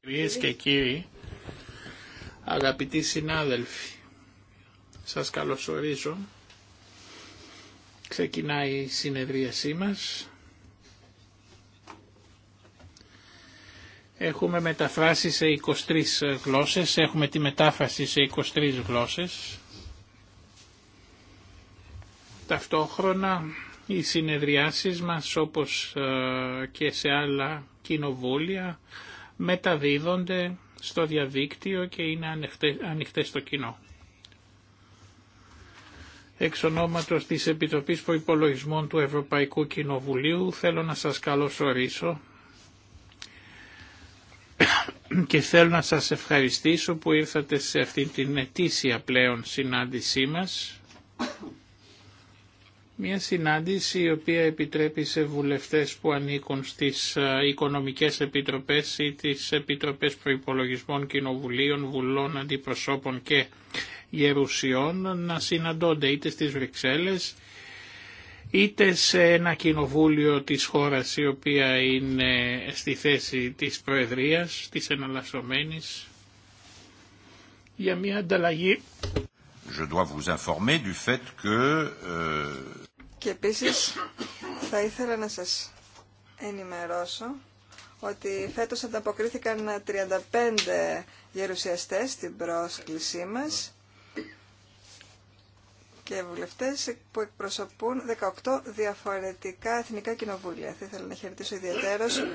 Κυρίες και κύριοι, αγαπητοί συνάδελφοι, σας καλωσορίζω. Ξεκινάει η συνεδρίασή μας. Έχουμε μεταφράσει σε 23 γλώσσες, έχουμε τη μετάφραση σε 23 γλώσσες. Ταυτόχρονα οι συνεδριάσεις μας όπως ε, και σε άλλα κοινοβούλια μεταδίδονται στο διαδίκτυο και είναι ανοιχτές στο κοινό. Εξ ονόματος της Επιτροπής Προϋπολογισμών του Ευρωπαϊκού Κοινοβουλίου θέλω να σας καλωσορίσω και θέλω να σας ευχαριστήσω που ήρθατε σε αυτή την ετήσια πλέον συνάντησή μας μια συνάντηση η οποία επιτρέπει σε βουλευτές που ανήκουν στις ε, οικονομικές επιτροπές ή τις επιτροπές προϋπολογισμών κοινοβουλίων, βουλών, αντιπροσώπων και γερουσιών να συναντώνται είτε στις Βρυξέλλες είτε σε ένα κοινοβούλιο της χώρας η οποία είναι στη θέση της Προεδρίας, της εναλλασσομένης, για μια ανταλλαγή. dois vous informer du que, euh, και επίσης θα ήθελα να σας ενημερώσω ότι φέτος ανταποκρίθηκαν 35 γερουσιαστές στην πρόσκλησή μας και βουλευτές που εκπροσωπούν 18 διαφορετικά εθνικά κοινοβούλια. Θα ήθελα να χαιρετήσω ιδιαίτερως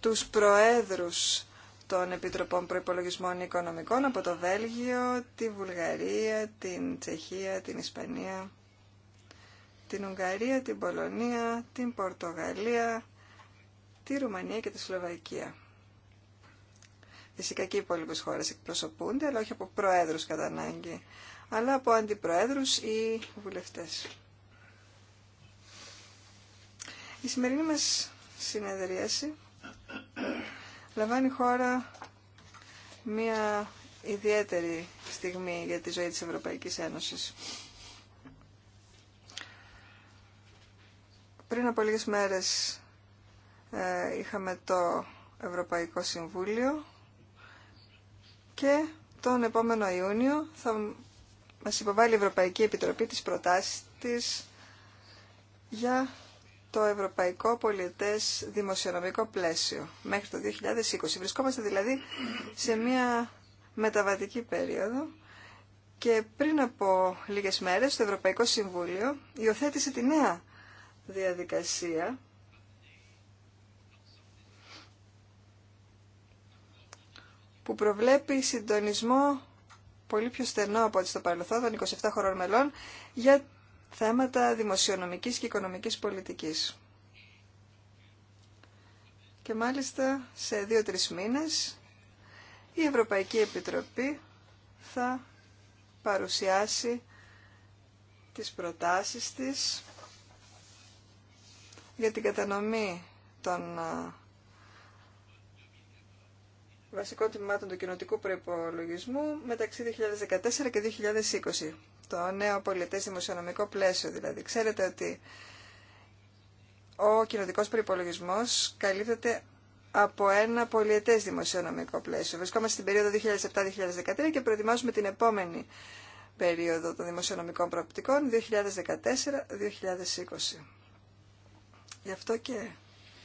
τους προέδρους των Επιτροπών Προϋπολογισμών Οικονομικών από το Βέλγιο, τη Βουλγαρία, την Τσεχία, την Ισπανία την Ουγγαρία, την Πολωνία, την Πορτογαλία, τη Ρουμανία και τη Σλοβακία. Φυσικά και οι υπόλοιπε χώρε εκπροσωπούνται, αλλά όχι από προέδρου κατά ανάγκη, αλλά από αντιπροέδρου ή βουλευτέ. Η σημερινή μα συνεδρίαση λαμβάνει χώρα μια ιδιαίτερη στιγμή για τη ζωή της Ευρωπαϊκής Ένωσης. Πριν από λίγες μέρες ε, είχαμε το Ευρωπαϊκό Συμβούλιο και τον επόμενο Ιούνιο θα μας υποβάλει η Ευρωπαϊκή Επιτροπή τις προτάσεις της για το Ευρωπαϊκό Πολιτές Δημοσιονομικό Πλαίσιο μέχρι το 2020. Βρισκόμαστε δηλαδή σε μια μεταβατική περίοδο και πριν από λίγες μέρες το Ευρωπαϊκό Συμβούλιο υιοθέτησε τη νέα διαδικασία που προβλέπει συντονισμό πολύ πιο στενό από ό,τι στο παρελθόν των 27 χωρών μελών για θέματα δημοσιονομικής και οικονομικής πολιτικής. Και μάλιστα σε δύο-τρεις μήνες η Ευρωπαϊκή Επιτροπή θα παρουσιάσει τις προτάσεις της για την κατανομή των βασικών τμήματων του κοινοτικού προπολογισμού μεταξύ 2014 και 2020. Το νέο πολιτές δημοσιονομικό πλαίσιο δηλαδή. Ξέρετε ότι ο κοινοτικός προϋπολογισμός καλύπτεται από ένα πολιετές δημοσιονομικό πλαίσιο. Βρισκόμαστε στην περίοδο 2007-2013 και προετοιμάζουμε την επόμενη περίοδο των δημοσιονομικών προοπτικών 2014-2020. Γι' αυτό και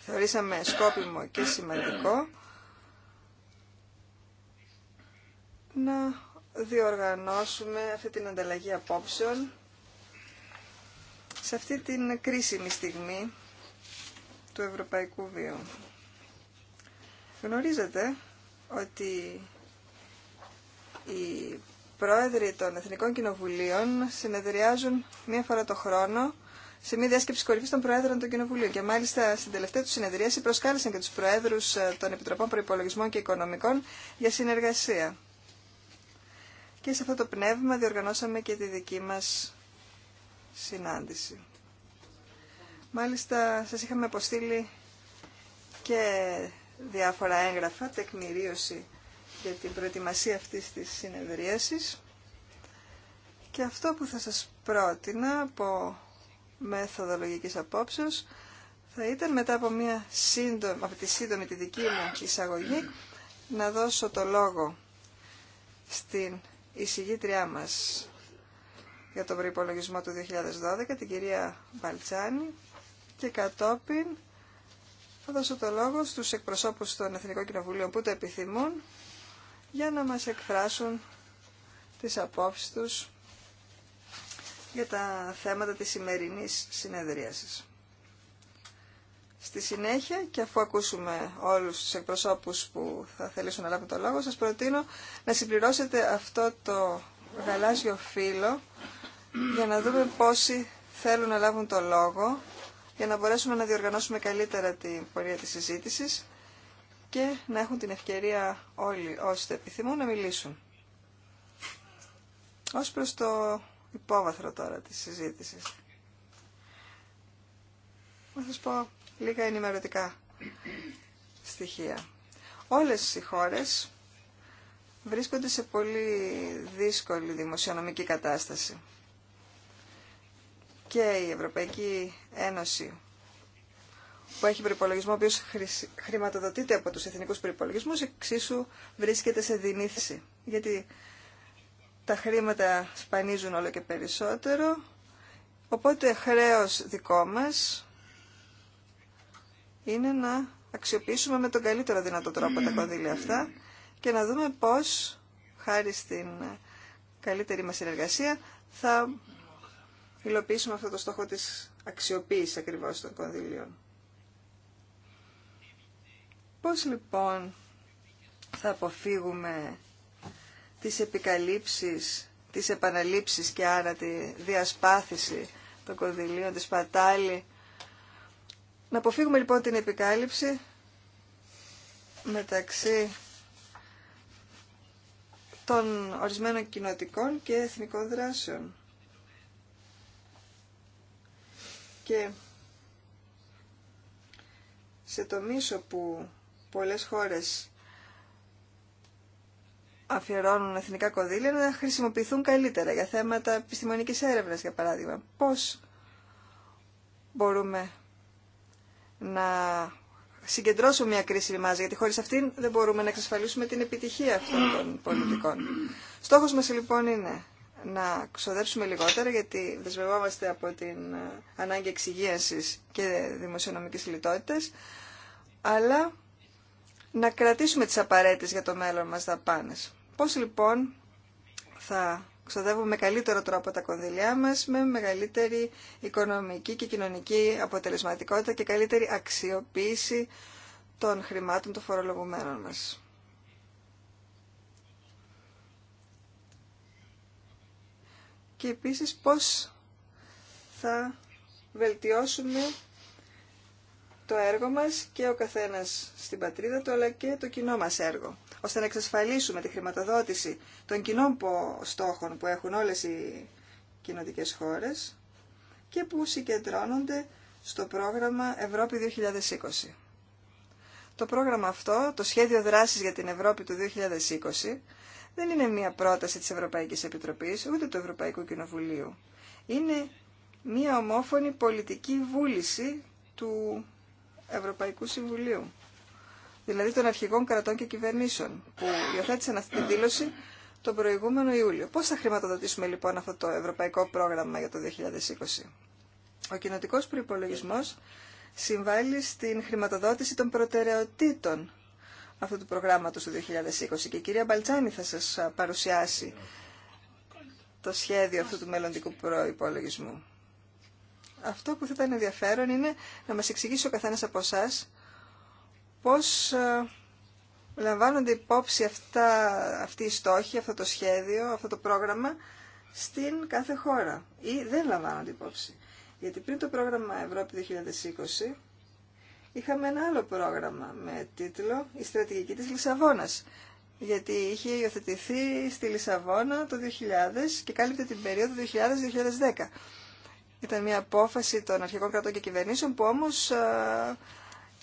θεωρήσαμε σκόπιμο και σημαντικό να διοργανώσουμε αυτή την ανταλλαγή απόψεων σε αυτή την κρίσιμη στιγμή του ευρωπαϊκού βίου. Γνωρίζετε ότι οι πρόεδροι των Εθνικών Κοινοβουλίων συνεδριάζουν μία φορά το χρόνο σε μια διάσκεψη κορυφή των Προέδρων των Κοινοβουλίου Και μάλιστα στην τελευταία του συνεδρίαση προσκάλεσαν και του Προέδρου ε, των Επιτροπών Προπολογισμών και Οικονομικών για συνεργασία. Και σε αυτό το πνεύμα διοργανώσαμε και τη δική μα συνάντηση. Μάλιστα σας είχαμε αποστείλει και διάφορα έγγραφα, τεκμηρίωση για την προετοιμασία αυτή της συνεδρίασης. Και αυτό που θα σας πρότεινα από μεθοδολογικής απόψεως θα ήταν μετά από, μια σύντομη, από τη σύντομη τη δική μου εισαγωγή να δώσω το λόγο στην εισηγήτριά μας για τον προϋπολογισμό του 2012, την κυρία Βαλτσάνη, και κατόπιν θα δώσω το λόγο στους εκπροσώπους των Εθνικών Κοινοβουλίων που το επιθυμούν για να μας εκφράσουν τις απόψεις τους για τα θέματα της σημερινής συνεδρίασης. Στη συνέχεια, και αφού ακούσουμε όλους τους εκπροσώπους που θα θέλουν να λάβουν το λόγο, σας προτείνω να συμπληρώσετε αυτό το γαλάζιο φύλλο για να δούμε πόσοι θέλουν να λάβουν το λόγο, για να μπορέσουμε να διοργανώσουμε καλύτερα την πορεία της συζήτησης και να έχουν την ευκαιρία όλοι όσοι επιθυμούν να μιλήσουν. Ως προς το υπόβαθρο τώρα της συζήτησης. Θα σας πω λίγα ενημερωτικά στοιχεία. Όλες οι χώρες βρίσκονται σε πολύ δύσκολη δημοσιονομική κατάσταση. Και η Ευρωπαϊκή Ένωση που έχει προπολογισμό ο οποίος χρηματοδοτείται από τους εθνικούς προπολογισμού, εξίσου βρίσκεται σε δινήθηση. Γιατί τα χρήματα σπανίζουν όλο και περισσότερο, οπότε χρέος δικό μας είναι να αξιοποιήσουμε με τον καλύτερο δυνατό τρόπο τα κονδύλια αυτά και να δούμε πώς, χάρη στην καλύτερη μας συνεργασία, θα υλοποιήσουμε αυτό το στόχο της αξιοποίησης ακριβώς των κονδύλιων. Πώς λοιπόν θα αποφύγουμε τις επικαλύψεις, της επαναλήψεις και άρα τη διασπάθηση των κονδυλίων, τη σπατάλη. Να αποφύγουμε λοιπόν την επικάλυψη μεταξύ των ορισμένων κοινοτικών και εθνικών δράσεων. Και σε το τομείς που πολλές χώρες αφιερώνουν εθνικά κονδύλια να χρησιμοποιηθούν καλύτερα για θέματα επιστημονικής έρευνας, για παράδειγμα. Πώς μπορούμε να συγκεντρώσουμε μια κρίσιμη μάζα, γιατί χωρίς αυτήν δεν μπορούμε να εξασφαλίσουμε την επιτυχία αυτών των πολιτικών. Στόχος μας λοιπόν είναι να ξοδέψουμε λιγότερα, γιατί δεσμευόμαστε από την ε, ανάγκη εξυγίανσης και δημοσιονομικής λιτότητας, αλλά να κρατήσουμε τις απαραίτητες για το μέλλον μας δαπάνες. Πώς λοιπόν θα ξοδεύουμε καλύτερο τρόπο τα κονδυλιά μας, με μεγαλύτερη οικονομική και κοινωνική αποτελεσματικότητα και καλύτερη αξιοποίηση των χρημάτων των φορολογουμένων μας. Και επίσης πώς θα βελτιώσουμε το έργο μας και ο καθένας στην πατρίδα του, αλλά και το κοινό μας έργο, ώστε να εξασφαλίσουμε τη χρηματοδότηση των κοινών στόχων που έχουν όλες οι κοινοτικές χώρες και που συγκεντρώνονται στο πρόγραμμα Ευρώπη 2020. Το πρόγραμμα αυτό, το σχέδιο δράσης για την Ευρώπη του 2020, δεν είναι μία πρόταση της Ευρωπαϊκής Επιτροπής, ούτε του Ευρωπαϊκού Κοινοβουλίου. Είναι μία ομόφωνη πολιτική βούληση του Ευρωπαϊκού Συμβουλίου, δηλαδή των αρχηγών κρατών και κυβερνήσεων, που υιοθέτησαν αυτή τη δήλωση τον προηγούμενο Ιούλιο. Πώς θα χρηματοδοτήσουμε λοιπόν αυτό το ευρωπαϊκό πρόγραμμα για το 2020. Ο κοινοτικός προϋπολογισμός συμβάλλει στην χρηματοδότηση των προτεραιοτήτων αυτού του προγράμματος του 2020 και η κυρία Μπαλτσάνη θα σας παρουσιάσει το σχέδιο αυτού του μελλοντικού προϋπολογισμού αυτό που θα ήταν ενδιαφέρον είναι να μας εξηγήσει ο καθένας από εσά πώς ε, λαμβάνονται υπόψη αυτά, αυτοί οι στόχοι, αυτό το σχέδιο, αυτό το πρόγραμμα στην κάθε χώρα ή δεν λαμβάνονται υπόψη. Γιατί πριν το πρόγραμμα Ευρώπη 2020 είχαμε ένα άλλο πρόγραμμα με τίτλο «Η στρατηγική της Λισαβόνας» γιατί είχε υιοθετηθεί στη Λισαβόνα το 2000 και κάλυπτε την περίοδο 2000-2010. Ήταν μια απόφαση των αρχικών κρατών και κυβερνήσεων που όμως ε,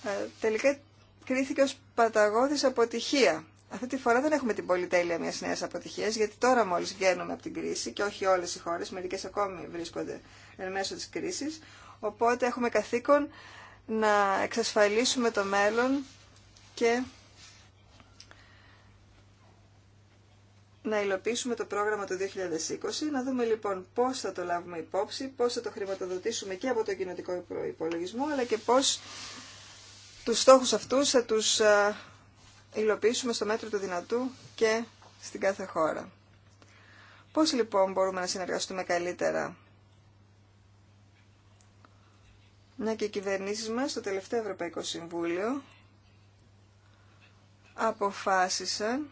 ε, τελικά κρίθηκε ως παταγώδης αποτυχία. Αυτή τη φορά δεν έχουμε την πολυτέλεια μιας νέας αποτυχίας, γιατί τώρα μόλις βγαίνουμε από την κρίση και όχι όλες οι χώρες, μερικές ακόμη βρίσκονται εν μέσω της κρίσης, οπότε έχουμε καθήκον να εξασφαλίσουμε το μέλλον και να υλοποιήσουμε το πρόγραμμα το 2020, να δούμε λοιπόν πώς θα το λάβουμε υπόψη, πώς θα το χρηματοδοτήσουμε και από το κοινοτικό υπολογισμό, αλλά και πώς τους στόχους αυτούς θα τους υλοποιήσουμε στο μέτρο του δυνατού και στην κάθε χώρα. Πώς λοιπόν μπορούμε να συνεργαστούμε καλύτερα. Να και οι κυβερνήσεις μας στο τελευταίο Ευρωπαϊκό Συμβούλιο αποφάσισαν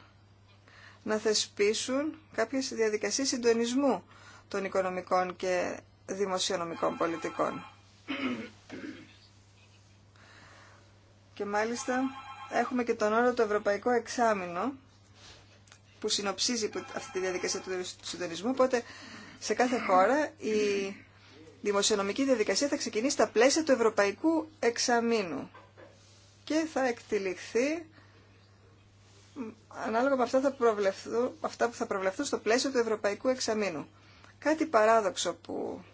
να θεσπίσουν κάποιες διαδικασίες συντονισμού των οικονομικών και δημοσιονομικών πολιτικών. Και μάλιστα έχουμε και τον όρο το Ευρωπαϊκό Εξάμεινο που συνοψίζει αυτή τη διαδικασία του συντονισμού, οπότε σε κάθε χώρα η δημοσιονομική διαδικασία θα ξεκινήσει στα πλαίσια του Ευρωπαϊκού Εξαμήνου και θα εκτιληχθεί ανάλογα με αυτά, θα αυτά που θα προβλεφθούν στο πλαίσιο του Ευρωπαϊκού Εξαμήνου. Κάτι παράδοξο που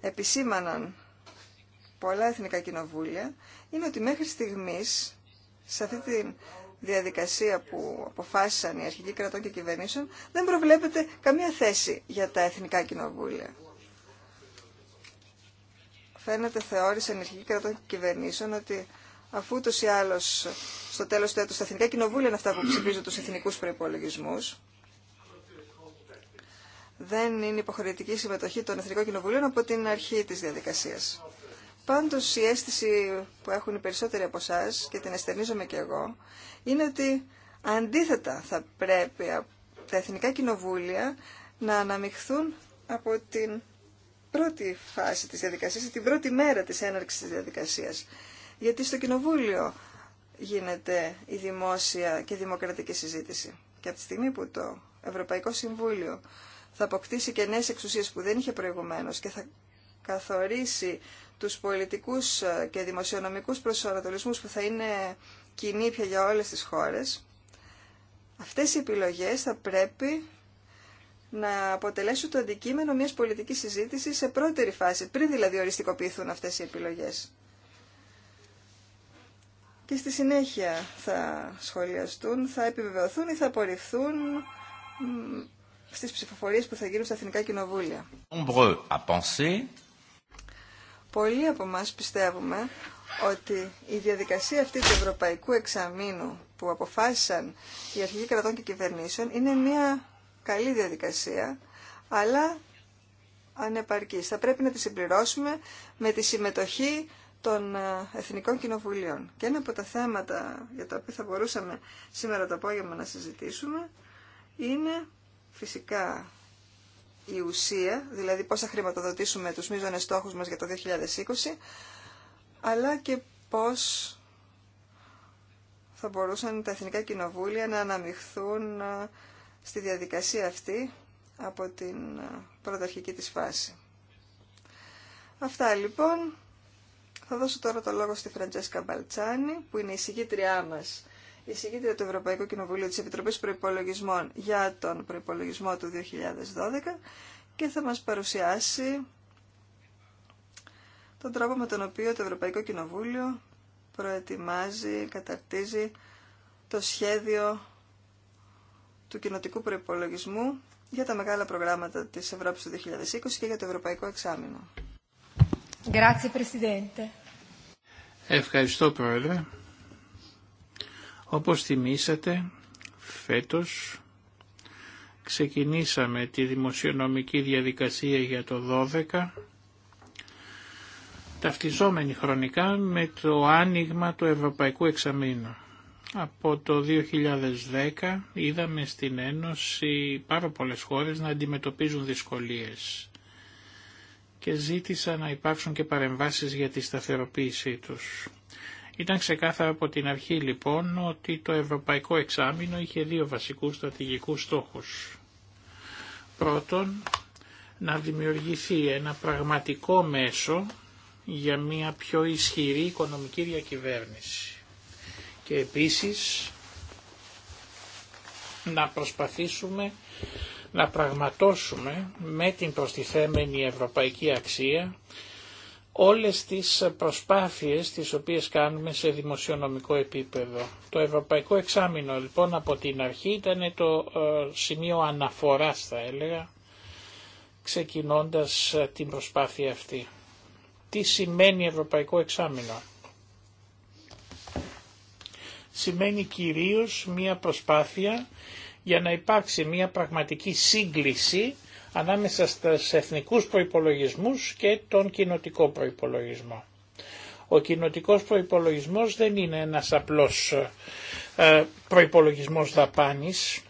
επισήμαναν πολλά εθνικά κοινοβούλια είναι ότι μέχρι στιγμής σε αυτή τη διαδικασία που αποφάσισαν οι αρχικοί κρατών και κυβερνήσεων δεν προβλέπεται καμία θέση για τα εθνικά κοινοβούλια. Φαίνεται θεώρησαν οι αρχικοί κρατών και κυβερνήσεων ότι αφού ούτως ή άλλως στο τέλος του έτους τα εθνικά κοινοβούλια είναι αυτά που ψηφίζουν τους εθνικούς προϋπολογισμούς, δεν είναι υποχρεωτική η συμμετοχή των εθνικών κοινοβουλίων από την αρχή της διαδικασίας. Πάντως η αίσθηση που ψηφιζουν τους εθνικους προυπολογισμους δεν ειναι υποχρεωτικη συμμετοχη των εθνικων κοινοβουλιων απο την αρχη της διαδικασιας παντως η αισθηση που εχουν οι περισσότεροι από εσά και την αστερνίζομαι και εγώ, είναι ότι αντίθετα θα πρέπει τα εθνικά κοινοβούλια να αναμειχθούν από την πρώτη φάση της διαδικασίας, την πρώτη μέρα της έναρξης της διαδικασίας γιατί στο Κοινοβούλιο γίνεται η δημόσια και δημοκρατική συζήτηση. Και από τη στιγμή που το Ευρωπαϊκό Συμβούλιο θα αποκτήσει και νέες εξουσίες που δεν είχε προηγουμένως και θα καθορίσει τους πολιτικούς και δημοσιονομικούς προσανατολισμούς που θα είναι κοινή πια για όλες τις χώρες, αυτές οι επιλογές θα πρέπει να αποτελέσουν το αντικείμενο μιας πολιτικής συζήτησης σε πρώτερη φάση, πριν δηλαδή οριστικοποιηθούν αυτές οι επιλογές και στη συνέχεια θα σχολιαστούν, θα επιβεβαιωθούν ή θα απορριφθούν στις ψηφοφορίες που θα γίνουν στα εθνικά κοινοβούλια. Πολλοί από εμά πιστεύουμε ότι η διαδικασία αυτή του Ευρωπαϊκού Εξαμήνου που αποφάσισαν οι αρχηγοί κρατών και κυβερνήσεων είναι μια καλή διαδικασία, αλλά ανεπαρκής. Θα πρέπει να τη συμπληρώσουμε με τη συμμετοχή των ε, Εθνικών Κοινοβουλίων. Και ένα από τα θέματα για τα οποία θα μπορούσαμε σήμερα το απόγευμα να συζητήσουμε είναι φυσικά η ουσία, δηλαδή πώς θα χρηματοδοτήσουμε τους μείζονες στόχους μας για το 2020, αλλά και πώς θα μπορούσαν τα Εθνικά Κοινοβούλια να αναμειχθούν ε, στη διαδικασία αυτή από την ε, πρωταρχική της φάση. Αυτά λοιπόν. Θα δώσω τώρα το λόγο στη Φραντζέσκα Μπαλτσάνη, που είναι η συγγήτριά μας, η συγγήτρια του Ευρωπαϊκού Κοινοβουλίου τη Επιτροπή Προϋπολογισμών για τον προπολογισμό του 2012 και θα μας παρουσιάσει τον τρόπο με τον οποίο το Ευρωπαϊκό Κοινοβούλιο προετοιμάζει, καταρτίζει το σχέδιο του κοινοτικού προϋπολογισμού για τα μεγάλα προγράμματα της Ευρώπης του 2020 και για το Ευρωπαϊκό Εξάμεινο. Ευχαριστώ Πρόεδρε. Όπως θυμήσατε, φέτος ξεκινήσαμε τη δημοσιονομική διαδικασία για το 12 ταυτιζόμενη χρονικά με το άνοιγμα του Ευρωπαϊκού Εξαμήνου. Από το 2010 είδαμε στην Ένωση πάρα πολλές χώρες να αντιμετωπίζουν δυσκολίες και ζήτησα να υπάρξουν και παρεμβάσεις για τη σταθεροποίησή τους. Ήταν ξεκάθαρο από την αρχή λοιπόν ότι το Ευρωπαϊκό Εξάμεινο είχε δύο βασικούς στρατηγικούς στόχους. Πρώτον, να δημιουργηθεί ένα πραγματικό μέσο για μια πιο ισχυρή οικονομική διακυβέρνηση. Και επίσης να προσπαθήσουμε να πραγματώσουμε με την προστιθέμενη ευρωπαϊκή αξία όλες τις προσπάθειες τις οποίες κάνουμε σε δημοσιονομικό επίπεδο. Το Ευρωπαϊκό Εξάμεινο λοιπόν από την αρχή ήταν το ε, σημείο αναφοράς θα έλεγα, ξεκινώντας ε, την προσπάθεια αυτή. Τι σημαίνει Ευρωπαϊκό Εξάμεινο. Σημαίνει κυρίως μία προσπάθεια για να υπάρξει μια πραγματική σύγκληση ανάμεσα στους εθνικούς προϋπολογισμούς και τον κοινοτικό προϋπολογισμό. Ο κοινοτικός προϋπολογισμός δεν είναι ένας απλός ε, προϋπολογισμός δαπάνης,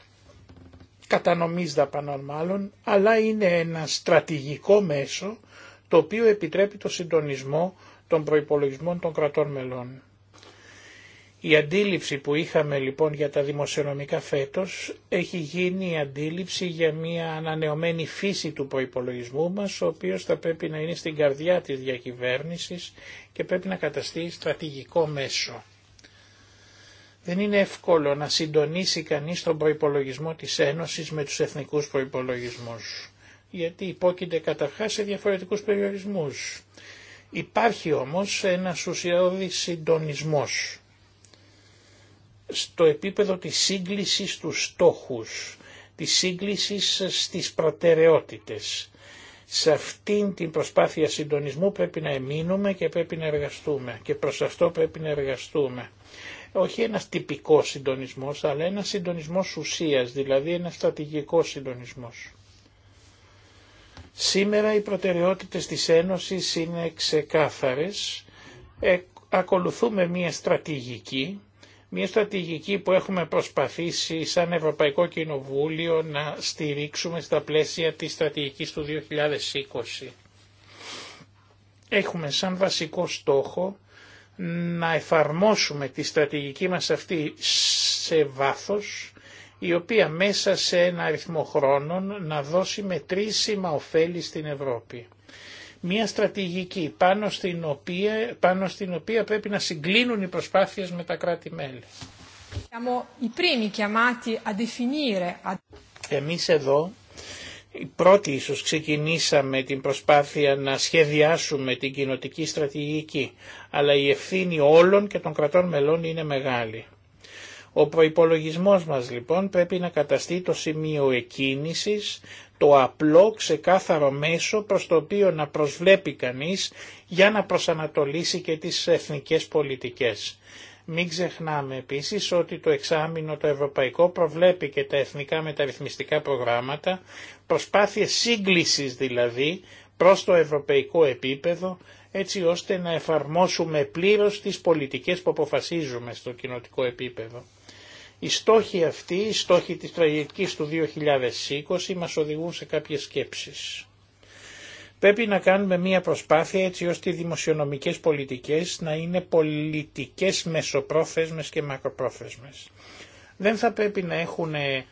κατανομής δαπανών μάλλον, αλλά είναι ένα στρατηγικό μέσο το οποίο επιτρέπει το συντονισμό των προϋπολογισμών των κρατών μελών. Η αντίληψη που είχαμε λοιπόν για τα δημοσιονομικά φέτος έχει γίνει η αντίληψη για μια ανανεωμένη φύση του προϋπολογισμού μας, ο οποίος θα πρέπει να είναι στην καρδιά της διακυβέρνησης και πρέπει να καταστεί στρατηγικό μέσο. Δεν είναι εύκολο να συντονίσει κανείς τον προϋπολογισμό της Ένωσης με τους εθνικούς προϋπολογισμούς, γιατί υπόκειται καταρχάς σε διαφορετικούς περιορισμούς. Υπάρχει όμως ένας ουσιαώδης συντονισμός στο επίπεδο της σύγκλησης του στόχους, της σύγκλησης στις προτεραιότητες. Σε αυτήν την προσπάθεια συντονισμού πρέπει να εμείνουμε και πρέπει να εργαστούμε και προς αυτό πρέπει να εργαστούμε. Όχι ένας τυπικός συντονισμός, αλλά ένας συντονισμός ουσίας, δηλαδή ένας στρατηγικός συντονισμός. Σήμερα οι προτεραιότητες της Ένωσης είναι ξεκάθαρες. Ε, ακολουθούμε μία στρατηγική μια στρατηγική που έχουμε προσπαθήσει σαν Ευρωπαϊκό Κοινοβούλιο να στηρίξουμε στα πλαίσια της στρατηγικής του 2020. Έχουμε σαν βασικό στόχο να εφαρμόσουμε τη στρατηγική μας αυτή σε βάθος, η οποία μέσα σε ένα αριθμό χρόνων να δώσει μετρήσιμα ωφέλη στην Ευρώπη μια στρατηγική πάνω στην οποία, πάνω στην οποία πρέπει να συγκλίνουν οι προσπάθειες με τα κράτη-μέλη. Εμείς εδώ οι πρώτοι ίσως ξεκινήσαμε την προσπάθεια να σχεδιάσουμε την κοινοτική στρατηγική, αλλά η ευθύνη όλων και των κρατών μελών είναι μεγάλη. Ο προϋπολογισμός μας λοιπόν πρέπει να καταστεί το σημείο εκκίνησης το απλό ξεκάθαρο μέσο προς το οποίο να προσβλέπει κανείς για να προσανατολίσει και τις εθνικές πολιτικές. Μην ξεχνάμε επίσης ότι το εξάμεινο το ευρωπαϊκό προβλέπει και τα εθνικά μεταρρυθμιστικά προγράμματα, προσπάθειες σύγκλησης δηλαδή προς το ευρωπαϊκό επίπεδο, έτσι ώστε να εφαρμόσουμε πλήρως τις πολιτικές που αποφασίζουμε στο κοινοτικό επίπεδο. Οι στόχοι αυτοί, οι στόχοι της τραγικής του 2020 μας οδηγούν σε κάποιες σκέψεις. Πρέπει να κάνουμε μία προσπάθεια έτσι ώστε οι δημοσιονομικές πολιτικές να είναι πολιτικές μεσοπρόθεσμες και μακροπρόθεσμες. Δεν θα πρέπει να έχουν ε,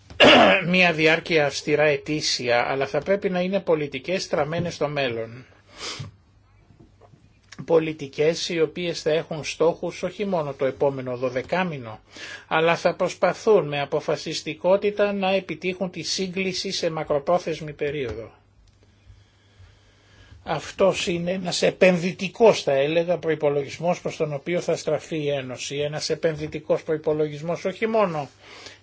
μία διάρκεια αυστηρά ετήσια, αλλά θα πρέπει να είναι πολιτικές στραμμένες στο μέλλον πολιτικές οι οποίες θα έχουν στόχους όχι μόνο το επόμενο δωδεκάμινο, αλλά θα προσπαθούν με αποφασιστικότητα να επιτύχουν τη σύγκληση σε μακροπρόθεσμη περίοδο. Αυτό είναι ένας επενδυτικός θα έλεγα προϋπολογισμός προς τον οποίο θα στραφεί η Ένωση. Ένας επενδυτικός προϋπολογισμός όχι μόνο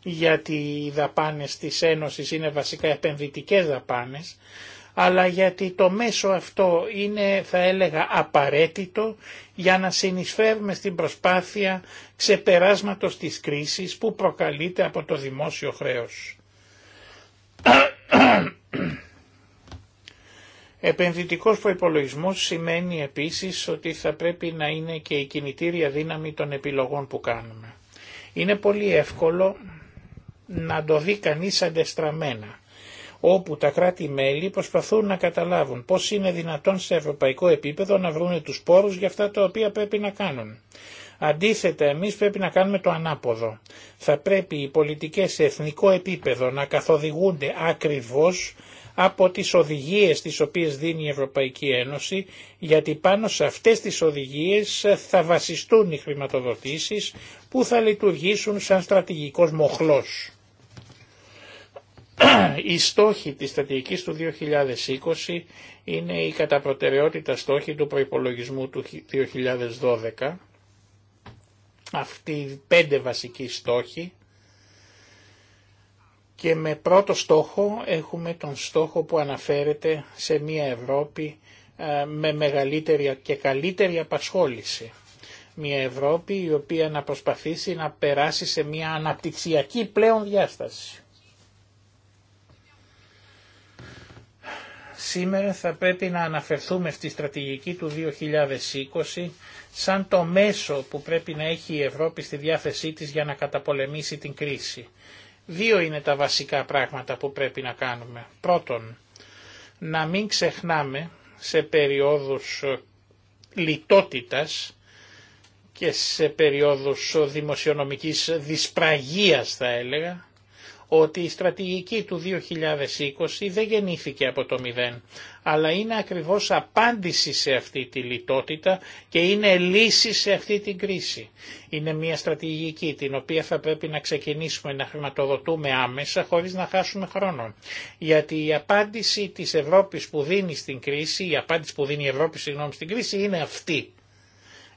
γιατί οι δαπάνες της Ένωσης είναι βασικά επενδυτικές δαπάνες, αλλά γιατί το μέσο αυτό είναι θα έλεγα απαραίτητο για να συνεισφέρουμε στην προσπάθεια ξεπεράσματος της κρίσης που προκαλείται από το δημόσιο χρέος. Επενδυτικός προϋπολογισμός σημαίνει επίσης ότι θα πρέπει να είναι και η κινητήρια δύναμη των επιλογών που κάνουμε. Είναι πολύ εύκολο να το δει κανείς αντεστραμμένα όπου τα κράτη-μέλη προσπαθούν να καταλάβουν πώς είναι δυνατόν σε ευρωπαϊκό επίπεδο να βρουνε τους πόρους για αυτά τα οποία πρέπει να κάνουν. Αντίθετα, εμείς πρέπει να κάνουμε το ανάποδο. Θα πρέπει οι πολιτικές σε εθνικό επίπεδο να καθοδηγούνται ακριβώς από τις οδηγίες τις οποίες δίνει η Ευρωπαϊκή Ένωση, γιατί πάνω σε αυτές τις οδηγίες θα βασιστούν οι χρηματοδοτήσεις που θα λειτουργήσουν σαν στρατηγικός μοχλός. Οι στόχοι της στρατηγικής του 2020 είναι η κατά στόχη του προϋπολογισμού του 2012. Αυτοί οι πέντε βασικοί στόχοι και με πρώτο στόχο έχουμε τον στόχο που αναφέρεται σε μια Ευρώπη με μεγαλύτερη και καλύτερη απασχόληση. Μια Ευρώπη η οποία να προσπαθήσει να περάσει σε μια αναπτυξιακή πλέον διάσταση. Σήμερα θα πρέπει να αναφερθούμε στη στρατηγική του 2020 σαν το μέσο που πρέπει να έχει η Ευρώπη στη διάθεσή της για να καταπολεμήσει την κρίση. Δύο είναι τα βασικά πράγματα που πρέπει να κάνουμε. Πρώτον, να μην ξεχνάμε σε περιόδους λιτότητας και σε περιόδους δημοσιονομικής δυσπραγίας θα έλεγα, ότι η στρατηγική του 2020 δεν γεννήθηκε από το μηδέν, αλλά είναι ακριβώς απάντηση σε αυτή τη λιτότητα και είναι λύση σε αυτή την κρίση. Είναι μια στρατηγική την οποία θα πρέπει να ξεκινήσουμε να χρηματοδοτούμε άμεσα χωρίς να χάσουμε χρόνο. Γιατί η απάντηση της Ευρώπης που δίνει στην κρίση, η απάντηση που δίνει η Ευρώπη συγγνώμη, στην κρίση είναι αυτή.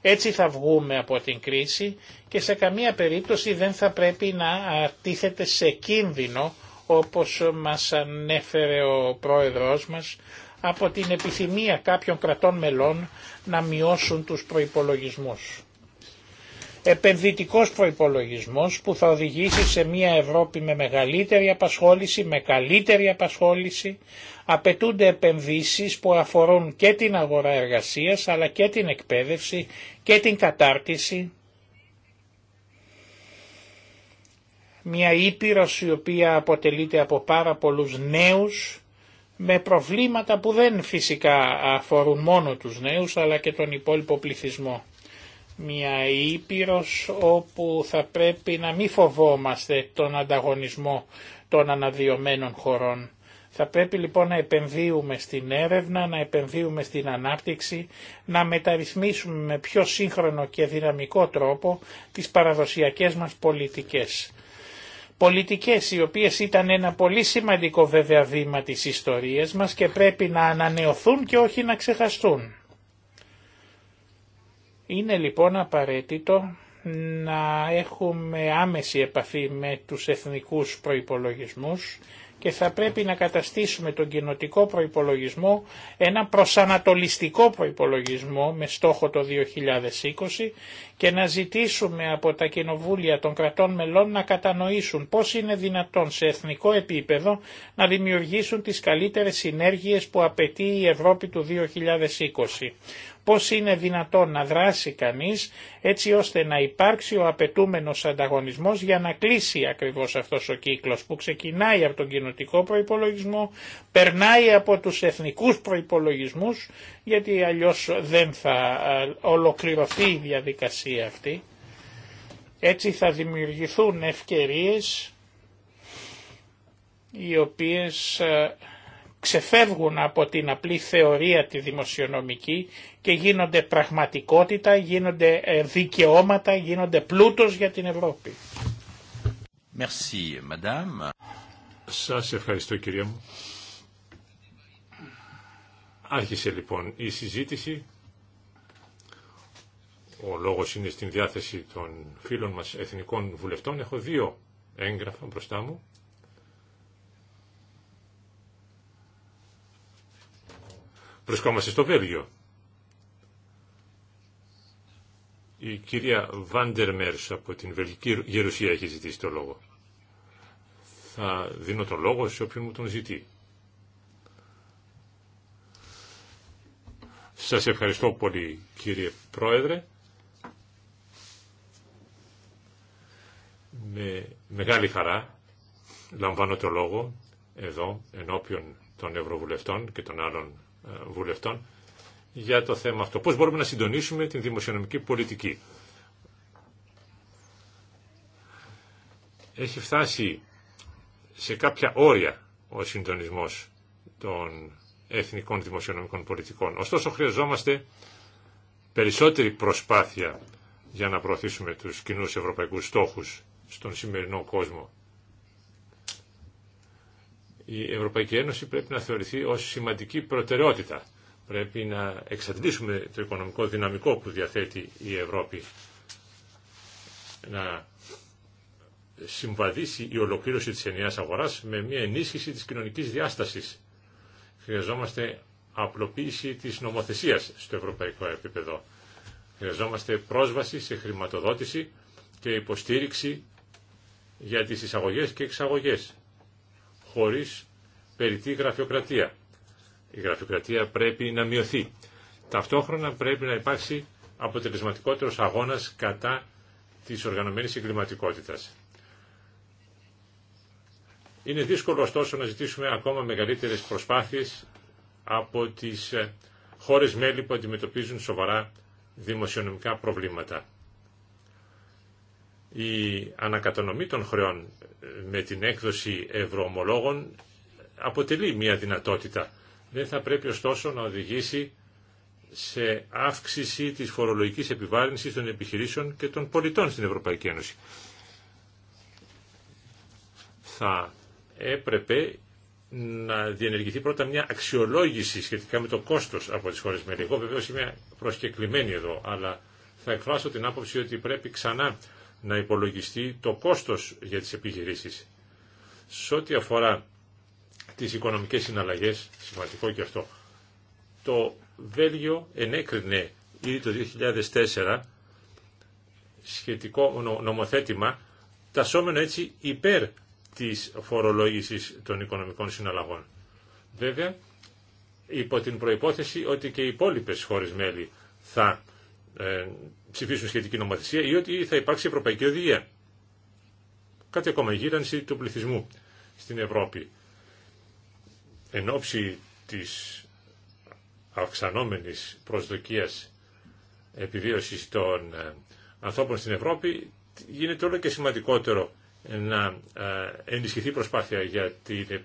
Έτσι θα βγούμε από την κρίση και σε καμία περίπτωση δεν θα πρέπει να αρτίθεται σε κίνδυνο όπως μας ανέφερε ο πρόεδρος μας από την επιθυμία κάποιων κρατών μελών να μειώσουν τους προϋπολογισμούς επενδυτικός προϋπολογισμός που θα οδηγήσει σε μια Ευρώπη με μεγαλύτερη απασχόληση, με καλύτερη απασχόληση. Απαιτούνται επενδύσεις που αφορούν και την αγορά εργασίας αλλά και την εκπαίδευση και την κατάρτιση. Μια ήπειρος η οποία αποτελείται από πάρα πολλούς νέους με προβλήματα που δεν φυσικά αφορούν μόνο τους νέους αλλά και τον υπόλοιπο πληθυσμό μια ήπειρος όπου θα πρέπει να μην φοβόμαστε τον ανταγωνισμό των αναδειωμένων χωρών. Θα πρέπει λοιπόν να επενδύουμε στην έρευνα, να επενδύουμε στην ανάπτυξη, να μεταρρυθμίσουμε με πιο σύγχρονο και δυναμικό τρόπο τις παραδοσιακές μας πολιτικές. Πολιτικές οι οποίες ήταν ένα πολύ σημαντικό βέβαια βήμα της ιστορίας μας και πρέπει να ανανεωθούν και όχι να ξεχαστούν. Είναι λοιπόν απαραίτητο να έχουμε άμεση επαφή με τους εθνικούς προϋπολογισμούς και θα πρέπει να καταστήσουμε τον κοινοτικό προϋπολογισμό ένα προσανατολιστικό προϋπολογισμό με στόχο το 2020 και να ζητήσουμε από τα κοινοβούλια των κρατών μελών να κατανοήσουν πώς είναι δυνατόν σε εθνικό επίπεδο να δημιουργήσουν τις καλύτερες συνέργειες που απαιτεί η Ευρώπη του 2020 πώς είναι δυνατόν να δράσει κανείς έτσι ώστε να υπάρξει ο απαιτούμενος ανταγωνισμός για να κλείσει ακριβώς αυτός ο κύκλος που ξεκινάει από τον κοινοτικό προϋπολογισμό, περνάει από τους εθνικούς προϋπολογισμούς γιατί αλλιώς δεν θα ολοκληρωθεί η διαδικασία αυτή. Έτσι θα δημιουργηθούν ευκαιρίες οι οποίες ξεφεύγουν από την απλή θεωρία τη δημοσιονομική και γίνονται πραγματικότητα, γίνονται ε, δικαιώματα, γίνονται πλούτος για την Ευρώπη. Merci, madame. Σας ευχαριστώ κυρία μου. Άρχισε λοιπόν η συζήτηση. Ο λόγος είναι στην διάθεση των φίλων μας εθνικών βουλευτών. Έχω δύο έγγραφα μπροστά μου. Βρισκόμαστε στο Βέλγιο. Η κυρία Βάντερ Μέρς από την Βελική Γερουσία έχει ζητήσει το λόγο. Θα δίνω το λόγο σε όποιον μου τον ζητεί. Σας ευχαριστώ πολύ κύριε Πρόεδρε. Με μεγάλη χαρά λαμβάνω το λόγο εδώ ενώπιον των Ευρωβουλευτών και των άλλων ε, βουλευτών για το θέμα αυτό. Πώς μπορούμε να συντονίσουμε την δημοσιονομική πολιτική. Έχει φτάσει σε κάποια όρια ο συντονισμός των εθνικών δημοσιονομικών πολιτικών. Ωστόσο χρειαζόμαστε περισσότερη προσπάθεια για να προωθήσουμε τους κοινούς ευρωπαϊκούς στόχους στον σημερινό κόσμο. Η Ευρωπαϊκή Ένωση πρέπει να θεωρηθεί ως σημαντική προτεραιότητα Πρέπει να εξαντλήσουμε το οικονομικό δυναμικό που διαθέτει η Ευρώπη. Να συμβαδίσει η ολοκλήρωση της ενιαίας αγοράς με μια ενίσχυση της κοινωνικής διάστασης. Χρειαζόμαστε απλοποίηση της νομοθεσίας στο ευρωπαϊκό επίπεδο. Χρειαζόμαστε πρόσβαση σε χρηματοδότηση και υποστήριξη για τις εισαγωγές και εξαγωγές, χωρίς περιττή γραφειοκρατία. Η γραφειοκρατία πρέπει να μειωθεί. Ταυτόχρονα πρέπει να υπάρξει αποτελεσματικότερος αγώνας κατά της οργανωμένης εγκληματικότητας. Είναι δύσκολο ωστόσο να ζητήσουμε ακόμα μεγαλύτερες προσπάθειες από τις ε, χώρες μέλη που αντιμετωπίζουν σοβαρά δημοσιονομικά προβλήματα. Η ανακατανομή των χρεών ε, με την έκδοση ευρωομολόγων αποτελεί μια δυνατότητα δεν θα πρέπει ωστόσο να οδηγήσει σε αύξηση της φορολογικής επιβάρυνσης των επιχειρήσεων και των πολιτών στην Ευρωπαϊκή Ένωση. Θα έπρεπε να διενεργηθεί πρώτα μια αξιολόγηση σχετικά με το κόστος από τις χώρες μέλη. Εγώ βεβαίως είμαι προσκεκλημένη εδώ, αλλά θα εκφράσω την άποψη ότι πρέπει ξανά να υπολογιστεί το κόστος για τις επιχειρήσεις. Σε ό,τι αφορά τις οικονομικές συναλλαγές, σημαντικό και αυτό. Το Βέλγιο ενέκρινε ήδη το 2004 σχετικό νομοθέτημα τασόμενο έτσι υπέρ της φορολόγησης των οικονομικών συναλλαγών. Βέβαια, υπό την προϋπόθεση ότι και οι υπόλοιπε χώρες μέλη θα ε, ψηφίσουν σχετική νομοθεσία ή ότι θα υπάρξει ευρωπαϊκή οδηγία. Κάτι ακόμα, η οτι θα υπαρξει ευρωπαικη οδηγια κατι ακομα γυρανση του πληθυσμού στην Ευρώπη εν ώψη της αυξανόμενης προσδοκίας επιβίωσης των ε, ανθρώπων στην Ευρώπη γίνεται όλο και σημαντικότερο να ε, ενισχυθεί προσπάθεια για την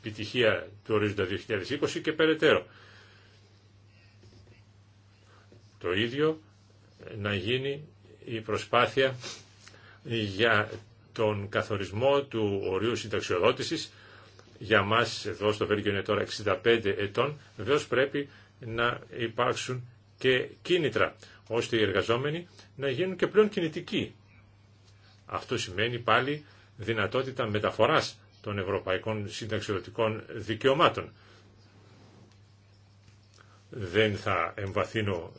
επιτυχία του ορίζοντα 2020 και περαιτέρω. Το ίδιο να γίνει η προσπάθεια για τον καθορισμό του ορίου συνταξιοδότησης για μας εδώ στο Βέλγιο είναι τώρα 65 ετών, βεβαίω πρέπει να υπάρξουν και κίνητρα, ώστε οι εργαζόμενοι να γίνουν και πλέον κινητικοί. Αυτό σημαίνει πάλι δυνατότητα μεταφοράς των ευρωπαϊκών συνταξιδοτικών δικαιωμάτων. Δεν θα εμβαθύνω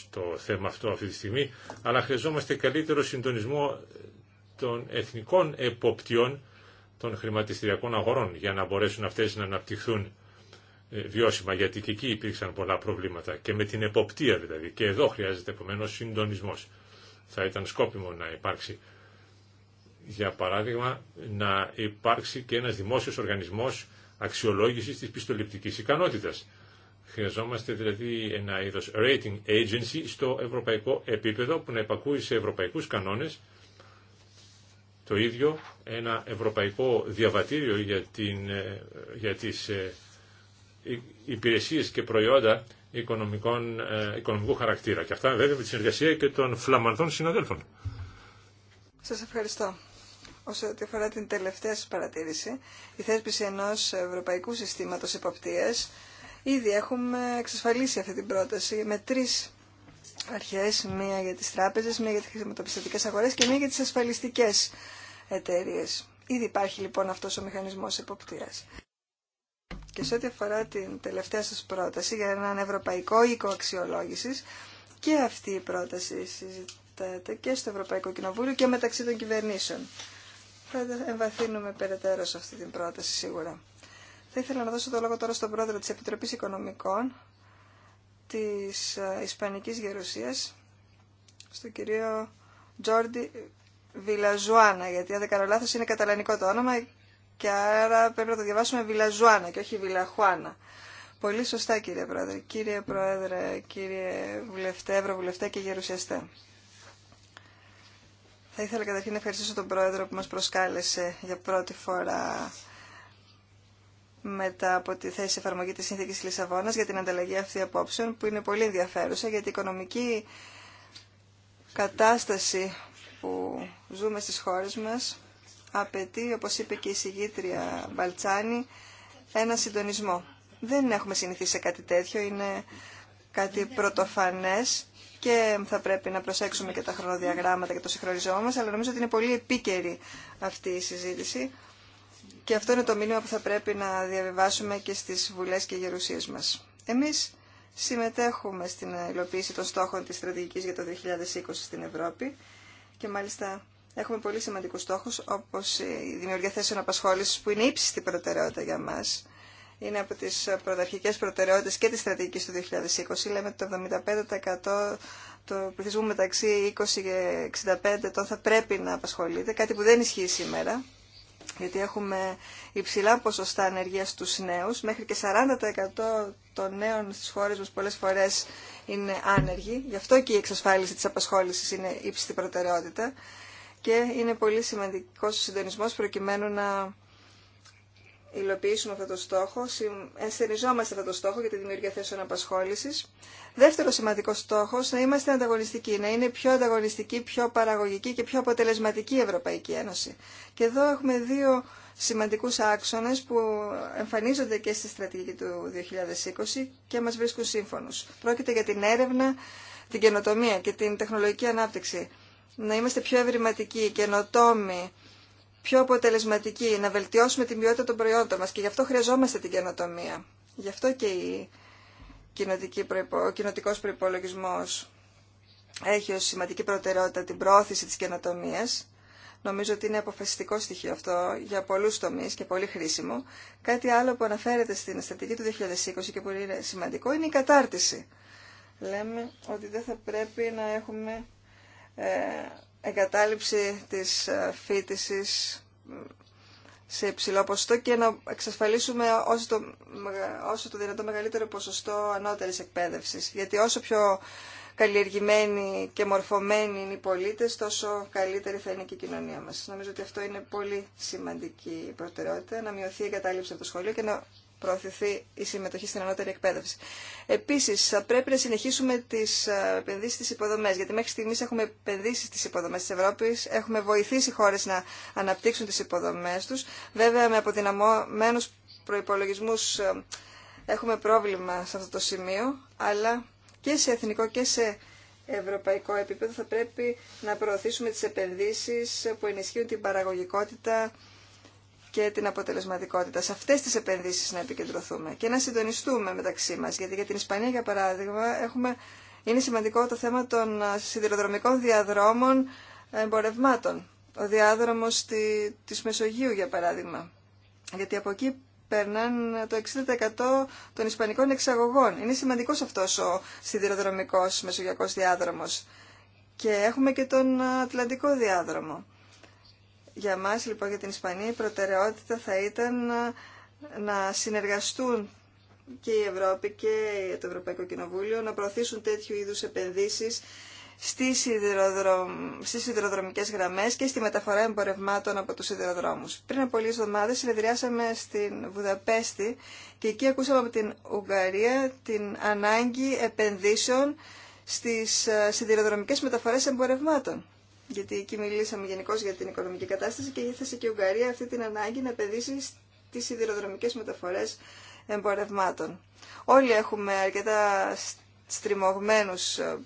στο θέμα αυτό αυτή τη στιγμή, αλλά χρειαζόμαστε καλύτερο συντονισμό των εθνικών εποπτιών των χρηματιστηριακών αγορών για να μπορέσουν αυτές να αναπτυχθούν ε, βιώσιμα, γιατί και εκεί υπήρξαν πολλά προβλήματα και με την εποπτεία δηλαδή. Και εδώ χρειάζεται επομένω συντονισμό. Θα ήταν σκόπιμο να υπάρξει, για παράδειγμα, να υπάρξει και ένα δημόσιο οργανισμό αξιολόγηση τη πιστοληπτικής ικανότητα. Χρειαζόμαστε δηλαδή ένα είδο rating agency στο ευρωπαϊκό επίπεδο που να υπακούει σε ευρωπαϊκούς κανόνε το ίδιο ένα ευρωπαϊκό διαβατήριο για, την, ε, για τις ε, υπηρεσίες και προϊόντα οικονομικών, ε, οικονομικού χαρακτήρα. Και αυτά βέβαια με τη συνεργασία και των φλαμανθών συναδέλφων. Σας ευχαριστώ. Όσο αφορά την τελευταία σας παρατήρηση, η θέσπιση ενός ευρωπαϊκού συστήματος εποπτείας, ήδη έχουμε εξασφαλίσει αυτή την πρόταση με τρεις αρχές, μία για τις τράπεζες, μία για τις χρηματοπιστωτικές αγορές και μία για τις ασφαλιστικές εταιρείες. Ήδη υπάρχει λοιπόν αυτός ο μηχανισμός εποπτείας. Και σε ό,τι αφορά την τελευταία σας πρόταση για έναν ευρωπαϊκό οίκο αξιολόγηση και αυτή η πρόταση συζητάται και στο Ευρωπαϊκό Κοινοβούλιο και μεταξύ των κυβερνήσεων. Θα εμβαθύνουμε περαιτέρω σε αυτή την πρόταση σίγουρα. Θα ήθελα να δώσω το λόγο τώρα στον πρόεδρο της Επιτροπή Οικονομικών, της ε, Ισπανικής Γερουσίας στον κύριο Τζόρντι Βιλαζουάνα, γιατί αν δεν κάνω λάθος είναι καταλανικό το όνομα και άρα πρέπει να το διαβάσουμε Βιλαζουάνα και όχι Βιλαχουάνα. Πολύ σωστά κύριε Πρόεδρε, κύριε Πρόεδρε, κύριε Βουλευτέ, Ευρωβουλευτέ και Γερουσιαστέ. Θα ήθελα καταρχήν να ευχαριστήσω τον Πρόεδρο που μας προσκάλεσε για πρώτη φορά μετά από τη θέση εφαρμογή της Σύνθηκης Λισαβόνας για την ανταλλαγή αυτή απόψεων που είναι πολύ ενδιαφέρουσα γιατί η οικονομική κατάσταση που ζούμε στις χώρες μας απαιτεί, όπως είπε και η συγγήτρια Μπαλτσάνη, ένα συντονισμό. Δεν έχουμε συνηθίσει σε κάτι τέτοιο, είναι κάτι πρωτοφανές και θα πρέπει να προσέξουμε και τα χρονοδιαγράμματα και το συγχρονιζόμαστε, αλλά νομίζω ότι είναι πολύ επίκαιρη αυτή η συζήτηση και αυτό είναι το μήνυμα που θα πρέπει να διαβιβάσουμε και στις βουλές και γερουσίες μας. Εμείς συμμετέχουμε στην υλοποίηση των στόχων της στρατηγικής για το 2020 στην Ευρώπη και μάλιστα έχουμε πολύ σημαντικούς στόχους όπως η δημιουργία θέσεων απασχόλησης που είναι ύψιστη προτεραιότητα για μας. Είναι από τις πρωταρχικές προτεραιότητες και της στρατηγικής του 2020. Λέμε ότι το 75% του πληθυσμού μεταξύ 20 και 65 ετών θα πρέπει να απασχολείται, κάτι που δεν ισχύει σήμερα γιατί έχουμε υψηλά ποσοστά ανεργίας στους νέους, μέχρι και 40% των νέων στις χώρες μας πολλές φορές είναι άνεργοι, γι' αυτό και η εξασφάλιση της απασχόλησης είναι ύψιστη προτεραιότητα και είναι πολύ σημαντικός ο συντονισμός προκειμένου να υλοποιήσουμε αυτό το στόχο, ενστεριζόμαστε αυτό το στόχο για τη δημιουργία θέσεων απασχόληση. Δεύτερο σημαντικό στόχο, να είμαστε ανταγωνιστικοί, να είναι πιο ανταγωνιστική, πιο παραγωγική και πιο αποτελεσματική η Ευρωπαϊκή Ένωση. Και εδώ έχουμε δύο σημαντικού άξονε που εμφανίζονται και στη στρατηγική του 2020 και μα βρίσκουν σύμφωνου. Πρόκειται για την έρευνα, την καινοτομία και την τεχνολογική ανάπτυξη. Να είμαστε πιο ευρηματικοί, καινοτόμοι, πιο αποτελεσματική, να βελτιώσουμε την ποιότητα των προϊόντων μας και γι' αυτό χρειαζόμαστε την καινοτομία. Γι' αυτό και η ο κοινοτικό προπολογισμό έχει ως σημαντική προτεραιότητα την πρόωθηση της καινοτομία. Νομίζω ότι είναι αποφασιστικό στοιχείο αυτό για πολλούς τομείς και πολύ χρήσιμο. Κάτι άλλο που αναφέρεται στην στρατηγική του 2020 και που είναι σημαντικό είναι η κατάρτιση. Λέμε ότι δεν θα πρέπει να έχουμε ε, εγκατάλειψη της ε, φύτησης σε υψηλό ποσοστό και να εξασφαλίσουμε όσο το, όσο το δυνατό μεγαλύτερο ποσοστό ανώτερης εκπαίδευσης. Γιατί όσο πιο καλλιεργημένοι και μορφωμένοι είναι οι πολίτες, τόσο καλύτερη θα είναι και η κοινωνία μας. Νομίζω ότι αυτό είναι πολύ σημαντική προτεραιότητα, να μειωθεί η εγκατάλειψη από το σχολείο και να προωθηθεί η συμμετοχή στην ανώτερη εκπαίδευση. Επίση, θα πρέπει να συνεχίσουμε τι ε, επενδύσει στι υποδομέ, γιατί μέχρι στιγμή έχουμε επενδύσει στι υποδομέ τη Ευρώπη, έχουμε βοηθήσει χώρε να αναπτύξουν τι υποδομέ του. Βέβαια, με αποδυναμωμένου προπολογισμού ε, έχουμε πρόβλημα σε αυτό το σημείο, αλλά και σε εθνικό και σε ευρωπαϊκό επίπεδο θα πρέπει να προωθήσουμε τις επενδύσεις που ενισχύουν την παραγωγικότητα και την αποτελεσματικότητα. Σε αυτές τις επενδύσεις να επικεντρωθούμε και να συντονιστούμε μεταξύ μας. Γιατί για την Ισπανία, για παράδειγμα, έχουμε... είναι σημαντικό το θέμα των ε, σιδηροδρομικών διαδρόμων ε, εμπορευμάτων. Ο διάδρομος τη... της Μεσογείου, για παράδειγμα. Γιατί από εκεί περνάνε το 60% των ισπανικών εξαγωγών. Είναι σημαντικός αυτός ο σιδηροδρομικός μεσογειακός διάδρομος. Και έχουμε και τον ε, Ατλαντικό διάδρομο. Για μας, λοιπόν, για την Ισπανία, η προτεραιότητα θα ήταν ε, να, συνεργαστούν και η Ευρώπη και το Ευρωπαϊκό Κοινοβούλιο να προωθήσουν τέτοιου είδους επενδύσεις στις, σιδηροδρομ... στις σιδηροδρομικές γραμμές και στη μεταφορά εμπορευμάτων από τους σιδηροδρόμους. Πριν από λίγες εβδομάδες συνεδριάσαμε στην Βουδαπέστη και εκεί ακούσαμε από την Ουγγαρία την ανάγκη επενδύσεων στις ε, σιδηροδρομικές μεταφορές εμπορευμάτων γιατί εκεί μιλήσαμε γενικώ για την οικονομική κατάσταση και ήθεσε και η Ουγγαρία αυτή την ανάγκη να επενδύσει στις σιδηροδρομικές μεταφορές εμπορευμάτων. Όλοι έχουμε αρκετά στριμωγμένους ε,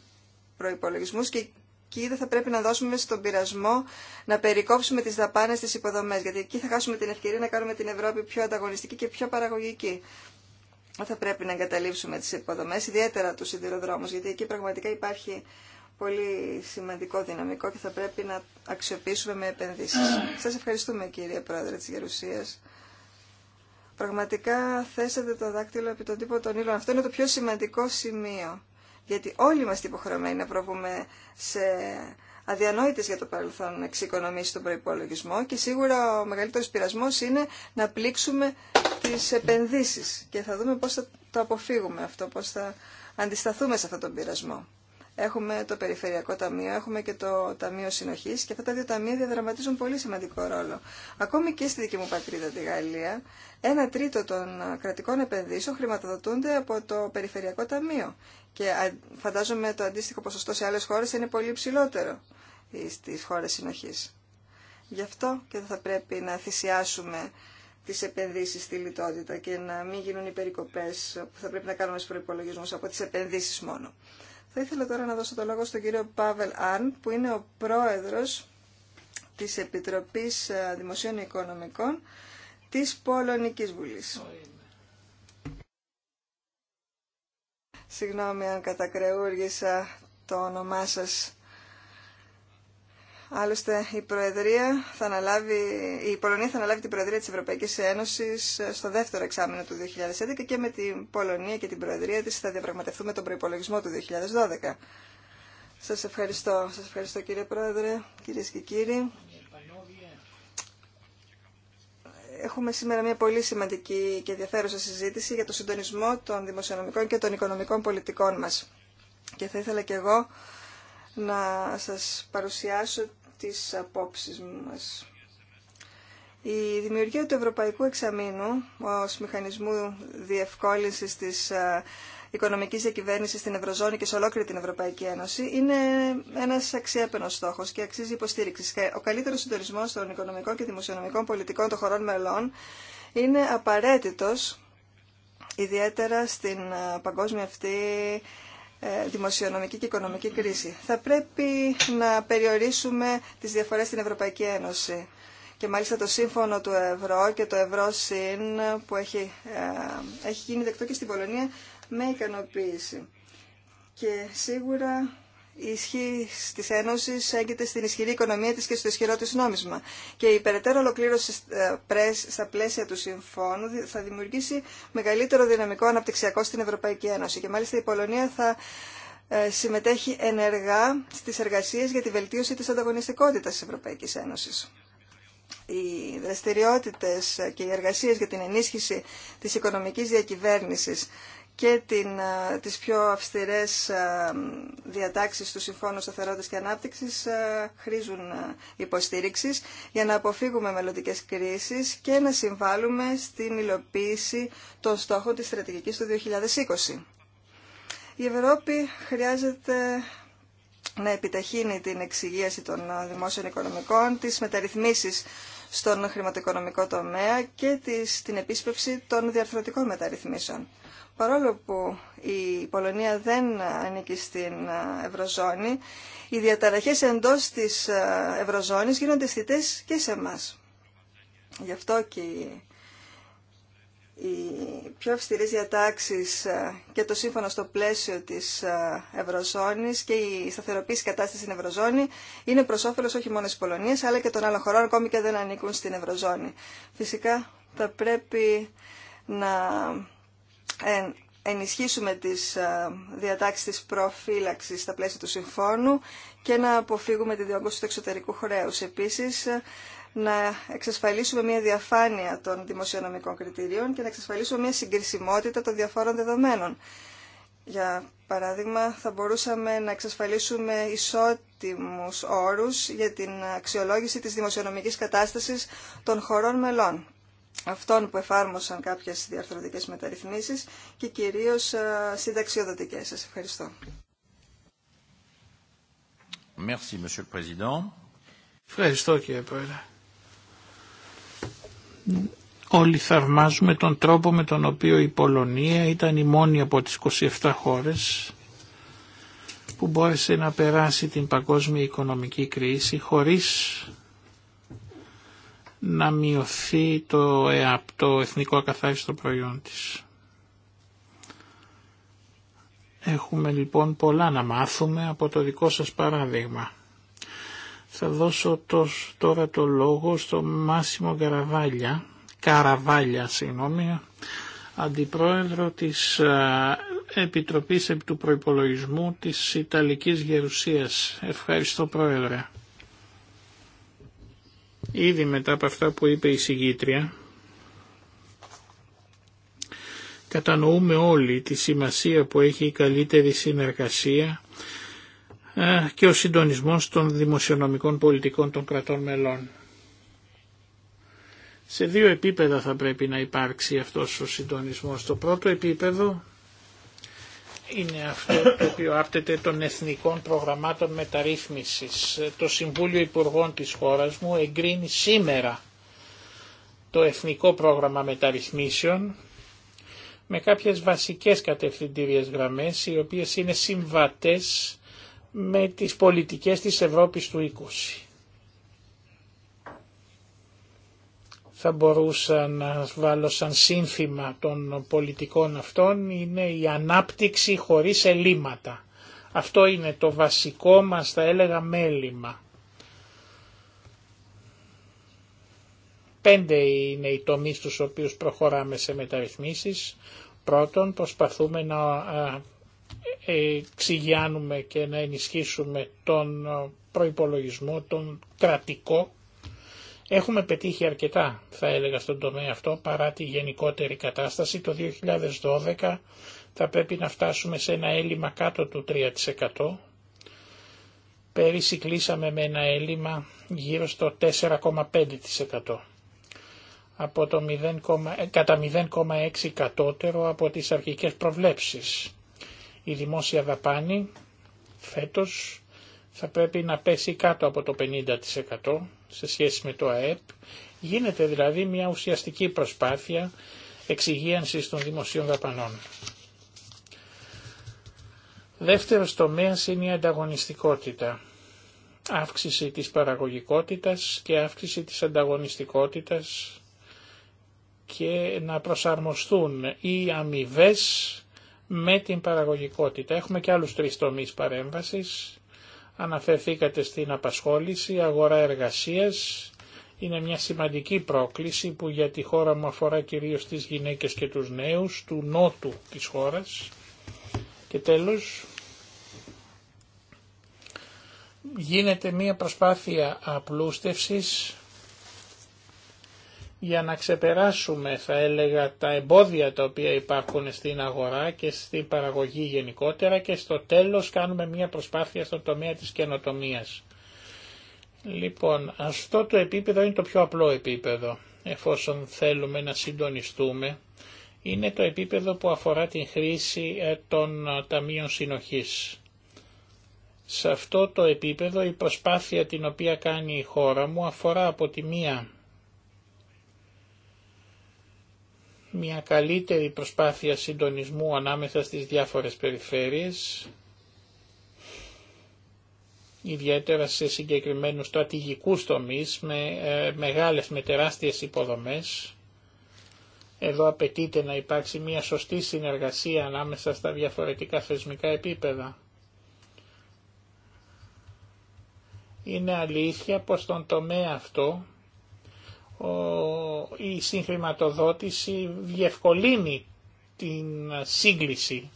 προϋπολογισμούς και εκεί δεν θα πρέπει να δώσουμε στον πειρασμό να περικόψουμε τις δαπάνες στις υποδομές, γιατί εκεί θα χάσουμε την ευκαιρία να κάνουμε την Ευρώπη πιο ανταγωνιστική και πιο παραγωγική. Θα πρέπει να εγκαταλείψουμε τις υποδομές, ιδιαίτερα τους σιδηροδρόμους, γιατί εκεί πραγματικά υπάρχει πολύ σημαντικό δυναμικό και θα πρέπει να αξιοποιήσουμε με επενδύσεις. Σας ευχαριστούμε κύριε Πρόεδρε της Γερουσίας. Πραγματικά θέσατε το δάκτυλο επί τον τύπο των ήλων. Αυτό είναι το πιο σημαντικό σημείο. Γιατί όλοι είμαστε υποχρεωμένοι να προβούμε σε αδιανόητες για το παρελθόν εξοικονομήσεις στον προϋπολογισμό και σίγουρα ο μεγαλύτερος πειρασμός είναι να πλήξουμε τις επενδύσεις και θα δούμε πώς θα το αποφύγουμε αυτό, πώς θα αντισταθούμε σε αυτόν τον πειρασμό. Έχουμε το Περιφερειακό Ταμείο, έχουμε και το Ταμείο Συνοχή και αυτά τα δύο ταμεία διαδραματίζουν πολύ σημαντικό ρόλο. Ακόμη και στη δική μου πατρίδα, τη Γαλλία, ένα τρίτο των κρατικών επενδύσεων χρηματοδοτούνται από το Περιφερειακό Ταμείο. Και φαντάζομαι το αντίστοιχο ποσοστό σε άλλε χώρε είναι πολύ ψηλότερο στι χώρε συνοχή. Γι' αυτό και θα πρέπει να θυσιάσουμε τις επενδύσεις στη λιτότητα και να μην γίνουν οι περικοπές που θα πρέπει να κάνουμε στους προϋπολογισμούς από τις επενδύσεις μόνο. Θα ήθελα τώρα να δώσω το λόγο στον κύριο Πάβελ Αν, που είναι ο πρόεδρος της Επιτροπής ε, Δημοσίων Οικονομικών της Πολωνικής Βουλής. Συγγνώμη αν κατακρεούργησα το όνομά σας. Άλλωστε η Προεδρία θα αναλάβει, η Πολωνία θα αναλάβει την Προεδρία της Ευρωπαϊκής Ένωσης στο δεύτερο εξάμεινο του 2011 και με την Πολωνία και την Προεδρία της θα διαπραγματευτούμε τον προϋπολογισμό του 2012. Σας ευχαριστώ. Σας ευχαριστώ κύριε Πρόεδρε, κυρίες και κύριοι. Έχουμε σήμερα μια πολύ σημαντική και ενδιαφέρουσα συζήτηση για το συντονισμό των δημοσιονομικών και των οικονομικών πολιτικών μας. Και θα ήθελα και εγώ να σας παρουσιάσω τις απόψεις μας. Η δημιουργία του Ευρωπαϊκού Εξαμήνου ως μηχανισμού διευκόλυνσης της ε, οικονομικής διακυβέρνηση στην Ευρωζώνη και σε ολόκληρη την Ευρωπαϊκή Ένωση είναι ένας αξιέπαινο στόχος και αξίζει υποστήριξη. Ο καλύτερος συντορισμός των οικονομικών και δημοσιονομικών πολιτικών των χωρών μελών είναι απαραίτητο ιδιαίτερα στην ε, παγκόσμια αυτή ε, δημοσιονομική και οικονομική κρίση. Θα πρέπει να περιορίσουμε τις διαφορές στην Ευρωπαϊκή Ένωση. Και μάλιστα το σύμφωνο του ευρώ και το ευρώ συν που έχει, ε, έχει γίνει δεκτό και στην Πολωνία με ικανοποίηση. Και σίγουρα η ισχύ τη Ένωση έγκυται στην ισχυρή οικονομία τη και στο ισχυρό τη νόμισμα. Και η περαιτέρω ολοκλήρωση ε, στα πλαίσια του συμφώνου θα δημιουργήσει μεγαλύτερο δυναμικό αναπτυξιακό στην Ευρωπαϊκή Ένωση. Και μάλιστα η Πολωνία θα ε, συμμετέχει ενεργά στις εργασίες για τη βελτίωση της ανταγωνιστικότητας της Ευρωπαϊκής Ένωσης. Οι δραστηριότητες και οι εργασίες για την ενίσχυση της οικονομικής διακυβέρνησης και την, ε, τις πιο αυστηρές ε, διατάξεις του Συμφώνου Σταθερότητας και Ανάπτυξης ε, χρήζουν υποστήριξης για να αποφύγουμε μελλοντικές κρίσεις και να συμβάλλουμε στην υλοποίηση των στόχων της στρατηγικής του 2020. Η Ευρώπη χρειάζεται να επιταχύνει την εξηγίαση των δημόσιων οικονομικών, τις μεταρρυθμίσεις στον χρηματοοικονομικό τομέα και την επίσπευση των διαρθρωτικών μεταρρυθμίσεων παρόλο που η Πολωνία δεν ανήκει στην ε, Ευρωζώνη, οι διαταραχές εντός της ε, Ευρωζώνης γίνονται αισθητές και σε εμά. Γι' αυτό και οι πιο αυστηρές διατάξεις ε, και το σύμφωνο στο πλαίσιο της Ευρωζώνης και η σταθεροποίηση κατάσταση στην Ευρωζώνη είναι προς όφελος όχι μόνο της Πολωνίας αλλά και των άλλων χωρών ακόμη και δεν ανήκουν στην Ευρωζώνη. Φυσικά θα πρέπει να ενισχύσουμε τις ε, διατάξεις της προφύλαξης στα πλαίσια του συμφώνου και να αποφύγουμε τη διόγκωση του εξωτερικού χρέους. Επίσης, ε, να εξασφαλίσουμε μια διαφάνεια των δημοσιονομικών κριτηρίων και να εξασφαλίσουμε μια συγκρισιμότητα των διαφόρων δεδομένων. Για παράδειγμα, θα μπορούσαμε να εξασφαλίσουμε ισότιμους όρους για την αξιολόγηση της δημοσιονομικής κατάστασης των χωρών μελών αυτών που εφάρμοσαν κάποιες διαρθρωτικές μεταρρυθμίσεις και κυρίως ε, συνταξιοδοτικές. Σας ευχαριστώ. Merci, Monsieur le Président. Ευχαριστώ κύριε Πρόεδρε. Όλοι θαυμάζουμε τον τρόπο με τον οποίο η Πολωνία ήταν η μόνη από τις 27 χώρες που μπόρεσε να περάσει την παγκόσμια οικονομική κρίση χωρίς να μειωθεί το, ΕΑΠ, το εθνικό ακαθάριστο προϊόν της. Έχουμε λοιπόν πολλά να μάθουμε από το δικό σας παράδειγμα. Θα δώσω τώρα το λόγο στο Μάσιμο Καραβάλια, Καραβάλια συγγνώμη, αντιπρόεδρο της Επιτροπής του Προϋπολογισμού της Ιταλικής Γερουσίας. Ευχαριστώ πρόεδρε. Ήδη μετά από αυτά που είπε η συγγήτρια, κατανοούμε όλοι τη σημασία που έχει η καλύτερη συνεργασία ε, και ο συντονισμός των δημοσιονομικών πολιτικών των κρατών μελών. Σε δύο επίπεδα θα πρέπει να υπάρξει αυτός ο συντονισμός. Το πρώτο επίπεδο είναι αυτό το οποίο άπτεται των εθνικών προγραμμάτων μεταρρύθμισης. Το Συμβούλιο Υπουργών της χώρας μου εγκρίνει σήμερα το Εθνικό Πρόγραμμα Μεταρρυθμίσεων με κάποιες βασικές κατευθυντήριες γραμμές οι οποίες είναι συμβατές με τις πολιτικές της Ευρώπης του 20. θα μπορούσα να βάλω σαν σύνθημα των πολιτικών αυτών είναι η ανάπτυξη χωρίς ελλείμματα. Αυτό είναι το βασικό μας θα έλεγα μέλημα. Πέντε είναι οι τομείς τους οποίους προχωράμε σε μεταρρυθμίσεις. Πρώτον προσπαθούμε να εξηγιάνουμε και να ενισχύσουμε τον προϋπολογισμό, τον κρατικό Έχουμε πετύχει αρκετά, θα έλεγα, στον τομέα αυτό, παρά τη γενικότερη κατάσταση. Το 2012 θα πρέπει να φτάσουμε σε ένα έλλειμμα κάτω του 3%. Πέρυσι κλείσαμε με ένα έλλειμμα γύρω στο 4,5% από το 0, ε, κατά 0,6 κατώτερο από τις αρχικές προβλέψεις. Η δημόσια δαπάνη φέτος θα πρέπει να πέσει κάτω από το 50% σε σχέση με το ΑΕΠ. Γίνεται δηλαδή μια ουσιαστική προσπάθεια εξυγίανσης των δημοσίων δαπανών. Δεύτερος τομέας είναι η ανταγωνιστικότητα. Αύξηση της παραγωγικότητας και αύξηση της ανταγωνιστικότητας και να προσαρμοστούν οι αμοιβέ με την παραγωγικότητα. Έχουμε και άλλους τρεις τομείς παρέμβασης Αναφερθήκατε στην απασχόληση, αγορά εργασίας. Είναι μια σημαντική πρόκληση που για τη χώρα μου αφορά κυρίως τις γυναίκες και τους νέους του νότου της χώρας. Και τέλος, γίνεται μια προσπάθεια απλούστευσης για να ξεπεράσουμε θα έλεγα τα εμπόδια τα οποία υπάρχουν στην αγορά και στην παραγωγή γενικότερα και στο τέλος κάνουμε μια προσπάθεια στον τομέα της καινοτομίας. Λοιπόν, αυτό το επίπεδο είναι το πιο απλό επίπεδο εφόσον θέλουμε να συντονιστούμε. Είναι το επίπεδο που αφορά την χρήση ε, των ε, ταμείων συνοχής. Σε αυτό το επίπεδο η προσπάθεια την οποία κάνει η χώρα μου αφορά από τη μία μια καλύτερη προσπάθεια συντονισμού ανάμεσα στις διάφορες περιφέρειες, ιδιαίτερα σε συγκεκριμένους στρατηγικούς τομείς με ε, μεγάλες, με τεράστιες υποδομές. Εδώ απαιτείται να υπάρξει μια σωστή συνεργασία ανάμεσα στα διαφορετικά θεσμικά επίπεδα. Είναι αλήθεια πως στον τομέα αυτό η συγχρηματοδότηση διευκολύνει την σύγκληση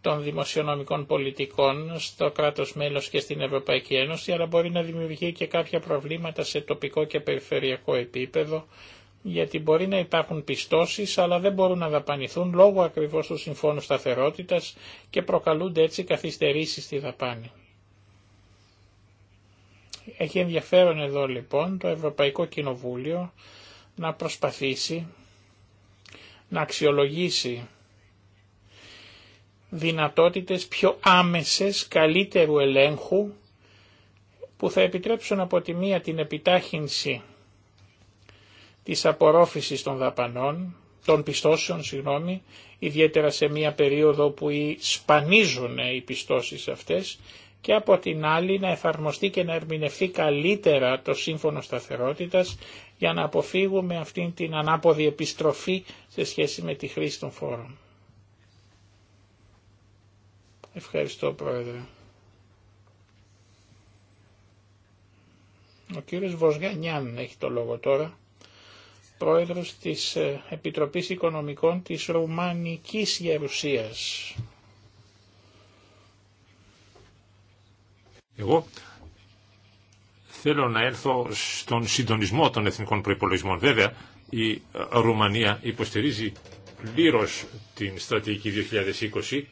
των δημοσιονομικών πολιτικών στο κράτος μέλος και στην Ευρωπαϊκή Ένωση, αλλά μπορεί να δημιουργεί και κάποια προβλήματα σε τοπικό και περιφερειακό επίπεδο, γιατί μπορεί να υπάρχουν πιστώσεις, αλλά δεν μπορούν να δαπανηθούν λόγω ακριβώς του Συμφώνου Σταθερότητας και προκαλούνται έτσι καθυστερήσεις στη δαπάνη. Έχει ενδιαφέρον εδώ λοιπόν το Ευρωπαϊκό Κοινοβούλιο να προσπαθήσει να αξιολογήσει δυνατότητες πιο άμεσες, καλύτερου ελέγχου που θα επιτρέψουν από τη μία την επιτάχυνση της απορρόφησης των δαπανών, των πιστώσεων, συγγνώμη, ιδιαίτερα σε μία περίοδο που σπανίζουν οι πιστώσεις αυτές και από την άλλη να εφαρμοστεί και να ερμηνευτεί καλύτερα το σύμφωνο σταθερότητας για να αποφύγουμε αυτήν την ανάποδη επιστροφή σε σχέση με τη χρήση των φόρων. Ευχαριστώ Πρόεδρε. Ο κύριος Βοσγανιάν έχει το λόγο τώρα, πρόεδρος της ε, Επιτροπής Οικονομικών της Ρουμανικής Γερουσίας. Εγώ θέλω να έρθω στον συντονισμό των εθνικών προϋπολογισμών. Βέβαια, η Ρουμανία υποστηρίζει πλήρως την στρατηγική 2020.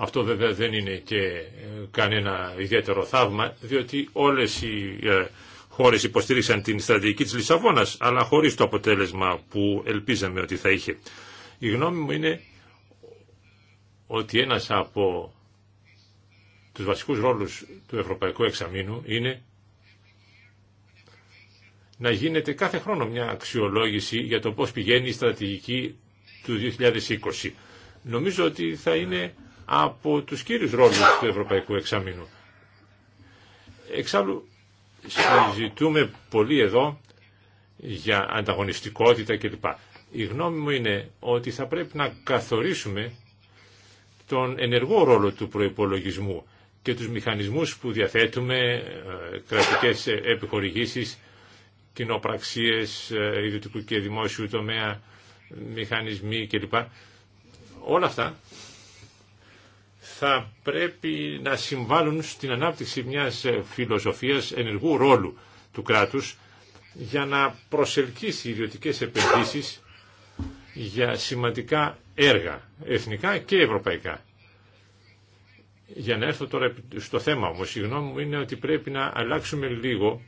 Αυτό βέβαια δεν είναι και ε, κανένα ιδιαίτερο θαύμα, διότι όλες οι ε, χώρες υποστήριξαν την στρατηγική της Λισαβόνας, αλλά χωρίς το αποτέλεσμα που ελπίζαμε ότι θα είχε. Η γνώμη μου είναι ότι ένας από τους βασικούς ρόλους του Ευρωπαϊκού Εξαμήνου είναι να γίνεται κάθε χρόνο μια αξιολόγηση για το πώς πηγαίνει η στρατηγική του 2020. Νομίζω ότι θα είναι από τους κύριους ρόλους του Ευρωπαϊκού Εξαμήνου. Εξάλλου, συζητούμε πολύ εδώ για ανταγωνιστικότητα κλπ. Η γνώμη μου είναι ότι θα πρέπει να καθορίσουμε τον ενεργό ρόλο του προϋπολογισμού και τους μηχανισμούς που διαθέτουμε, ε, κρατικές επιχορηγήσεις, κοινοπραξίες, ε, ιδιωτικού και δημόσιου τομέα, μηχανισμοί κλπ. Όλα αυτά θα πρέπει να συμβάλλουν στην ανάπτυξη μιας ε, φιλοσοφίας ενεργού ρόλου του κράτους για να προσελκύσει ιδιωτικές επενδύσεις για σημαντικά έργα, εθνικά και ευρωπαϊκά. Για να έρθω τώρα στο θέμα όμως, η γνώμη μου είναι ότι πρέπει να αλλάξουμε λίγο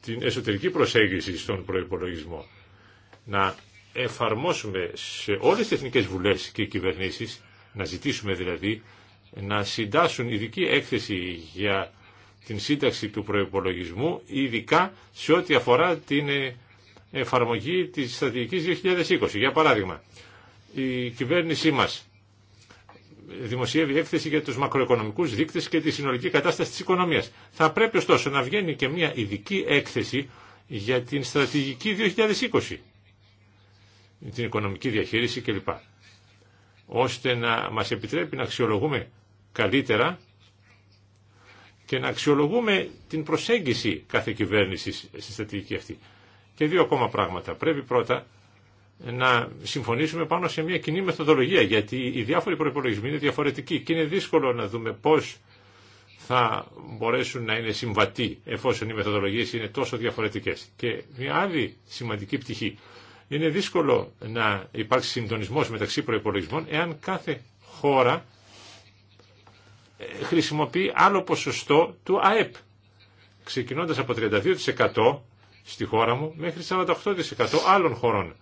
την εσωτερική προσέγγιση στον προϋπολογισμό. Να εφαρμόσουμε σε όλες τις εθνικές βουλές και κυβερνήσεις, να ζητήσουμε δηλαδή, να συντάσσουν ειδική έκθεση για την σύνταξη του προϋπολογισμού, ειδικά σε ό,τι αφορά την ε, εφαρμογή της στρατηγικής 2020. Για παράδειγμα, η κυβέρνησή μας δημοσιεύει έκθεση για τους μακροοικονομικούς δείκτες και τη συνολική κατάσταση της οικονομίας. Θα πρέπει ωστόσο να βγαίνει και μια ειδική έκθεση για την στρατηγική 2020, την οικονομική διαχείριση κλπ. Ώστε να μας επιτρέπει να αξιολογούμε καλύτερα και να αξιολογούμε την προσέγγιση κάθε κυβέρνηση στη στρατηγική αυτή. Και δύο ακόμα πράγματα. Πρέπει πρώτα να συμφωνήσουμε πάνω σε μια κοινή μεθοδολογία, γιατί οι διάφοροι προπολογισμοί είναι διαφορετικοί και είναι δύσκολο να δούμε πώς θα μπορέσουν να είναι συμβατοί εφόσον οι μεθοδολογίες είναι τόσο διαφορετικές. Και μια άλλη σημαντική πτυχή. Είναι δύσκολο να υπάρξει συντονισμός μεταξύ προπολογισμών εάν κάθε χώρα ε, χρησιμοποιεί άλλο ποσοστό του ΑΕΠ. Ξεκινώντας από 32% στη χώρα μου μέχρι 48% άλλων χωρών.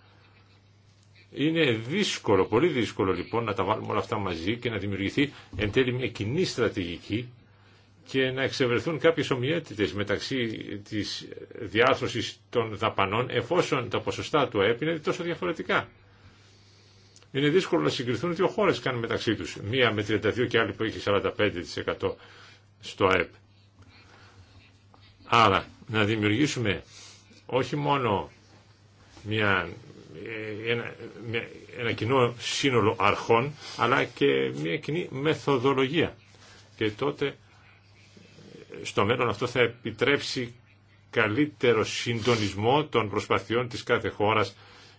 Είναι δύσκολο, πολύ δύσκολο λοιπόν να τα βάλουμε όλα αυτά μαζί και να δημιουργηθεί εν τέλει μια κοινή στρατηγική και να εξευρεθούν κάποιες ομοιότητες μεταξύ της διάρθρωσης των δαπανών εφόσον τα ποσοστά του ΑΕΠ είναι τόσο διαφορετικά. Είναι δύσκολο να συγκριθούν δύο χώρες κάνουν μεταξύ τους. Μία με 32 και άλλη που έχει 45% στο ΑΕΠ. Άρα να δημιουργήσουμε όχι μόνο μια, ε, ένα, ένα κοινό σύνολο αρχών, αλλά και μια κοινή μεθοδολογία. Και τότε στο μέλλον αυτό θα επιτρέψει καλύτερο συντονισμό των προσπαθειών της κάθε χώρας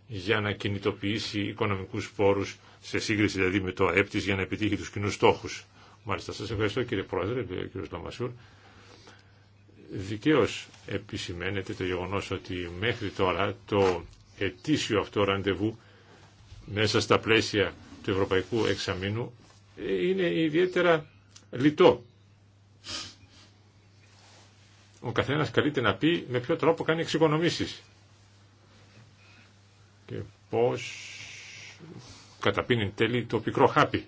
για να κινητοποιήσει οικονομικούς πόρους σε σύγκριση δηλαδή με το ΕΠΤΙΣ για να επιτύχει τους κοινούς στόχους. Μάλιστα, σας ευχαριστώ κύριε Πρόεδρε, κύριε Λαμασούρ. Δικαίως επισημαίνεται το γεγονός ότι μέχρι τώρα το ετήσιο αυτό ραντεβού μέσα στα πλαίσια του Ευρωπαϊκού Εξαμήνου ε, είναι ιδιαίτερα λιτό. Ο καθένας καλείται να πει με ποιο τρόπο κάνει εξοικονομήσεις και πώς καταπίνει τέλει το πικρό χάπι.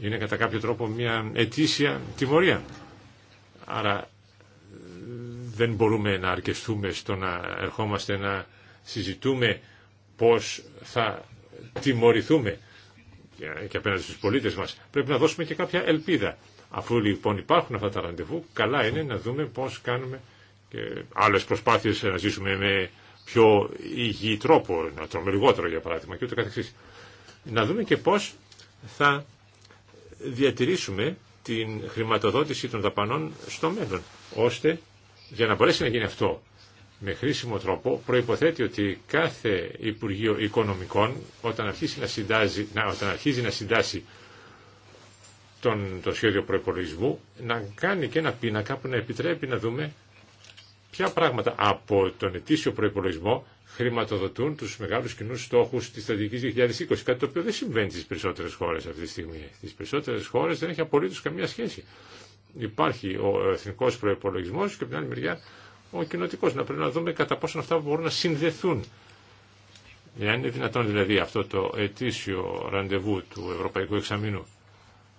Είναι κατά κάποιο τρόπο μια ετήσια τιμωρία. Άρα δεν μπορούμε να αρκεστούμε στο να ερχόμαστε να συζητούμε πώς θα τιμωρηθούμε και απέναντι στους πολίτες μας. Πρέπει να δώσουμε και κάποια ελπίδα. Αφού λοιπόν υπάρχουν αυτά τα ραντεβού, καλά είναι να δούμε πώς κάνουμε και άλλες προσπάθειες να ζήσουμε με πιο υγιή τρόπο, να τρώμε λιγότερο για παράδειγμα και ούτω καθεξής. Να δούμε και πώς θα διατηρήσουμε την χρηματοδότηση των δαπανών στο μέλλον, ώστε για να μπορέσει να γίνει αυτό με χρήσιμο τρόπο προϋποθέτει ότι κάθε Υπουργείο Οικονομικών όταν αρχίζει να, συντάζει, να, όταν αρχίζει να συντάσει τον, το σχέδιο προϋπολογισμού να κάνει και ένα πίνακα που να επιτρέπει να δούμε ποια πράγματα από τον ετήσιο προπολογισμό χρηματοδοτούν τους μεγάλους κοινούς στόχους της στρατηγικής 2020, κάτι το οποίο δεν συμβαίνει στις περισσότερες χώρες αυτή τη στιγμή. Στις περισσότερες χώρες δεν έχει απολύτως καμία σχέση υπάρχει ο εθνικός προϋπολογισμός και από την άλλη μεριά ο κοινοτικός. Να πρέπει να δούμε κατά πόσο αυτά μπορούν να συνδεθούν. Εάν είναι δυνατόν δηλαδή αυτό το ετήσιο ραντεβού του Ευρωπαϊκού Εξαμήνου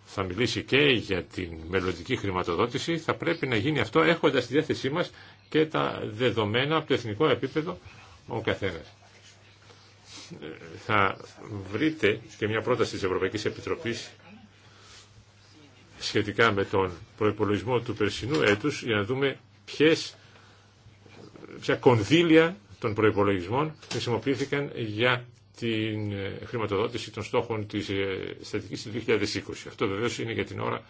θα μιλήσει και για την μελλοντική χρηματοδότηση, θα πρέπει να γίνει αυτό έχοντας στη διάθεσή μας και τα δεδομένα από το εθνικό επίπεδο ο καθένας. Ε, θα βρείτε και μια πρόταση της Ευρωπαϊκής Επιτροπής σχετικά με τον προϋπολογισμό του περσινού έτους για να δούμε ποιες, ποια κονδύλια των προϋπολογισμών χρησιμοποιήθηκαν για την ε, χρηματοδότηση των στόχων της ε, στατικής του 2020. Αυτό βεβαίως είναι για την ώρα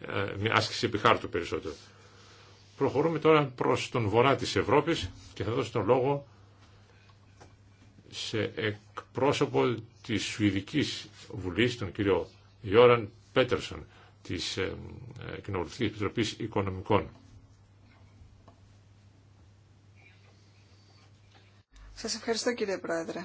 ε, μια άσκηση επιχάρτου περισσότερο. Προχωρούμε τώρα προς τον βορρά της Ευρώπης και θα δώσω τον λόγο σε εκπρόσωπο της Σουηδικής Βουλής, τον κύριο Γιώραν Πέτερσον, της ε, Κοινοβουλευτικής Επιτροπής Οικονομικών. Σας ευχαριστώ κύριε Πρόεδρε.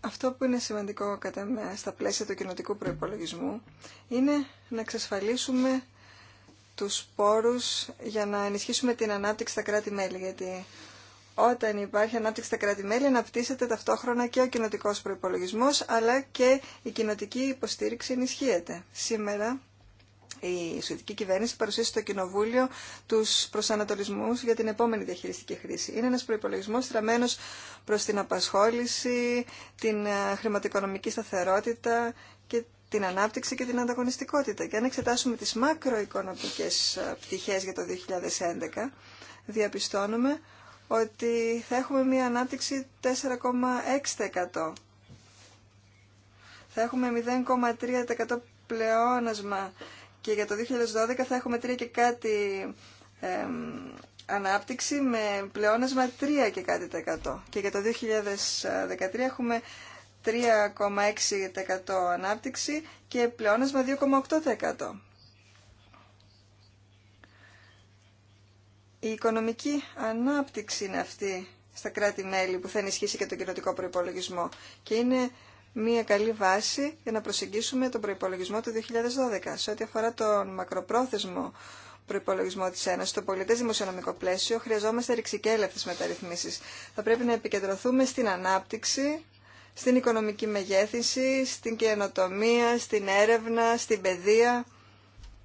Αυτό που είναι σημαντικό κατά με, στα πλαίσια του κοινοτικού προϋπολογισμού είναι να εξασφαλίσουμε τους πόρους για να ενισχύσουμε την ανάπτυξη στα κράτη-μέλη, γιατί όταν υπάρχει ανάπτυξη στα κράτη-μέλη, αναπτύσσεται ταυτόχρονα και ο κοινοτικό προπολογισμό, αλλά και η κοινοτική υποστήριξη ενισχύεται. Σήμερα η Σουηδική κυβέρνηση παρουσίασε στο Κοινοβούλιο του προσανατολισμού για την επόμενη διαχειριστική χρήση. Είναι ένα προπολογισμό στραμμένο προ την απασχόληση, την ε, χρηματοοικονομική σταθερότητα και την ανάπτυξη και την ανταγωνιστικότητα. Και αν εξετάσουμε τις μακροοικονομικές ε, πτυχές για το 2011, διαπιστώνουμε ότι θα έχουμε μία ανάπτυξη 4,6%. Θα έχουμε 0,3% πλεόνασμα και για το 2012 θα έχουμε 3 και κάτι ανάπτυξη με πλεόνασμα 3 και κάτι τεκατό. Και για το 2013 έχουμε 3,6% ανάπτυξη και πλεόνασμα 2,8%. Η οικονομική ανάπτυξη είναι αυτή στα κράτη-μέλη που θα ενισχύσει και τον κοινοτικό προϋπολογισμό και είναι μια καλή βάση για να προσεγγίσουμε τον προϋπολογισμό του 2012. Σε ό,τι αφορά τον μακροπρόθεσμο προπολογισμό τη Ένωση, στο πολιτέ δημοσιονομικό πλαίσιο, χρειαζόμαστε ρηξικέλευτε μεταρρυθμίσει. Θα πρέπει να επικεντρωθούμε στην ανάπτυξη, στην οικονομική μεγέθυνση, στην καινοτομία, στην έρευνα, στην παιδεία,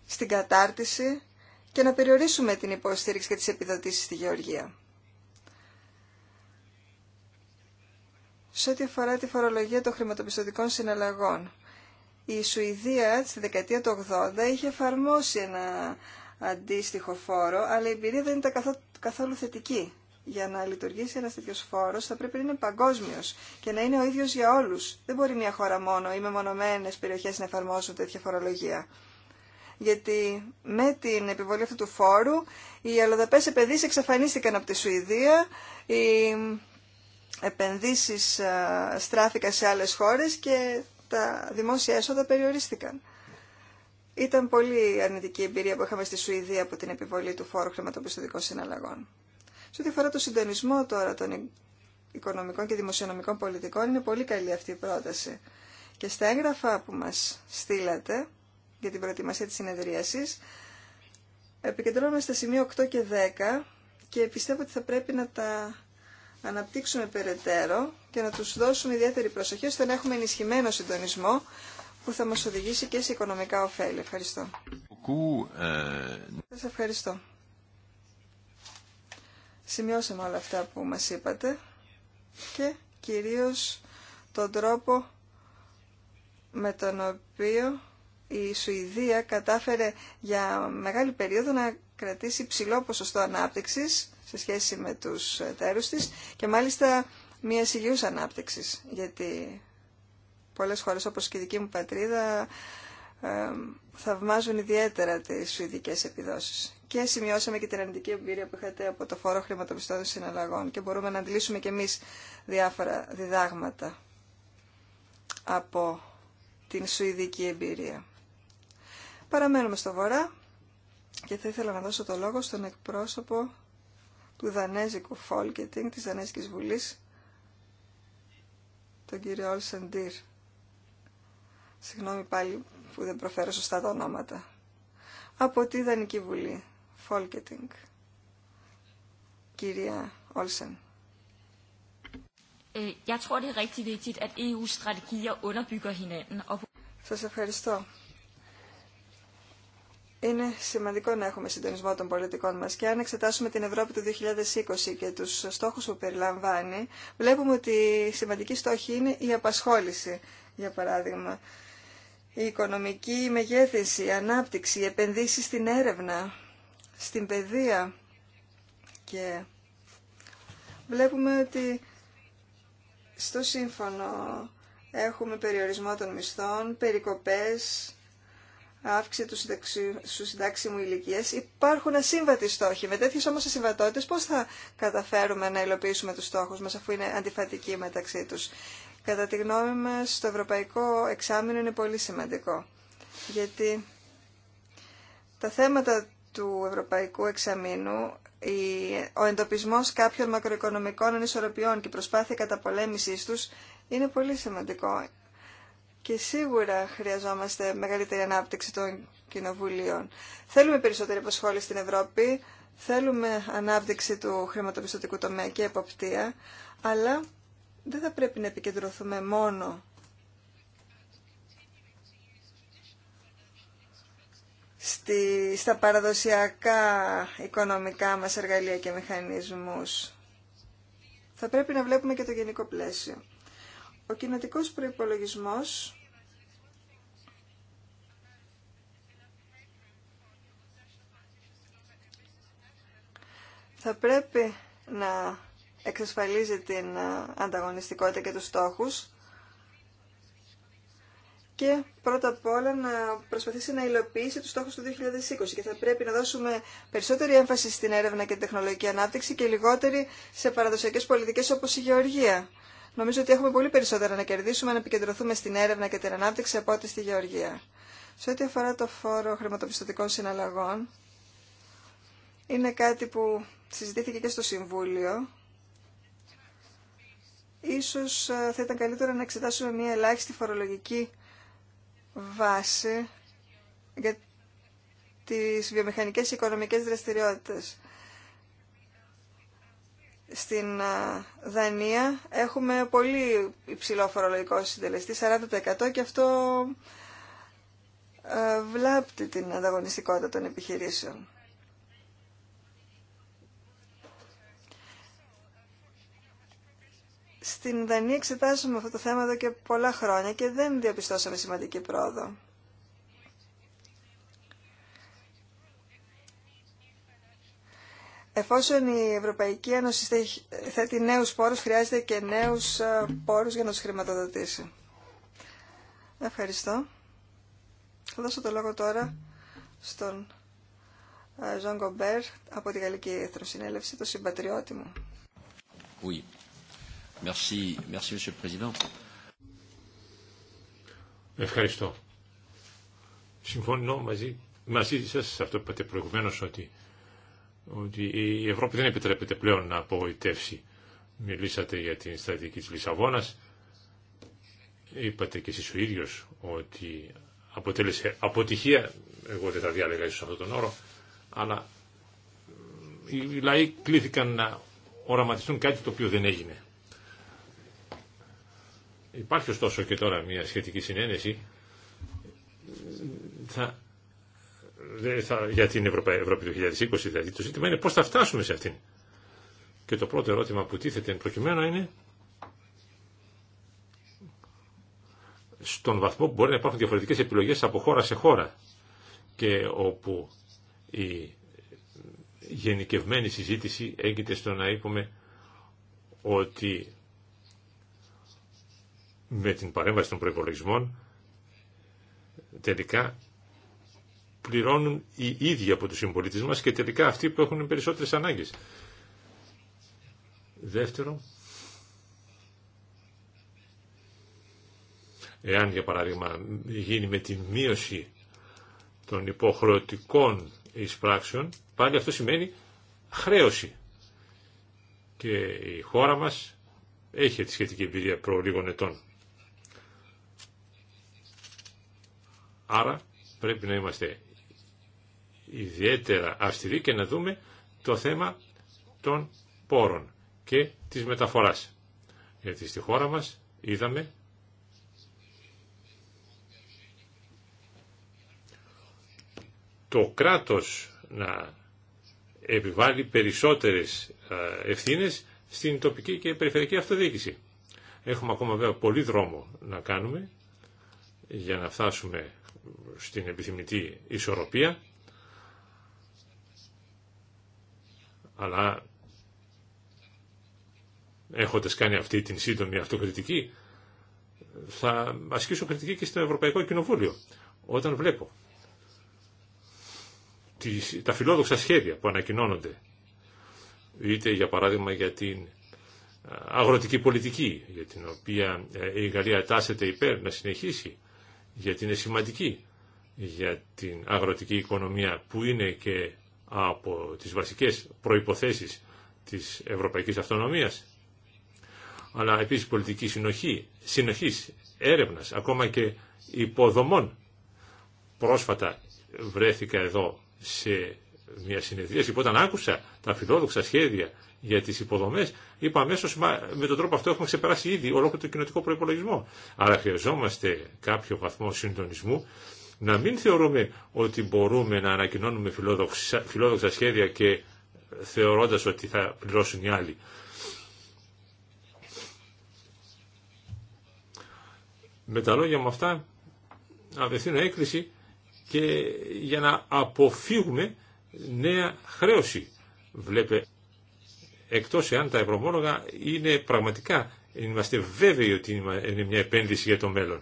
στην κατάρτιση και να περιορίσουμε την υποστήριξη και τις επιδοτήσεις στη γεωργία. Σε ό,τι αφορά τη φορολογία των χρηματοπιστωτικών συναλλαγών, η Σουηδία στη δεκαετία του 80 είχε εφαρμόσει ένα αντίστοιχο φόρο, αλλά η εμπειρία δεν ήταν καθόλου θετική. Για να λειτουργήσει ένα τέτοιο φόρο θα πρέπει να είναι παγκόσμιο και να είναι ο ίδιο για όλου. Δεν μπορεί μια χώρα μόνο ή μεμονωμένε περιοχέ να εφαρμόσουν τέτοια φορολογία γιατί με την επιβολή αυτού του φόρου οι αλλοδαπές επενδύσεις εξαφανίστηκαν από τη Σουηδία, οι επενδύσεις στράφηκαν σε άλλες χώρες και τα δημόσια έσοδα περιορίστηκαν. Ήταν πολύ αρνητική εμπειρία που είχαμε στη Σουηδία από την επιβολή του φόρου χρηματοπιστωτικών συναλλαγών. Σε ό,τι αφορά το συντονισμό τώρα των ε, οικονομικών και δημοσιονομικών πολιτικών, είναι πολύ καλή αυτή η πρόταση. Και στα έγγραφα που μας στείλατε, για την προετοιμασία της συνεδρίασης. Επικεντρώνομαι στα σημεία 8 και 10 και πιστεύω ότι θα πρέπει να τα αναπτύξουμε περαιτέρω και να τους δώσουμε ιδιαίτερη προσοχή ώστε να έχουμε ενισχυμένο συντονισμό που θα μας οδηγήσει και σε οικονομικά ωφέλη. Ευχαριστώ. Σας ευχαριστώ. Σημειώσαμε όλα αυτά που μας είπατε και κυρίως τον τρόπο με τον οποίο η Σουηδία κατάφερε για μεγάλη περίοδο να κρατήσει ψηλό ποσοστό ανάπτυξης σε σχέση με τους εταίρους της και μάλιστα μια υγιούς ανάπτυξης γιατί πολλές χώρες όπως και η δική μου πατρίδα θαυμάζουν ιδιαίτερα τις σουηδικές επιδόσεις. Και σημειώσαμε και την αρνητική εμπειρία που είχατε από το φόρο χρηματοπιστών συναλλαγών και μπορούμε να αντιλήσουμε και εμείς διάφορα διδάγματα από την σουηδική εμπειρία. Παραμένουμε στο βορρά και θα ήθελα να δώσω το λόγο στον εκπρόσωπο του Δανέζικου Φόλκετινγκ, της Δανέζικης Βουλής, τον κύριο Όλσεν Ντύρ. Συγγνώμη πάλι που δεν προφέρω σωστά τα ονόματα. Από τη Δανική Βουλή, Φόλκετινγκ, Κυρία Όλσεν. Jeg Σας ευχαριστώ είναι σημαντικό να έχουμε συντονισμό των πολιτικών μας και αν εξετάσουμε την Ευρώπη του 2020 και τους στόχους που περιλαμβάνει, βλέπουμε ότι η σημαντική στόχη είναι η απασχόληση, για παράδειγμα. Η οικονομική μεγέθυνση, η ανάπτυξη, οι επενδύσεις στην έρευνα, στην παιδεία και βλέπουμε ότι στο σύμφωνο έχουμε περιορισμό των μισθών, περικοπές, αύξηση του, συνταξι... συντάξιμου ηλικία. Υπάρχουν ασύμβατοι στόχοι. Με τέτοιε όμω ασυμβατότητε, πώ θα καταφέρουμε να υλοποιήσουμε του στόχου μα, αφού είναι αντιφατικοί μεταξύ του. Κατά τη γνώμη μα, το ευρωπαϊκό εξάμεινο είναι πολύ σημαντικό. Γιατί τα θέματα του ευρωπαϊκού εξαμήνου, ο εντοπισμό κάποιων μακροοικονομικών ανισορροπιών και η προσπάθεια καταπολέμησής τους είναι πολύ σημαντικό και σίγουρα χρειαζόμαστε μεγαλύτερη ανάπτυξη των κοινοβουλίων. Θέλουμε περισσότερη απασχόληση στην Ευρώπη, θέλουμε ανάπτυξη του χρηματοπιστωτικού τομέα και εποπτεία, αλλά δεν θα πρέπει να επικεντρωθούμε μόνο στη, στα παραδοσιακά οικονομικά μας εργαλεία και μηχανισμούς. Θα πρέπει να βλέπουμε και το γενικό πλαίσιο. Ο κοινοτικός προϋπολογισμός θα πρέπει να εξασφαλίζει την ανταγωνιστικότητα και τους στόχους και πρώτα απ' όλα να προσπαθήσει να υλοποιήσει τους στόχους του 2020 και θα πρέπει να δώσουμε περισσότερη έμφαση στην έρευνα και την τεχνολογική ανάπτυξη και λιγότερη σε παραδοσιακές πολιτικές όπως η γεωργία. Νομίζω ότι έχουμε πολύ περισσότερα να κερδίσουμε αν επικεντρωθούμε στην έρευνα και την ανάπτυξη από ό,τι στη γεωργία. Σε ό,τι αφορά το φόρο χρηματοπιστωτικών συναλλαγών, είναι κάτι που συζητήθηκε και στο Συμβούλιο. Ίσως ε, θα ήταν καλύτερο να εξετάσουμε μια ελάχιστη φορολογική βάση για τις βιομηχανικές και οικονομικές δραστηριότητες. Στην Δανία έχουμε πολύ υψηλό φορολογικό συντελεστή, 40% και αυτό βλάπτει την ανταγωνιστικότητα των επιχειρήσεων. Στην Δανία εξετάζουμε αυτό το θέμα εδώ και πολλά χρόνια και δεν διαπιστώσαμε σημαντική πρόοδο. Εφόσον η Ευρωπαϊκή Ένωση θέτει νέους πόρους, χρειάζεται και νέους ε, πόρους για να τους χρηματοδοτήσει. Ευχαριστώ. Θα δώσω το λόγο τώρα στον ε, Ζων Κομπέρ από τη Γαλλική Εθνοσυνέλευση, το συμπατριώτη μου. Oui. Merci. Merci, Ευχαριστώ. Συμφωνώ μαζί, μαζί σας σε αυτό που είπατε προηγουμένως ότι ότι η Ευρώπη δεν επιτρέπεται πλέον να απογοητεύσει. Μιλήσατε για την στρατηγική της Λισαβόνας. Είπατε και εσείς ο ίδιος ότι αποτέλεσε αποτυχία. Εγώ δεν θα διάλεγα ίσως αυτόν τον όρο. Αλλά ε, οι λαοί κλήθηκαν να οραματιστούν κάτι το οποίο δεν έγινε. Υπάρχει ωστόσο και τώρα μια σχετική συνένεση. Θα για την Ευρώπη του 2020 δηλαδή. Το ζήτημα είναι πώς θα φτάσουμε σε αυτήν. Και το πρώτο ερώτημα που τίθεται εν προκειμένου είναι στον βαθμό που μπορεί να υπάρχουν διαφορετικές επιλογές από χώρα σε χώρα και όπου η γενικευμένη συζήτηση έγκυται στο να είπαμε ότι με την παρέμβαση των προϋπολογισμών τελικά πληρώνουν οι ίδιοι από τους συμπολίτες μας και τελικά αυτοί που έχουν περισσότερες ανάγκες. Δεύτερο, εάν για παράδειγμα γίνει με τη μείωση των υποχρεωτικών εισπράξεων, πάλι αυτό σημαίνει χρέωση. Και η χώρα μας έχει τη σχετική εμπειρία προ λίγων ετών. Άρα πρέπει να είμαστε ιδιαίτερα αυστηρή και να δούμε το θέμα των πόρων και της μεταφοράς. Γιατί στη χώρα μας είδαμε το κράτος να επιβάλλει περισσότερες ευθύνες στην τοπική και περιφερειακή αυτοδιοίκηση. Έχουμε ακόμα βέβαια πολύ δρόμο να κάνουμε για να φτάσουμε στην επιθυμητή ισορροπία αλλά έχοντα κάνει αυτή την σύντομη αυτοκριτική, θα ασκήσω κριτική και στο Ευρωπαϊκό Κοινοβούλιο. Όταν βλέπω τα φιλόδοξα σχέδια που ανακοινώνονται, είτε για παράδειγμα για την ε, αγροτική πολιτική, για την οποία ε, η Γαλλία τάσεται υπέρ να συνεχίσει, γιατί είναι σημαντική για την αγροτική οικονομία που είναι και από τις βασικές προϋποθέσεις της Ευρωπαϊκής Αυτονομίας, αλλά επίσης πολιτική συνοχή, συνοχής, έρευνας, ακόμα και υποδομών. Πρόσφατα βρέθηκα εδώ σε μια συνεδρία που λοιπόν, όταν άκουσα τα φιλόδοξα σχέδια για τις υποδομές, είπα αμέσως με τον τρόπο αυτό έχουμε ξεπεράσει ήδη ολόκληρο το κοινοτικό προϋπολογισμό. Άρα χρειαζόμαστε κάποιο βαθμό συντονισμού να μην θεωρούμε ότι μπορούμε να ανακοινώνουμε φιλόδοξα, σχέδια και θεωρώντας ότι θα πληρώσουν οι άλλοι. Με τα λόγια μου αυτά απευθύνω έκκληση και για να αποφύγουμε νέα χρέωση. Βλέπε, εκτός εάν τα ευρωμόλογα είναι πραγματικά, είμαστε βέβαιοι ότι είναι μια επένδυση για το μέλλον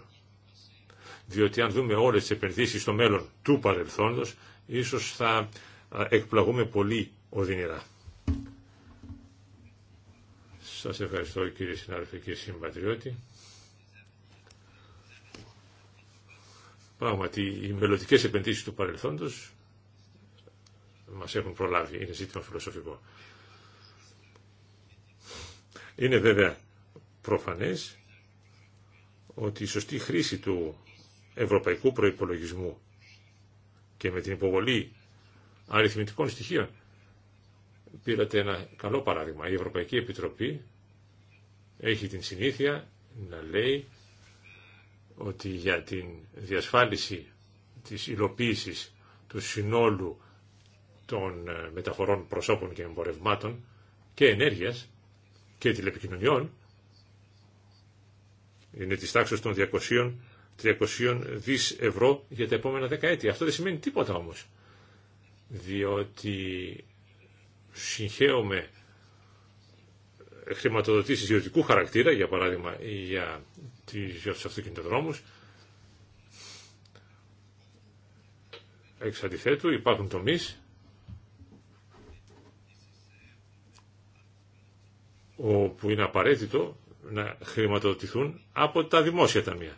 διότι αν δούμε όλες τις επενδύσεις στο μέλλον του παρελθόντος, ίσως θα εκπλαγούμε πολύ οδυνηρά. Σας ευχαριστώ κύριε συνάδελφε και συμπατριώτη. Πράγματι, οι μελλοντικέ επενδύσεις του παρελθόντος μας έχουν προλάβει. Είναι ζήτημα φιλοσοφικό. Είναι βέβαια προφανές ότι η σωστή χρήση του ευρωπαϊκού προϋπολογισμού και με την υποβολή αριθμητικών στοιχείων. Πήρατε ένα καλό παράδειγμα. Η Ευρωπαϊκή Επιτροπή έχει την συνήθεια να λέει ότι για την διασφάλιση της υλοποίησης του συνόλου των ε, μεταφορών προσώπων και εμπορευμάτων και ενέργειας και τηλεπικοινωνιών είναι της τάξης των 200 300 δις ευρώ για τα επόμενα δεκαέτια. Αυτό δεν σημαίνει τίποτα όμως, διότι συγχαίουμε χρηματοδοτήσεις ιδιωτικού χαρακτήρα, για παράδειγμα για τους αυτοκινητοδρόμους, εξ αντιθέτου υπάρχουν τομείς όπου είναι απαραίτητο να χρηματοδοτηθούν από τα δημόσια ταμεία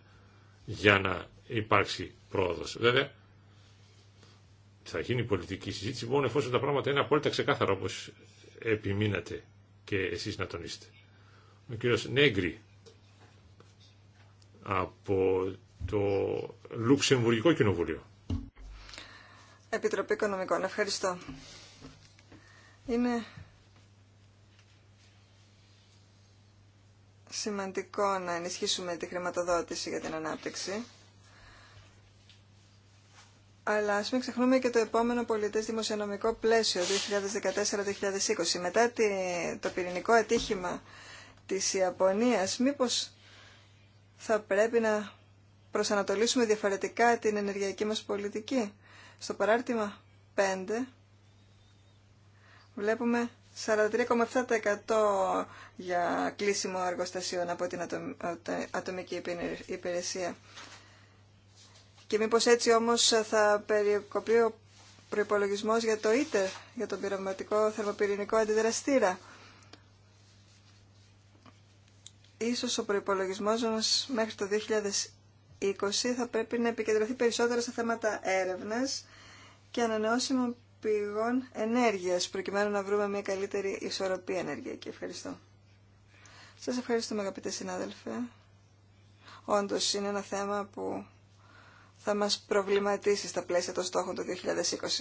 για να υπάρξει πρόοδος. Βέβαια, θα γίνει πολιτική συζήτηση μόνο εφόσον τα πράγματα είναι απόλυτα ξεκάθαρα όπως επιμείνατε και εσείς να τονίσετε. Ο κύριος Νέγκρι από το Λουξεμβουργικό Κοινοβούλιο. Επιτροπή Οικονομικών. Ευχαριστώ. Είναι σημαντικό να ενισχύσουμε τη χρηματοδότηση για την ανάπτυξη. Αλλά ας μην ξεχνούμε και το επόμενο πολιτές δημοσιονομικό πλαίσιο 2014-2020. Μετά το πυρηνικό ατύχημα της Ιαπωνίας, μήπως θα πρέπει να προσανατολίσουμε διαφορετικά την ενεργειακή μας πολιτική. Στο παράρτημα 5 βλέπουμε 43,7% για κλείσιμο εργοστασίων από την ατομική υπηρεσία. Και μήπως έτσι όμως θα περικοπεί ο προϋπολογισμός για το ΙΤΕ, για τον πειραματικό θερμοπυρηνικό αντιδραστήρα. Ίσως ο προϋπολογισμός μας μέχρι το 2020 θα πρέπει να επικεντρωθεί περισσότερο σε θέματα έρευνας και ανανεώσιμων πηγών ενέργειας, προκειμένου να βρούμε μια καλύτερη ισορροπία ενεργειακή. Ευχαριστώ. Σας ευχαριστούμε αγαπητέ συνάδελφε. Όντως είναι ένα θέμα που θα μας προβληματίσει στα πλαίσια των στόχων του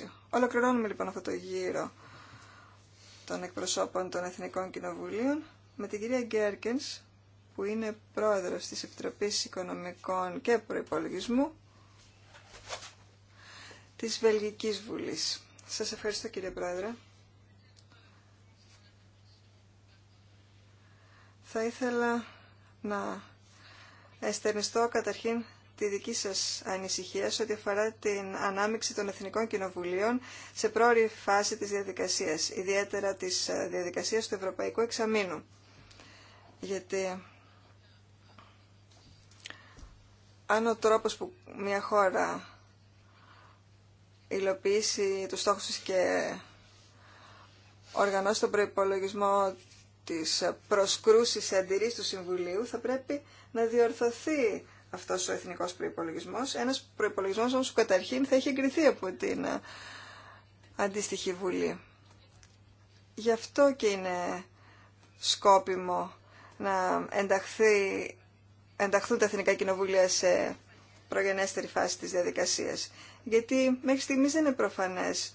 2020. Ολοκληρώνουμε λοιπόν αυτό το γύρο των εκπροσώπων των Εθνικών Κοινοβουλίων με την κυρία Γκέρκενς που είναι πρόεδρος της Επιτροπής Οικονομικών και Προϋπολογισμού της Βελγικής Βουλής. Σας ευχαριστώ κύριε Πρόεδρε. Θα ήθελα να εστερνιστώ καταρχήν τη δική σας ανησυχία σε ό,τι αφορά την ανάμειξη των Εθνικών Κοινοβουλίων σε πρόορη φάση της διαδικασίας, ιδιαίτερα της ε, διαδικασίας του Ευρωπαϊκού Εξαμήνου. Γιατί αν ο τρόπος που μια χώρα υλοποιήσει τους στόχους και οργανώσει τον προϋπολογισμό της προσκρούσης σε αντιρρήσεις του Συμβουλίου, θα πρέπει να διορθωθεί αυτός ο εθνικός προϋπολογισμός. Ένας προϋπολογισμός όμως που καταρχήν θα έχει εγκριθεί από την αντίστοιχη Βουλή. Γι' αυτό και είναι σκόπιμο να ενταχθεί, ενταχθούν τα εθνικά κοινοβούλια σε προγενέστερη φάση της διαδικασίας γιατί μέχρι στιγμής δεν είναι προφανές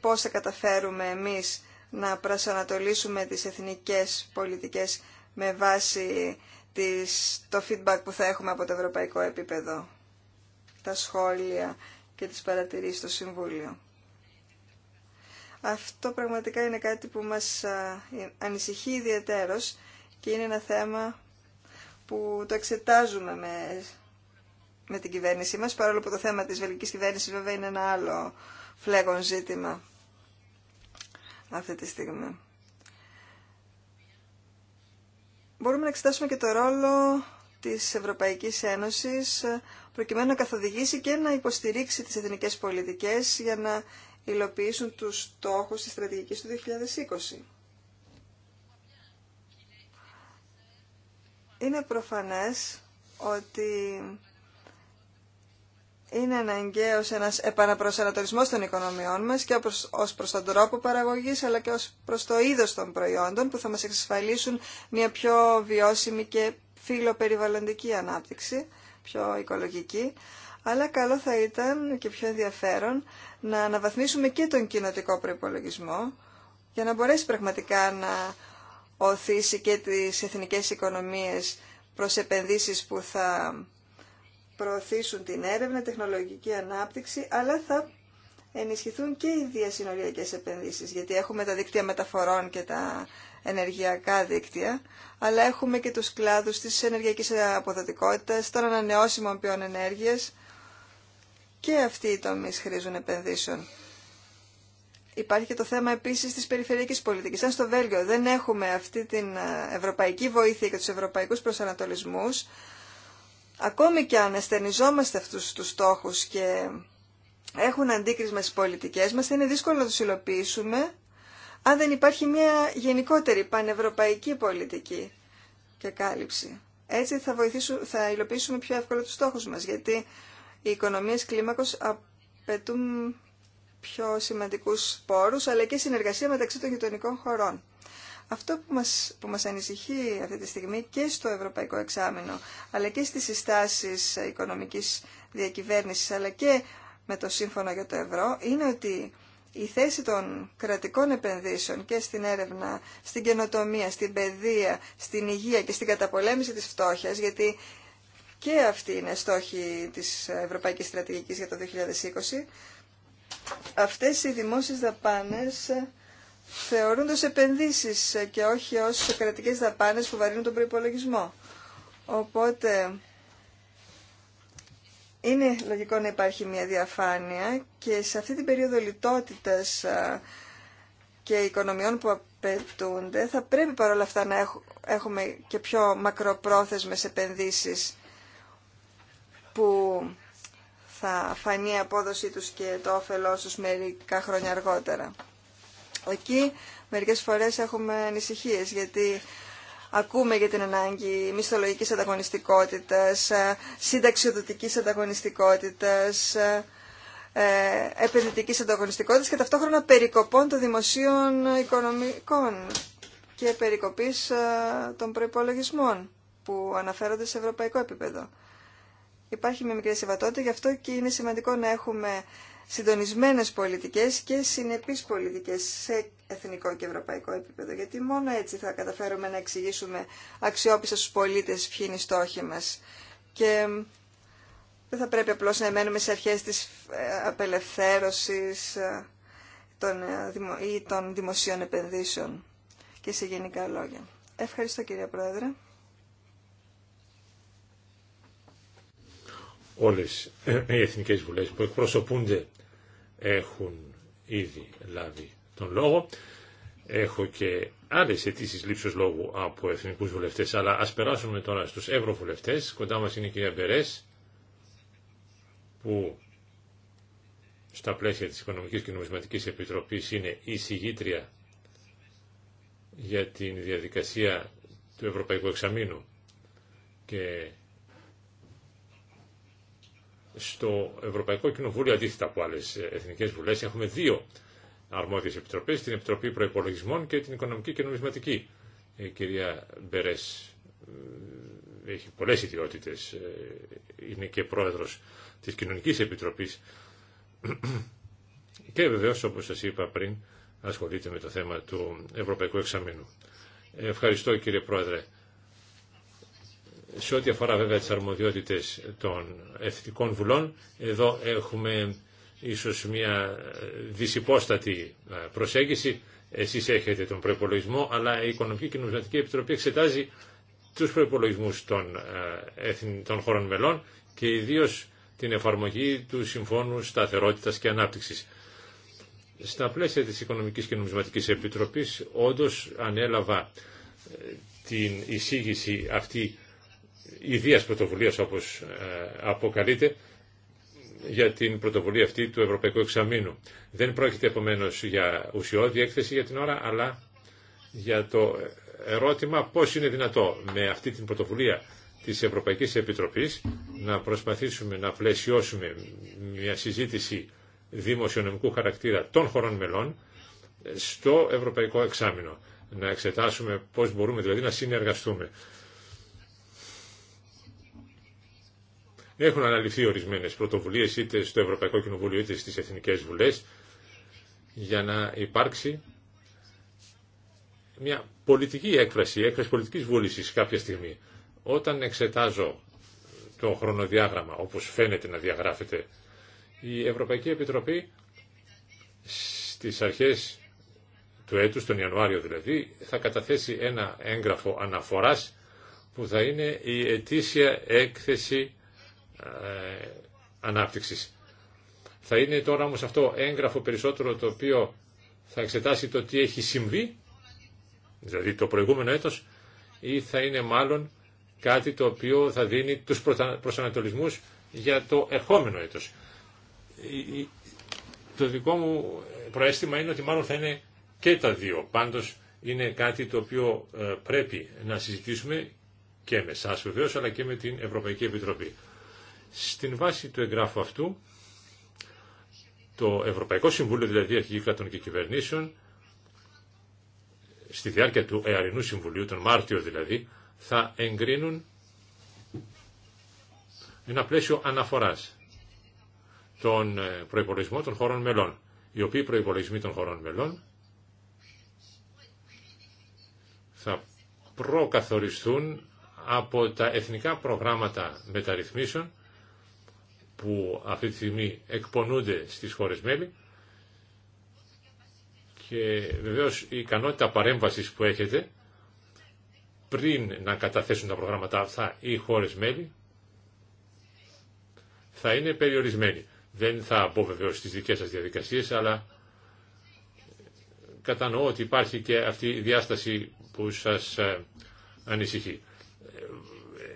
πώς θα καταφέρουμε εμείς να προσανατολίσουμε τις εθνικές πολιτικές με βάση τις, το feedback που θα έχουμε από το ευρωπαϊκό επίπεδο, τα σχόλια και τις παρατηρήσεις στο Συμβούλιο. Αυτό πραγματικά είναι κάτι που μας ανησυχεί ιδιαίτερος και είναι ένα θέμα που το εξετάζουμε με με την κυβέρνησή μας, παρόλο που το θέμα της βελγικής κυβέρνησης βέβαια είναι ένα άλλο φλέγον ζήτημα αυτή τη στιγμή. Μπορούμε να εξετάσουμε και το ρόλο της Ευρωπαϊκής Ένωσης προκειμένου να καθοδηγήσει και να υποστηρίξει τις εθνικές πολιτικές για να υλοποιήσουν τους στόχους της στρατηγικής του 2020. Είναι προφανές ότι είναι αναγκαίος ένας επαναπροσανατολισμός των οικονομιών μας και ως προς τον τρόπο παραγωγής αλλά και ως προς το είδος των προϊόντων που θα μας εξασφαλίσουν μια πιο βιώσιμη και φιλοπεριβαλλοντική ανάπτυξη, πιο οικολογική. Αλλά καλό θα ήταν και πιο ενδιαφέρον να αναβαθμίσουμε και τον κοινοτικό προπολογισμό για να μπορέσει πραγματικά να οθήσει και τις εθνικές οικονομίες προς επενδύσεις που θα προωθήσουν την έρευνα, τεχνολογική ανάπτυξη, αλλά θα ενισχυθούν και οι διασυνοριακές επενδύσεις, γιατί έχουμε τα δίκτυα μεταφορών και τα ενεργειακά δίκτυα, αλλά έχουμε και τους κλάδους της ενεργειακής αποδοτικότητας, των ανανεώσιμων ποιών ενέργειας και αυτοί οι τομείς χρήζουν επενδύσεων. Υπάρχει και το θέμα επίσης της περιφερειακής πολιτικής. Αν στο Βέλγιο δεν έχουμε αυτή την ευρωπαϊκή βοήθεια και τους ευρωπαϊκούς προσανατολισμούς, ακόμη και αν αισθενιζόμαστε αυτούς τους στόχους και έχουν αντίκρισμα στις πολιτικές μας, θα είναι δύσκολο να τους υλοποιήσουμε αν δεν υπάρχει μια γενικότερη πανευρωπαϊκή πολιτική και κάλυψη. Έτσι θα, θα υλοποιήσουμε πιο εύκολα τους στόχους μας, γιατί οι οικονομίες κλίμακος απαιτούν πιο σημαντικούς πόρους, αλλά και συνεργασία μεταξύ των γειτονικών χωρών. Αυτό που μας, που μας ανησυχεί αυτή τη στιγμή και στο Ευρωπαϊκό Εξάμεινο, αλλά και στις συστάσεις οικονομικής διακυβέρνησης, αλλά και με το Σύμφωνο για το Ευρώ, είναι ότι η θέση των κρατικών επενδύσεων και στην έρευνα, στην καινοτομία, στην παιδεία, στην υγεία και στην καταπολέμηση της φτώχειας, γιατί και αυτή είναι στόχη της Ευρωπαϊκής Στρατηγικής για το 2020, αυτές οι δημόσιες δαπάνες θεωρούνται ως επενδύσεις και όχι ως κρατικές δαπάνες που βαρύνουν τον προϋπολογισμό. Οπότε είναι λογικό να υπάρχει μια διαφάνεια και σε αυτή την περίοδο λιτότητας και οικονομιών που απαιτούνται θα πρέπει παρόλα αυτά να έχουμε και πιο μακροπρόθεσμες επενδύσεις που θα φανεί η απόδοσή τους και το όφελός τους μερικά χρόνια αργότερα. Εκεί μερικές φορές έχουμε ανησυχίες γιατί ακούμε για την ανάγκη μισθολογικής ανταγωνιστικότητας, ε, συνταξιοδοτικής ανταγωνιστικότητας, ε, ε, επενδυτική ανταγωνιστικότητα και ταυτόχρονα περικοπών των δημοσίων οικονομικών και περικοπής των προϋπολογισμών που αναφέρονται σε ευρωπαϊκό επίπεδο. Υπάρχει μια μικρή συμβατότητα, γι' αυτό και είναι σημαντικό να έχουμε συντονισμένες πολιτικές και συνεπείς πολιτικές σε εθνικό και ευρωπαϊκό επίπεδο. Γιατί μόνο έτσι θα καταφέρουμε να εξηγήσουμε αξιόπιστα στους πολίτες ποιοι είναι οι στόχοι μας. Και δεν θα πρέπει απλώς να εμένουμε σε αρχές της ε, απελευθέρωσης ε, των, ε, ή των δημοσίων επενδύσεων και σε γενικά λόγια. Ευχαριστώ κύριε Πρόεδρε. Όλες οι εθνικές βουλές που εκπροσωπούνται έχουν ήδη λάβει τον λόγο. Έχω και άλλε αιτήσει λήψης λόγου από εθνικούς βουλευτέ, αλλά ας περάσουμε τώρα στους ευρωβουλευτέ. Κοντά μας είναι η κυρία Μπερέ, που στα πλαίσια της Οικονομικής και Νομισματικής Επιτροπής είναι η συγγήτρια για την διαδικασία του Ευρωπαϊκού Εξαμήνου και στο Ευρωπαϊκό Κοινοβούλιο, αντίθετα από άλλε εθνικέ βουλέ, έχουμε δύο αρμόδιε επιτροπέ, την Επιτροπή Προπολογισμών και την Οικονομική και Νομισματική. Η ε, κυρία Μπερέ ε, έχει πολλέ ιδιότητε. Ε, είναι και πρόεδρο τη Κοινωνική Επιτροπή. Και βεβαίω, όπω σα είπα πριν, ασχολείται με το θέμα του Ευρωπαϊκού Εξαμήνου. Ευχαριστώ κύριε Πρόεδρε. Σε ό,τι αφορά βέβαια τις αρμοδιότητες των εθνικών βουλών, εδώ έχουμε ίσως μια ε, δυσυπόστατη ε, προσέγγιση. Εσείς έχετε τον προπολογισμό, αλλά η Οικονομική και Νομισματική Επιτροπή εξετάζει τους προϋπολογισμούς των, ε, των χωρών μελών και ιδίως την εφαρμογή του Συμφώνου Σταθερότητας και Ανάπτυξης. Στα πλαίσια της Οικονομικής και Νομισματικής Επιτροπής όντως ανέλαβα την εισήγηση αυτή ιδίας πρωτοβουλίας όπως ε, αποκαλείται για την πρωτοβουλία αυτή του Ευρωπαϊκού Εξαμήνου. Δεν πρόκειται επομένω για ουσιώδη έκθεση για την ώρα, αλλά για το ερώτημα πώς είναι δυνατό με αυτή την πρωτοβουλία της Ευρωπαϊκής Επιτροπής να προσπαθήσουμε να πλαισιώσουμε μια συζήτηση δημοσιονομικού χαρακτήρα των χωρών μελών στο Ευρωπαϊκό Εξάμεινο. Να εξετάσουμε πώς μπορούμε δηλαδή να συνεργαστούμε. Έχουν αναλυθεί ορισμένες πρωτοβουλίες είτε στο Ευρωπαϊκό Κοινοβούλιο είτε στις Εθνικές Βουλές για να υπάρξει μια πολιτική έκφραση, έκφραση πολιτικής βούληση κάποια στιγμή. Όταν εξετάζω το χρονοδιάγραμμα, όπως φαίνεται να διαγράφεται, η Ευρωπαϊκή Επιτροπή στι αρχές του έτους, τον Ιανουάριο δηλαδή, θα καταθέσει ένα έγγραφο αναφοράς που θα είναι η ετήσια έκθεση ε, ανάπτυξης. Θα είναι τώρα όμω αυτό έγγραφο περισσότερο το οποίο θα εξετάσει το τι έχει συμβεί, δηλαδή το προηγούμενο έτος, ή θα είναι μάλλον κάτι το οποίο θα δίνει τους προσανατολισμούς για το ερχόμενο έτος. Το δικό μου προέστημα είναι ότι μάλλον θα είναι και τα δύο. Πάντως είναι κάτι το οποίο ε, πρέπει να συζητήσουμε και με εσά αλλά και με την Ευρωπαϊκή Επιτροπή. Στην βάση του εγγράφου αυτού, το Ευρωπαϊκό Συμβούλιο, δηλαδή Αρχηγή Κρατών και Κυβερνήσεων, στη διάρκεια του Εαρινού Συμβουλίου, τον Μάρτιο δηλαδή, θα εγκρίνουν ένα πλαίσιο αναφοράς των ε, προϋπολογισμών των χωρών μελών, οι οποίοι προϋπολογισμοί των χωρών μελών θα προκαθοριστούν από τα εθνικά προγράμματα μεταρρυθμίσεων που αυτή τη στιγμή εκπονούνται στις χώρες μέλη και βεβαίως η ικανότητα παρέμβασης που έχετε πριν να καταθέσουν τα προγράμματα αυτά οι χώρες μέλη θα είναι περιορισμένη. Δεν θα πω βεβαίως στις δικές σας διαδικασίες, αλλά κατανοώ ότι υπάρχει και αυτή η διάσταση που σας ε, ανησυχεί.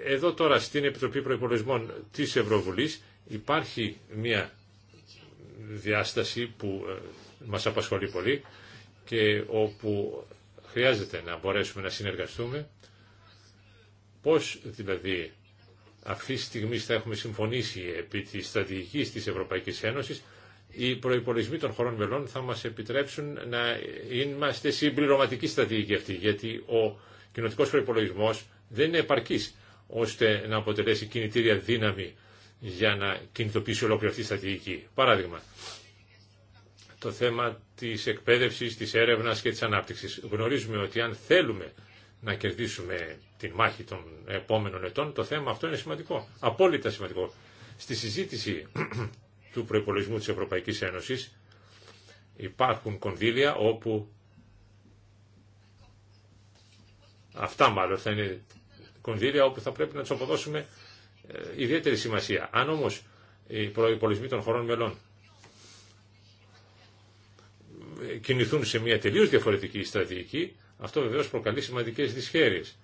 Ε, εδώ τώρα στην Επιτροπή Προϋπολογισμών της Ευρωβουλής Υπάρχει μια διάσταση που ε, μας απασχολεί πολύ και όπου χρειάζεται να μπορέσουμε να συνεργαστούμε. Πώς δηλαδή αυτή τη στιγμή θα έχουμε συμφωνήσει επί της στρατηγικής της Ευρωπαϊκής Ένωσης οι προϋπολογισμοί των χωρών μελών θα μας επιτρέψουν να είμαστε συμπληρωματική στρατηγική αυτή, γιατί ο κοινοτικός προπολογισμό δεν είναι επαρκής ώστε να αποτελέσει κινητήρια δύναμη για να κινητοποιήσει ολόκληρη αυτή τη στρατηγική. Παράδειγμα, το θέμα της εκπαίδευσης, της έρευνας και της ανάπτυξης. Γνωρίζουμε ότι αν θέλουμε να κερδίσουμε την μάχη των επόμενων ετών, το θέμα αυτό είναι σημαντικό, απόλυτα σημαντικό. Στη συζήτηση του προϋπολογισμού της Ευρωπαϊκής Ένωσης υπάρχουν κονδύλια όπου αυτά μάλλον θα είναι κονδύλια όπου θα πρέπει να τους αποδώσουμε ε, ιδιαίτερη σημασία. Αν όμω οι προπολισμοί των χωρών μελών κινηθούν σε μια τελείως διαφορετική στρατηγική, αυτό βεβαίως προκαλεί σημαντικές δυσχέρειες.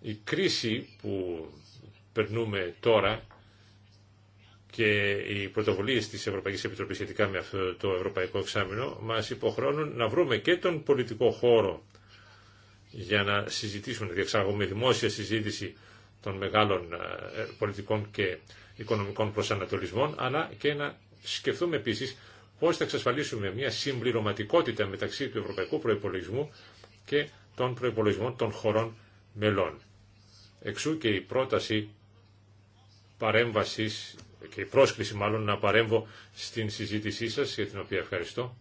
Η κρίση που περνούμε τώρα και οι πρωτοβουλίε της Ευρωπαϊκής Επιτροπής σχετικά με αυτό το Ευρωπαϊκό Εξάμεινο μας υποχρεώνουν να βρούμε και τον πολιτικό χώρο για να συζητήσουμε, να διεξάγουμε δημόσια συζήτηση των μεγάλων ε, πολιτικών και οικονομικών προσανατολισμών, αλλά και να σκεφτούμε επίσης πώς θα εξασφαλίσουμε μια συμπληρωματικότητα μεταξύ του ευρωπαϊκού προϋπολογισμού και των προϋπολογισμών των χωρών μελών. Εξού και η πρόταση παρέμβασης και η πρόσκληση μάλλον να παρέμβω στην συζήτησή σας, για την οποία ευχαριστώ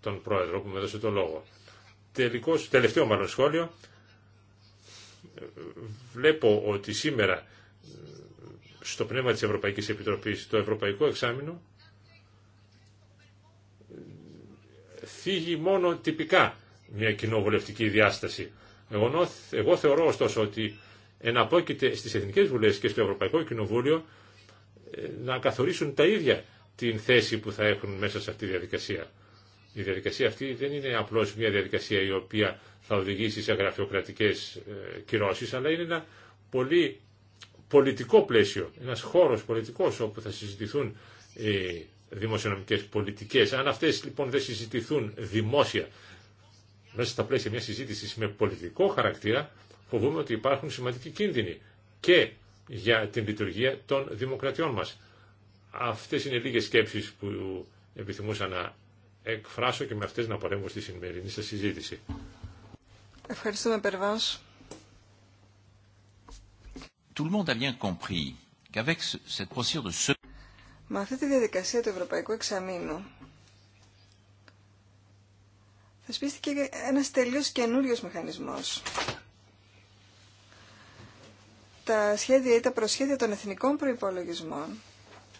τον Πρόεδρο που με έδωσε το λόγο τελικό, τελευταίο μάλλον σχόλιο. Βλέπω ότι σήμερα στο πνεύμα της Ευρωπαϊκής Επιτροπής το Ευρωπαϊκό Εξάμεινο θίγει μόνο τυπικά μια κοινοβουλευτική διάσταση. Εγώ, εγώ θεωρώ ωστόσο ότι εναπόκειται στις Εθνικές Βουλές και στο Ευρωπαϊκό Κοινοβούλιο ε, να καθορίσουν τα ίδια την θέση που θα έχουν μέσα σε αυτή τη διαδικασία. Η διαδικασία αυτή δεν είναι απλώς μια διαδικασία η οποία θα οδηγήσει σε γραφειοκρατικές ε, κυρώσεις, αλλά είναι ένα πολύ πολιτικό πλαίσιο, ένας χώρος πολιτικός όπου θα συζητηθούν οι δημοσιονομικές πολιτικές. Αν αυτές λοιπόν δεν συζητηθούν δημόσια μέσα στα πλαίσια μια συζήτηση με πολιτικό χαρακτήρα, φοβούμε ότι υπάρχουν σημαντικοί κίνδυνοι και για την λειτουργία των δημοκρατιών μας. Αυτές είναι λίγες σκέψεις που επιθυμούσα να εκφράσω και με αυτές να παρέμβω στη σημερινή σας συζήτηση. Ευχαριστούμε, Περβάς. Tout le monde a bien compris qu'avec cette de ce... Με αυτή τη διαδικασία του Ευρωπαϊκού Εξαμήνου σπίστηκε ένας τελείως καινούριος μηχανισμός. Τα σχέδια ή τα προσχέδια των εθνικών προϋπολογισμών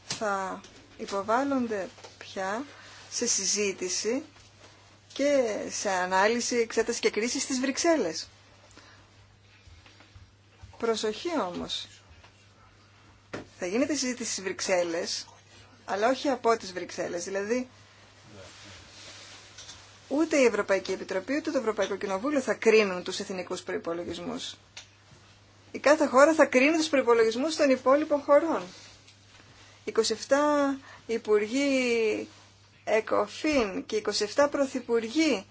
θα υποβάλλονται πια σε συζήτηση και σε ανάλυση, εξέταση και κρίση στις Βρυξέλλες. Προσοχή όμως. Θα γίνεται συζήτηση στις Βρυξέλλες, αλλά όχι από τις Βρυξέλλες. Δηλαδή, ούτε η Ευρωπαϊκή Επιτροπή, ούτε το Ευρωπαϊκό Κοινοβούλιο θα κρίνουν τους εθνικούς προϋπολογισμούς. Η κάθε χώρα θα κρίνει τους προϋπολογισμούς των υπόλοιπων χωρών. 27 υπουργοί ΕΚΟΦΗΝ και 27 πρωθυπουργοί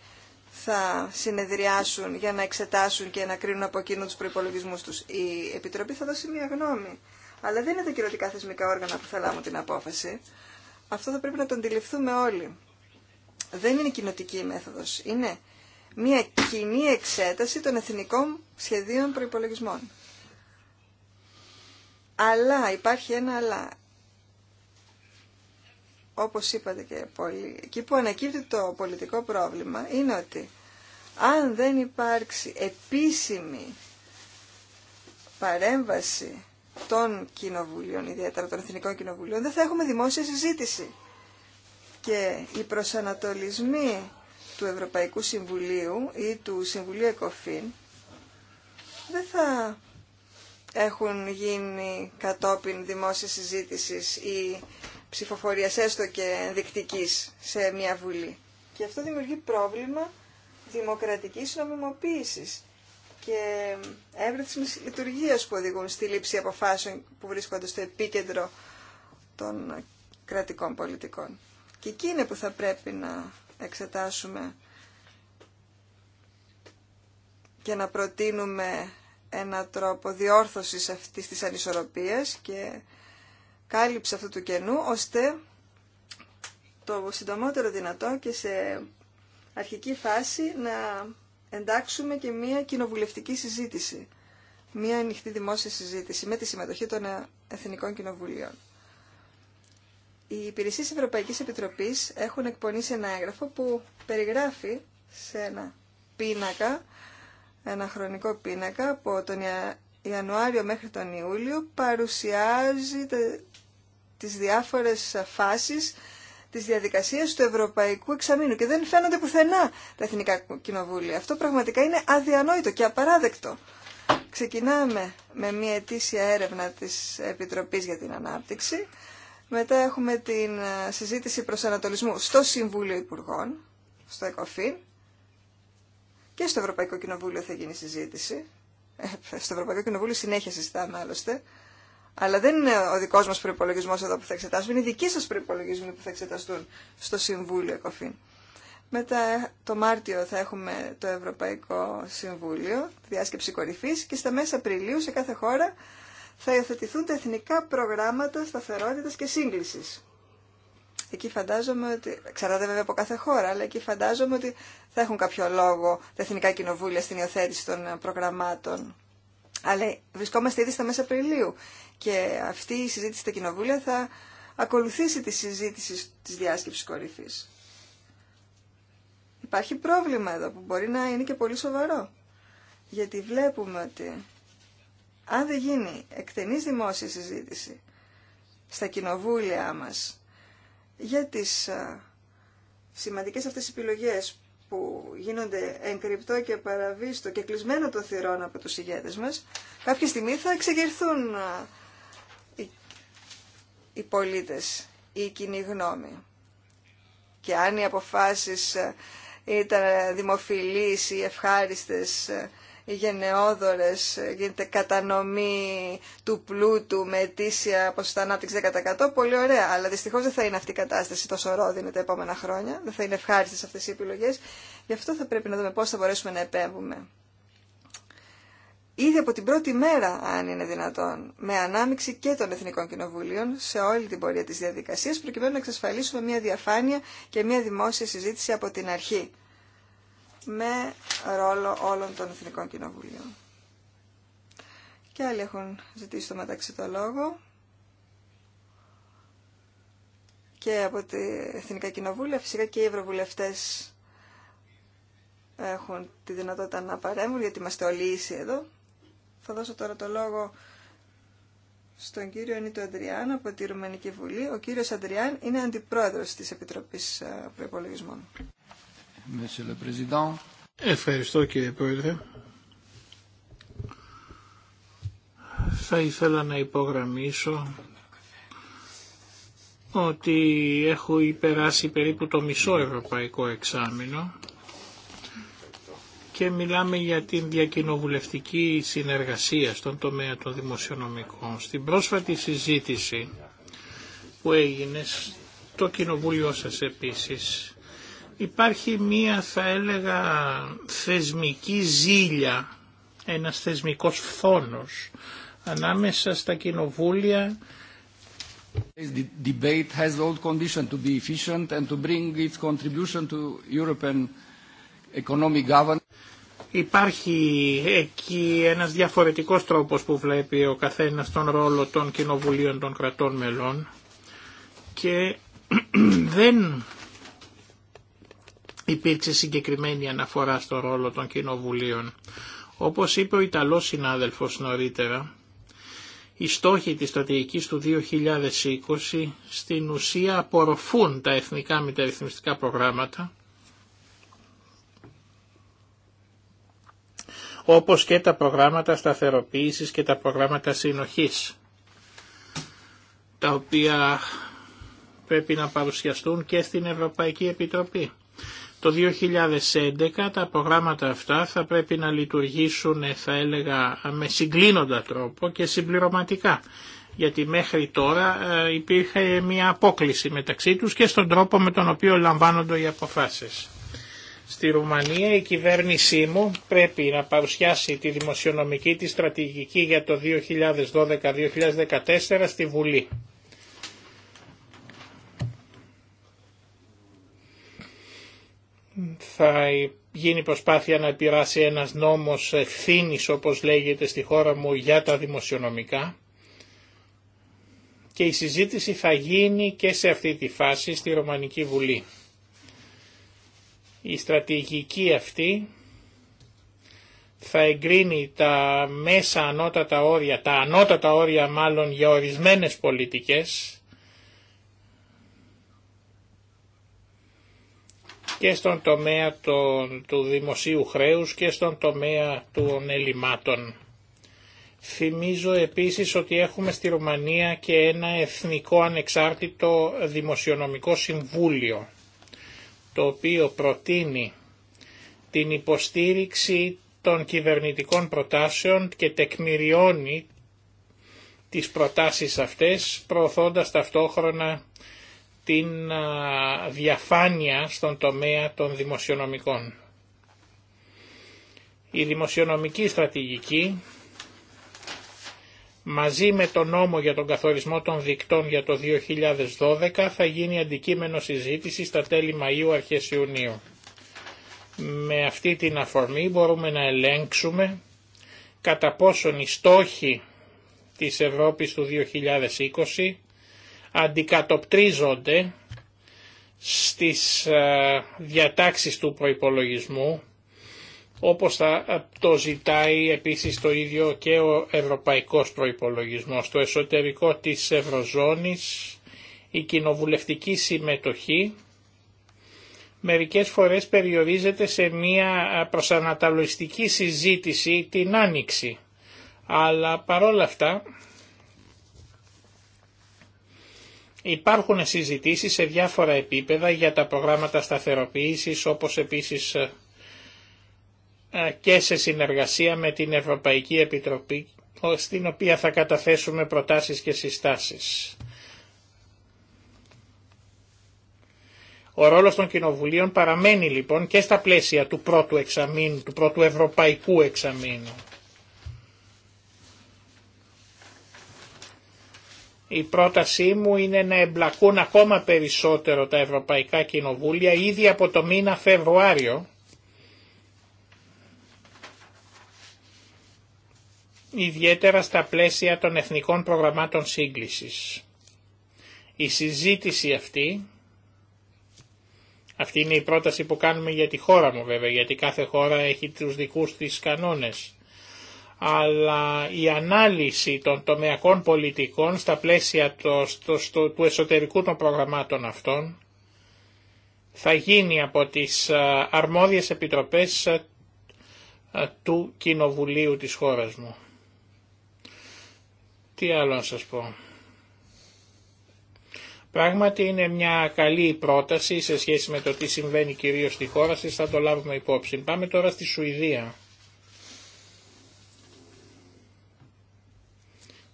θα συνεδριάσουν για να εξετάσουν και να κρίνουν από εκείνο τους προϋπολογισμούς τους. Η Επιτροπή θα δώσει μια γνώμη. Αλλά δεν είναι τα κυρωτικά θεσμικά όργανα που θα λάβουν την απόφαση. Αυτό θα πρέπει να το αντιληφθούμε όλοι. Δεν είναι κοινοτική η μέθοδος. Είναι μια κοινή εξέταση των εθνικών σχεδίων προϋπολογισμών. Αλλά, υπάρχει ένα αλλά όπως είπατε και πολύ, εκεί που ανακύπτει το πολιτικό πρόβλημα είναι ότι αν δεν υπάρξει επίσημη παρέμβαση των κοινοβουλίων, ιδιαίτερα των εθνικών κοινοβουλίων, δεν θα έχουμε δημόσια συζήτηση. Και οι προσανατολισμοί του Ευρωπαϊκού Συμβουλίου ή του Συμβουλίου ΕΚΟΦΗΝ δεν θα έχουν γίνει κατόπιν δημόσια συζήτησης ή ψηφοφορίας, έστω και ενδεικτικής, σε μια Βουλή. Και αυτό δημιουργεί πρόβλημα δημοκρατικής νομιμοποίησης και εύρεθμης λειτουργίας που οδηγούν στη λήψη αποφάσεων που βρίσκονται στο επίκεντρο των κρατικών πολιτικών. Και εκεί είναι που θα πρέπει να εξετάσουμε και να προτείνουμε ένα τρόπο διόρθωσης αυτής της ανισορροπίας και κάλυψε αυτού του κενού, ώστε το συντομότερο δυνατό και σε αρχική φάση να εντάξουμε και μία κοινοβουλευτική συζήτηση, μία ανοιχτή δημόσια συζήτηση με τη συμμετοχή των Εθνικών Κοινοβουλίων. Οι υπηρεσίε Ευρωπαϊκής Επιτροπής έχουν εκπονήσει ένα έγγραφο που περιγράφει σε ένα πίνακα, ένα χρονικό πίνακα από τον Ιανουάριο μέχρι τον Ιούλιο παρουσιάζει τις διάφορες φάσεις της διαδικασίας του Ευρωπαϊκού Εξαμήνου και δεν φαίνονται πουθενά τα Εθνικά Κοινοβούλια. Αυτό πραγματικά είναι αδιανόητο και απαράδεκτο. Ξεκινάμε με μια ετήσια έρευνα της Επιτροπής για την Ανάπτυξη. Μετά έχουμε την ε, συζήτηση προσανατολισμού στο Συμβούλιο Υπουργών, στο ΕΚΟΦΗΝ και στο Ευρωπαϊκό Κοινοβούλιο θα γίνει συζήτηση. Ε, στο Ευρωπαϊκό Κοινοβούλιο συνέχεια συζητάμε άλλωστε. Αλλά δεν είναι ο δικό μα προπολογισμό εδώ που θα εξετάσουμε, είναι οι δικοί σα προπολογισμοί που θα εξεταστούν στο Συμβούλιο ΕΚΟΦΗΝ. Μετά ε, το Μάρτιο θα έχουμε το Ευρωπαϊκό Συμβούλιο, τη διάσκεψη κορυφή και στα μέσα Απριλίου σε κάθε χώρα θα υιοθετηθούν τα εθνικά προγράμματα σταθερότητα και σύγκληση. Εκεί φαντάζομαι ότι, ξέρατε βέβαια από κάθε χώρα, αλλά εκεί φαντάζομαι ότι θα έχουν κάποιο λόγο τα εθνικά κοινοβούλια στην υιοθέτηση των ε, προγραμμάτων. Αλλά βρισκόμαστε ήδη στα μέσα Απριλίου και αυτή η συζήτηση στα κοινοβούλια θα ακολουθήσει τη συζήτηση της διάσκεψης κορυφής. Υπάρχει πρόβλημα εδώ που μπορεί να είναι και πολύ σοβαρό. Γιατί βλέπουμε ότι αν δεν γίνει εκτενής δημόσια συζήτηση στα κοινοβούλια μας για τις σημαντικές αυτές επιλογές που γίνονται εγκρυπτό και παραβίστο και κλεισμένο το θυρών από τους ηγέτες μας, κάποια στιγμή θα εξεγερθούν οι, πολίτες ή η κοινή γνώμη. Και αν οι αποφάσεις ήταν δημοφιλείς ή ευχάριστες γενναιόδορες, ε, γίνεται κατανομή του πλούτου με αιτήσια ποσοστά ανάπτυξη 10%, πολύ ωραία. Αλλά δυστυχώς δεν θα είναι αυτή η κατάσταση τόσο ρόδινη τα επόμενα χρόνια, δεν θα είναι ευχάριστες αυτές οι επιλογές. Γι' αυτό θα πρέπει να δούμε πώς θα μπορέσουμε να επέμβουμε. Ήδη από την πρώτη μέρα, αν είναι δυνατόν, με ανάμειξη και των Εθνικών Κοινοβουλίων σε όλη την πορεία της διαδικασίας, προκειμένου να εξασφαλίσουμε μια διαφάνεια και μια δημόσια συζήτηση από την αρχή με ρόλο όλων των Εθνικών Κοινοβουλίων. Και άλλοι έχουν ζητήσει το μεταξύ το λόγο και από την Εθνικά Κοινοβούλια. Φυσικά και οι Ευρωβουλευτές έχουν τη δυνατότητα να παρέμβουν γιατί είμαστε όλοι ίσοι εδώ. Θα δώσω τώρα το λόγο στον κύριο Νίτο Αντριάν από τη Ρουμανική Βουλή. Ο κύριος Αντριάν είναι αντιπρόεδρος της Επιτροπής ε, Προϋπολογισμών. Ευχαριστώ κύριε Πρόεδρε. Θα ήθελα να υπογραμμίσω ότι έχω υπεράσει περίπου το μισό ευρωπαϊκό εξάμεινο και μιλάμε για την διακοινοβουλευτική συνεργασία στον τομέα των δημοσιονομικών. Στην πρόσφατη συζήτηση που έγινε στο κοινοβούλιο σας επίσης Υπάρχει μία θα έλεγα θεσμική ζήλια, ένας θεσμικός φθόνος ανάμεσα στα κοινοβούλια debate has all condition to be efficient and to bring its contribution to European economic governance. Υπάρχει εκεί ένας διαφορετικός τρόπος που βλέπει ο καθένας τον ρόλο των κοινοβουλίων των κρατών μελών και δεν υπήρξε συγκεκριμένη αναφορά στο ρόλο των κοινοβουλίων. Όπως είπε ο Ιταλός συνάδελφος νωρίτερα, οι στόχοι της στρατηγικής του 2020 στην ουσία απορροφούν τα εθνικά μεταρρυθμιστικά προγράμματα, όπως και τα προγράμματα σταθεροποίησης και τα προγράμματα συνοχής, τα οποία πρέπει να παρουσιαστούν και στην Ευρωπαϊκή Επιτροπή. Το 2011 τα προγράμματα αυτά θα πρέπει να λειτουργήσουν, θα έλεγα, με συγκλίνοντα τρόπο και συμπληρωματικά. Γιατί μέχρι τώρα ε, υπήρχε μια απόκληση μεταξύ τους και στον τρόπο με τον οποίο λαμβάνονται οι αποφάσεις. Στη Ρουμανία η κυβέρνησή μου πρέπει να παρουσιάσει τη δημοσιονομική της στρατηγική για το 2012-2014 στη Βουλή. θα γίνει προσπάθεια να επηράσει ένας νόμος ευθύνη όπως λέγεται στη χώρα μου για τα δημοσιονομικά και η συζήτηση θα γίνει και σε αυτή τη φάση στη Ρωμανική Βουλή. Η στρατηγική αυτή θα εγκρίνει τα μέσα ανώτατα όρια, τα ανώτατα όρια μάλλον για ορισμένες πολιτικές και στον τομέα του, του δημοσίου χρέους και στον τομέα των ελλημάτων. Θυμίζω επίσης ότι έχουμε στη Ρουμανία και ένα εθνικό ανεξάρτητο δημοσιονομικό συμβούλιο, το οποίο προτείνει την υποστήριξη των κυβερνητικών προτάσεων και τεκμηριώνει τις προτάσεις αυτές, προωθώντας ταυτόχρονα την διαφάνεια στον τομέα των δημοσιονομικών. Η δημοσιονομική στρατηγική μαζί με τον νόμο για τον καθορισμό των δικτών για το 2012 θα γίνει αντικείμενο συζήτηση στα τέλη Μαΐου αρχές Ιουνίου. Με αυτή την αφορμή μπορούμε να ελέγξουμε κατά πόσον οι στόχοι της Ευρώπης του 2020 αντικατοπτρίζονται στις ε, διατάξεις του προϋπολογισμού όπως θα ε, το ζητάει επίσης το ίδιο και ο ευρωπαϊκός προϋπολογισμός. Στο εσωτερικό της Ευρωζώνης η κοινοβουλευτική συμμετοχή μερικές φορές περιορίζεται σε μια ε, προσανατολιστική συζήτηση την άνοιξη. Αλλά παρόλα αυτά Υπάρχουν συζητήσεις σε διάφορα επίπεδα για τα προγράμματα σταθεροποίησης όπως επίσης ε, ε, και σε συνεργασία με την Ευρωπαϊκή Επιτροπή στην οποία θα καταθέσουμε προτάσεις και συστάσεις. Ο ρόλος των κοινοβουλίων παραμένει λοιπόν και στα πλαίσια του πρώτου εξαμήνου, του πρώτου ευρωπαϊκού εξαμήνου. Η πρότασή μου είναι να εμπλακούν ακόμα περισσότερο τα Ευρωπαϊκά Κοινοβούλια ήδη από το μήνα Φεβρουάριο ιδιαίτερα στα πλαίσια των εθνικών προγραμμάτων σύγκλησης. Η συζήτηση αυτή, αυτή είναι η πρόταση που κάνουμε για τη χώρα μου βέβαια, γιατί κάθε χώρα έχει τους δικούς της κανόνες αλλά η ανάλυση των τομεακών πολιτικών στα πλαίσια το, του εσωτερικού των προγραμμάτων αυτών θα γίνει από τις αρμόδιες επιτροπές του Κοινοβουλίου της χώρας μου. Τι άλλο να σας πω. Πράγματι είναι μια καλή πρόταση σε σχέση με το τι συμβαίνει κυρίως στη χώρα σας, θα το λάβουμε υπόψη. Πάμε τώρα στη Σουηδία.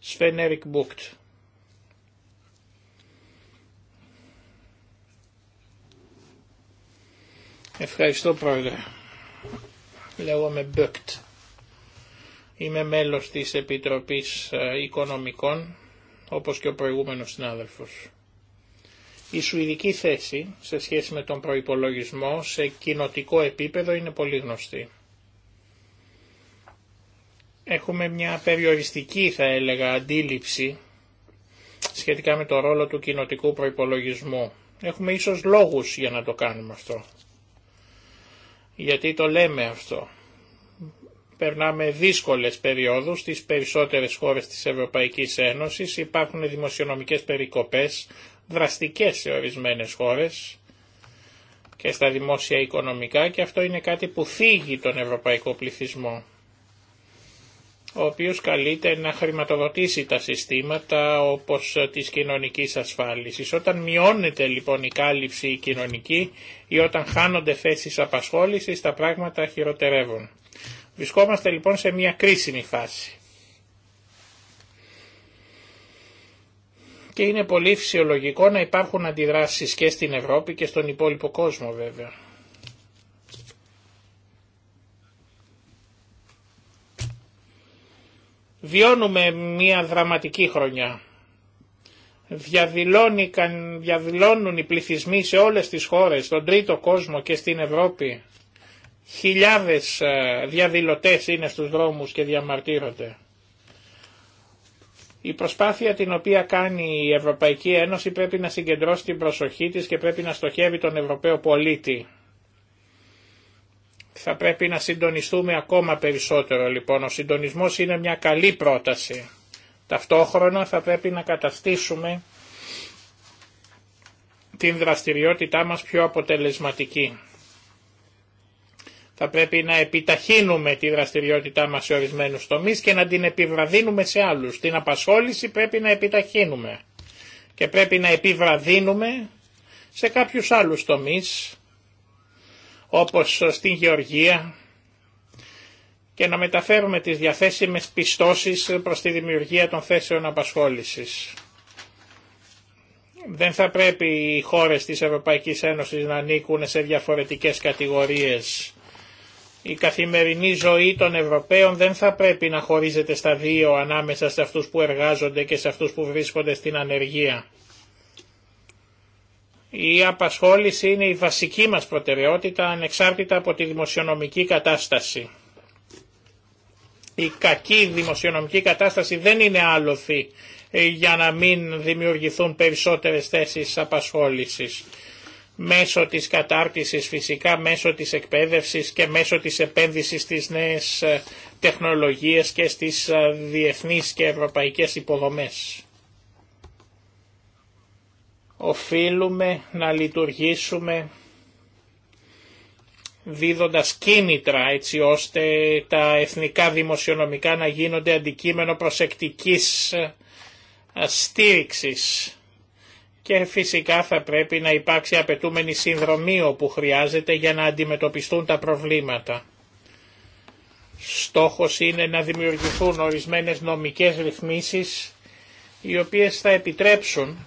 Σφενέρικ Μπούκτ. Ευχαριστώ πρόεδρε. Λέγομαι Μπούκτ. Είμαι μέλος της Επιτροπής ε, Οικονομικών, όπως και ο προηγούμενος συνάδελφος. Η σουηδική θέση σε σχέση με τον προϋπολογισμό σε κοινοτικό επίπεδο είναι πολύ γνωστή έχουμε μια περιοριστική θα έλεγα αντίληψη σχετικά με το ρόλο του κοινοτικού προϋπολογισμού. Έχουμε ίσως λόγους για να το κάνουμε αυτό. Γιατί το λέμε αυτό. Περνάμε δύσκολες περιόδους στις περισσότερες χώρες της Ευρωπαϊκής Ένωσης. Υπάρχουν δημοσιονομικές περικοπές, δραστικές σε ορισμένες χώρες και στα δημόσια οικονομικά και αυτό είναι κάτι που θίγει τον ευρωπαϊκό πληθυσμό ο οποίος καλείται να χρηματοδοτήσει τα συστήματα όπως της κοινωνικής ασφάλισης. Όταν μειώνεται λοιπόν η κάλυψη κοινωνική ή όταν χάνονται θέσεις απασχόλησης, τα πράγματα χειροτερεύουν. Βρισκόμαστε λοιπόν σε μια κρίσιμη φάση. Και είναι πολύ φυσιολογικό να υπάρχουν αντιδράσεις και στην Ευρώπη και στον υπόλοιπο κόσμο βέβαια. Βιώνουμε μια δραματική χρονιά. Διαδηλώνουν οι πληθυσμοί σε όλες τις χώρες, στον τρίτο κόσμο και στην Ευρώπη. Χιλιάδες ε, διαδηλωτές είναι στους δρόμους και διαμαρτύρονται. Η προσπάθεια την οποία κάνει η Ευρωπαϊκή Ένωση πρέπει να συγκεντρώσει την προσοχή της και πρέπει να στοχεύει τον Ευρωπαίο πολίτη. Θα πρέπει να συντονιστούμε ακόμα περισσότερο λοιπόν. Ο συντονισμός είναι μια καλή πρόταση. Ταυτόχρονα θα πρέπει να καταστήσουμε την δραστηριότητά μας πιο αποτελεσματική. Θα πρέπει να επιταχύνουμε τη δραστηριότητά μας σε ορισμένους τομείς και να την επιβραδύνουμε σε άλλους. Την απασχόληση πρέπει να επιταχύνουμε και πρέπει να επιβραδύνουμε σε κάποιους άλλους τομείς όπως στην Γεωργία και να μεταφέρουμε τις διαθέσιμες πιστώσεις προς τη δημιουργία των θέσεων απασχόλησης. Δεν θα πρέπει οι χώρες της Ευρωπαϊκής Ένωσης να ανήκουν σε διαφορετικές κατηγορίες. Η καθημερινή ζωή των Ευρωπαίων δεν θα πρέπει να χωρίζεται στα δύο ανάμεσα σε αυτούς που εργάζονται και σε αυτούς που βρίσκονται στην ανεργία. Η απασχόληση είναι η βασική μας προτεραιότητα ανεξάρτητα από τη δημοσιονομική κατάσταση. Η κακή δημοσιονομική κατάσταση δεν είναι άλοθη ε, για να μην δημιουργηθούν περισσότερες θέσεις απασχόλησης. Μέσω της κατάρτισης φυσικά, μέσω της εκπαίδευσης και μέσω της επένδυσης στις νέες ε, τεχνολογίες και στις ε, διεθνείς και ευρωπαϊκές υποδομές οφείλουμε να λειτουργήσουμε δίδοντας κίνητρα έτσι ώστε τα εθνικά δημοσιονομικά να γίνονται αντικείμενο προσεκτικής ε, στήριξης και φυσικά θα πρέπει να υπάρξει απαιτούμενη συνδρομή όπου χρειάζεται για να αντιμετωπιστούν τα προβλήματα. Στόχος είναι να δημιουργηθούν ορισμένες νομικές ρυθμίσεις οι οποίες θα επιτρέψουν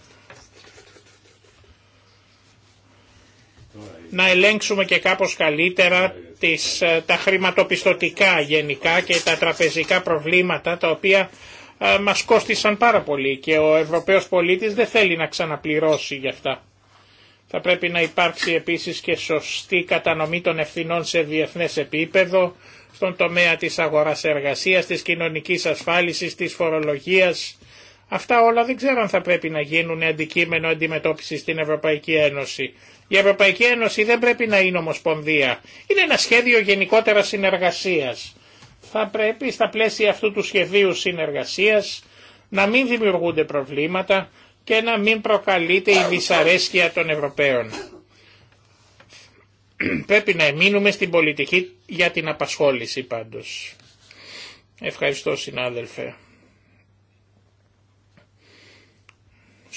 να ελέγξουμε και κάπως καλύτερα τις, ε, τα χρηματοπιστωτικά γενικά και τα τραπεζικά προβλήματα τα οποία ε, μας κόστησαν πάρα πολύ και ο Ευρωπαίος πολίτης δεν θέλει να ξαναπληρώσει γι' αυτά. Θα πρέπει να υπάρξει επίσης και σωστή κατανομή των ευθυνών σε διεθνές επίπεδο, στον τομέα της αγοράς εργασίας, της κοινωνικής ασφάλισης, της φορολογίας, Αυτά όλα δεν ξέρω αν θα πρέπει να γίνουν αντικείμενο αντιμετώπιση στην Ευρωπαϊκή Ένωση. Η Ευρωπαϊκή Ένωση δεν πρέπει να είναι ομοσπονδία. Είναι ένα σχέδιο γενικότερα συνεργασίας. Θα πρέπει στα πλαίσια αυτού του σχεδίου συνεργασίας να μην δημιουργούνται προβλήματα και να μην προκαλείται η δυσαρέσκεια των Ευρωπαίων. Πρέπει να εμείνουμε στην πολιτική για την απασχόληση πάντως. Ευχαριστώ συνάδελφε.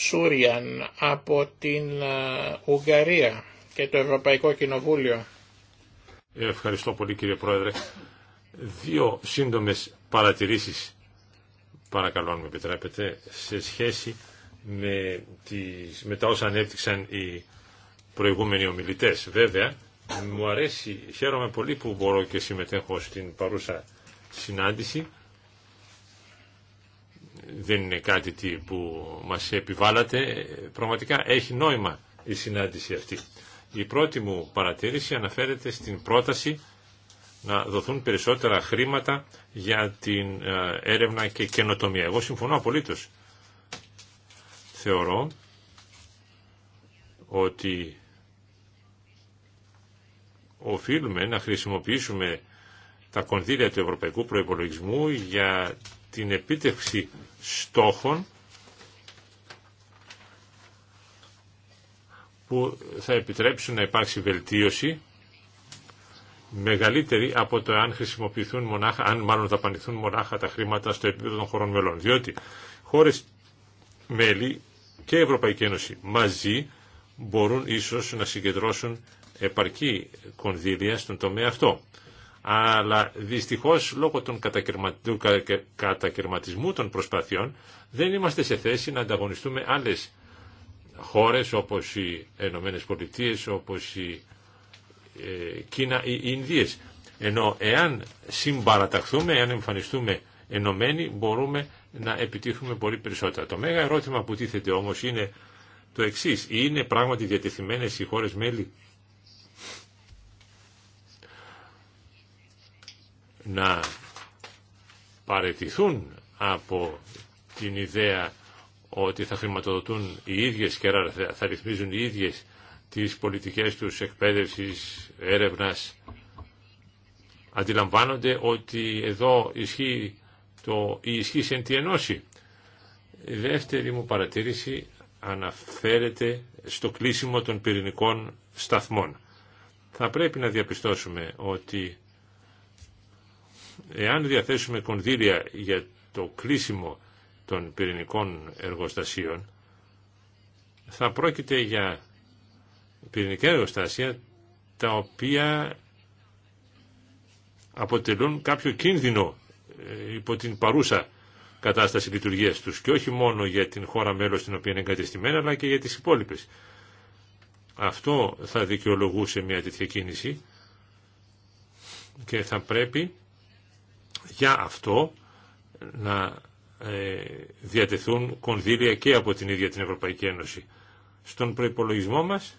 Σούριαν από την ε, Ουγγαρία και το Ευρωπαϊκό Κοινοβούλιο. Ε, ευχαριστώ πολύ κύριε Πρόεδρε. Δύο σύντομες παρατηρήσεις, παρακαλώ αν με επιτρέπετε, σε σχέση με, τις, με τα όσα ανέπτυξαν οι προηγούμενοι ομιλητές. Βέβαια, μου αρέσει, χαίρομαι πολύ που μπορώ και συμμετέχω στην παρούσα συνάντηση δεν είναι κάτι που μας επιβάλλατε. Πραγματικά έχει νόημα η συνάντηση αυτή. Η πρώτη μου παρατήρηση αναφέρεται στην πρόταση να δοθούν περισσότερα χρήματα για την ε, έρευνα και καινοτομία. Εγώ συμφωνώ απολύτως. Θεωρώ ότι οφείλουμε να χρησιμοποιήσουμε τα κονδύλια του ευρωπαϊκού προϋπολογισμού για την επίτευξη στόχων που θα επιτρέψουν να υπάρξει βελτίωση μεγαλύτερη από το αν χρησιμοποιηθούν μονάχα, αν μάλλον δαπανηθούν μονάχα τα χρήματα στο επίπεδο των χωρών μελών. Διότι χώρες μέλη και η Ευρωπαϊκή Ένωση μαζί μπορούν ίσως να συγκεντρώσουν επαρκή κονδύλια στον τομέα αυτό αλλά δυστυχώς λόγω των του κατακαιρματισμού των προσπαθειών δεν είμαστε σε θέση να ανταγωνιστούμε άλλες χώρες όπως οι Ενωμένε Πολιτείε, όπως η ε, Κίνα ή οι Ινδίες. Ενώ εάν συμπαραταχθούμε, εάν εμφανιστούμε ενωμένοι μπορούμε να επιτύχουμε πολύ περισσότερα. Το μέγα ερώτημα που τίθεται όμως είναι το εξής. Είναι πράγματι διατεθειμένες οι χώρες μέλη να παρετηθούν από την ιδέα ότι θα χρηματοδοτούν οι ίδιες και θα ρυθμίζουν οι ίδιες τις πολιτικές τους εκπαίδευσης, έρευνας. Αντιλαμβάνονται ότι εδώ ισχύει το, η ισχύ τη ενώση. Η δεύτερη μου παρατήρηση αναφέρεται στο κλείσιμο των πυρηνικών σταθμών. Θα πρέπει να διαπιστώσουμε ότι Εάν διαθέσουμε κονδύλια για το κλείσιμο των πυρηνικών εργοστασίων, θα πρόκειται για πυρηνικά εργοστάσια τα οποία αποτελούν κάποιο κίνδυνο ε, υπό την παρούσα κατάσταση λειτουργίας τους και όχι μόνο για την χώρα μέλος στην οποία είναι εγκατεστημένα αλλά και για τις υπόλοιπες. Αυτό θα δικαιολογούσε μια τέτοια κίνηση και θα πρέπει για αυτό να ε, διατεθούν κονδύλια και από την ίδια την Ευρωπαϊκή Ένωση. Στον προϋπολογισμό μας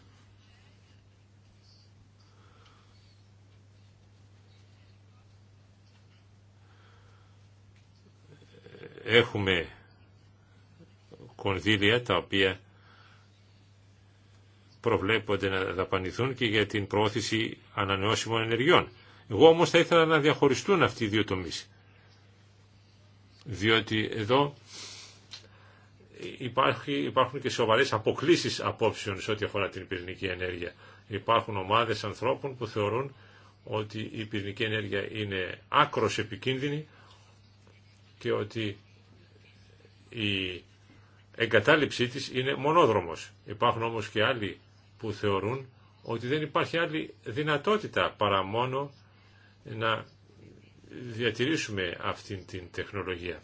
έχουμε κονδύλια τα οποία προβλέπονται να δαπανηθούν και για την πρόθεση ανανεώσιμων ενεργειών. Εγώ όμως θα ήθελα να διαχωριστούν αυτοί οι δύο τομείς. Διότι εδώ υπάρχει, υπάρχουν και σοβαρές αποκλίσεις απόψεων σε ό,τι αφορά την πυρηνική ενέργεια. Υπάρχουν ομάδες ανθρώπων που θεωρούν ότι η πυρηνική ενέργεια είναι άκρος επικίνδυνη και ότι η εγκατάληψή της είναι μονόδρομος. Υπάρχουν όμως και άλλοι που θεωρούν ότι δεν υπάρχει άλλη δυνατότητα παρά μόνο να διατηρήσουμε αυτήν την τεχνολογία.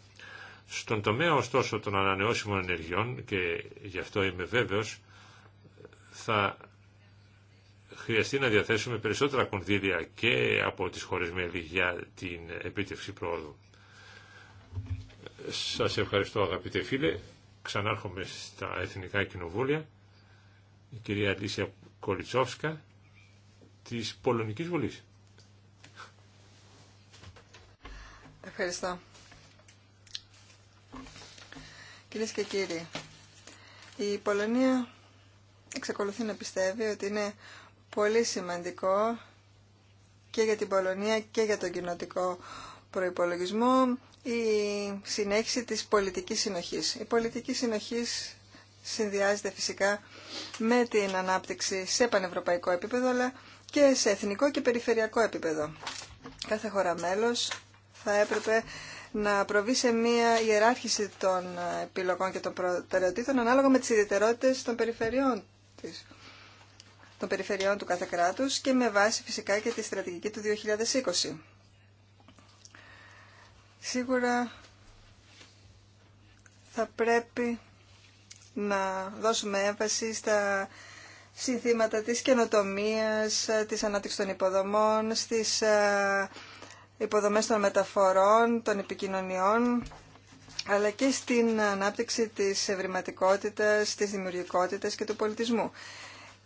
Στον τομέα ωστόσο των ανανεώσιμων ενεργειών και γι' αυτό είμαι βέβαιος θα χρειαστεί να διαθέσουμε περισσότερα κονδύλια και από τις χώρες μέλη για την επίτευξη πρόοδου. Σας ευχαριστώ αγαπητέ φίλε. Ξανάρχομαι στα Εθνικά Κοινοβούλια. Η κυρία Αλίσια Κολιτσόφσκα της Πολωνικής Βουλής. Ευχαριστώ. Κυρίε και κύριοι, η Πολωνία εξακολουθεί να πιστεύει ότι είναι πολύ σημαντικό και για την Πολωνία και για τον κοινοτικό προϋπολογισμό η συνέχιση της πολιτικής συνοχής. Η πολιτική συνοχής συνδυάζεται φυσικά με την ανάπτυξη σε πανευρωπαϊκό επίπεδο αλλά και σε εθνικό και περιφερειακό επίπεδο. Κάθε χώρα μέλος θα έπρεπε να προβεί σε μια ιεράρχηση των επιλογών και των προτεραιοτήτων ανάλογα με τις ιδιαιτερότητες των περιφερειών της των περιφερειών του κάθε κράτους και με βάση φυσικά και τη στρατηγική του 2020. Σίγουρα θα πρέπει να δώσουμε έμφαση στα συνθήματα της καινοτομίας, της ανάπτυξης των υποδομών, στις ε, υποδομές των μεταφορών, των επικοινωνιών, αλλά και στην ανάπτυξη της ευρηματικότητας, της δημιουργικότητας και του πολιτισμού.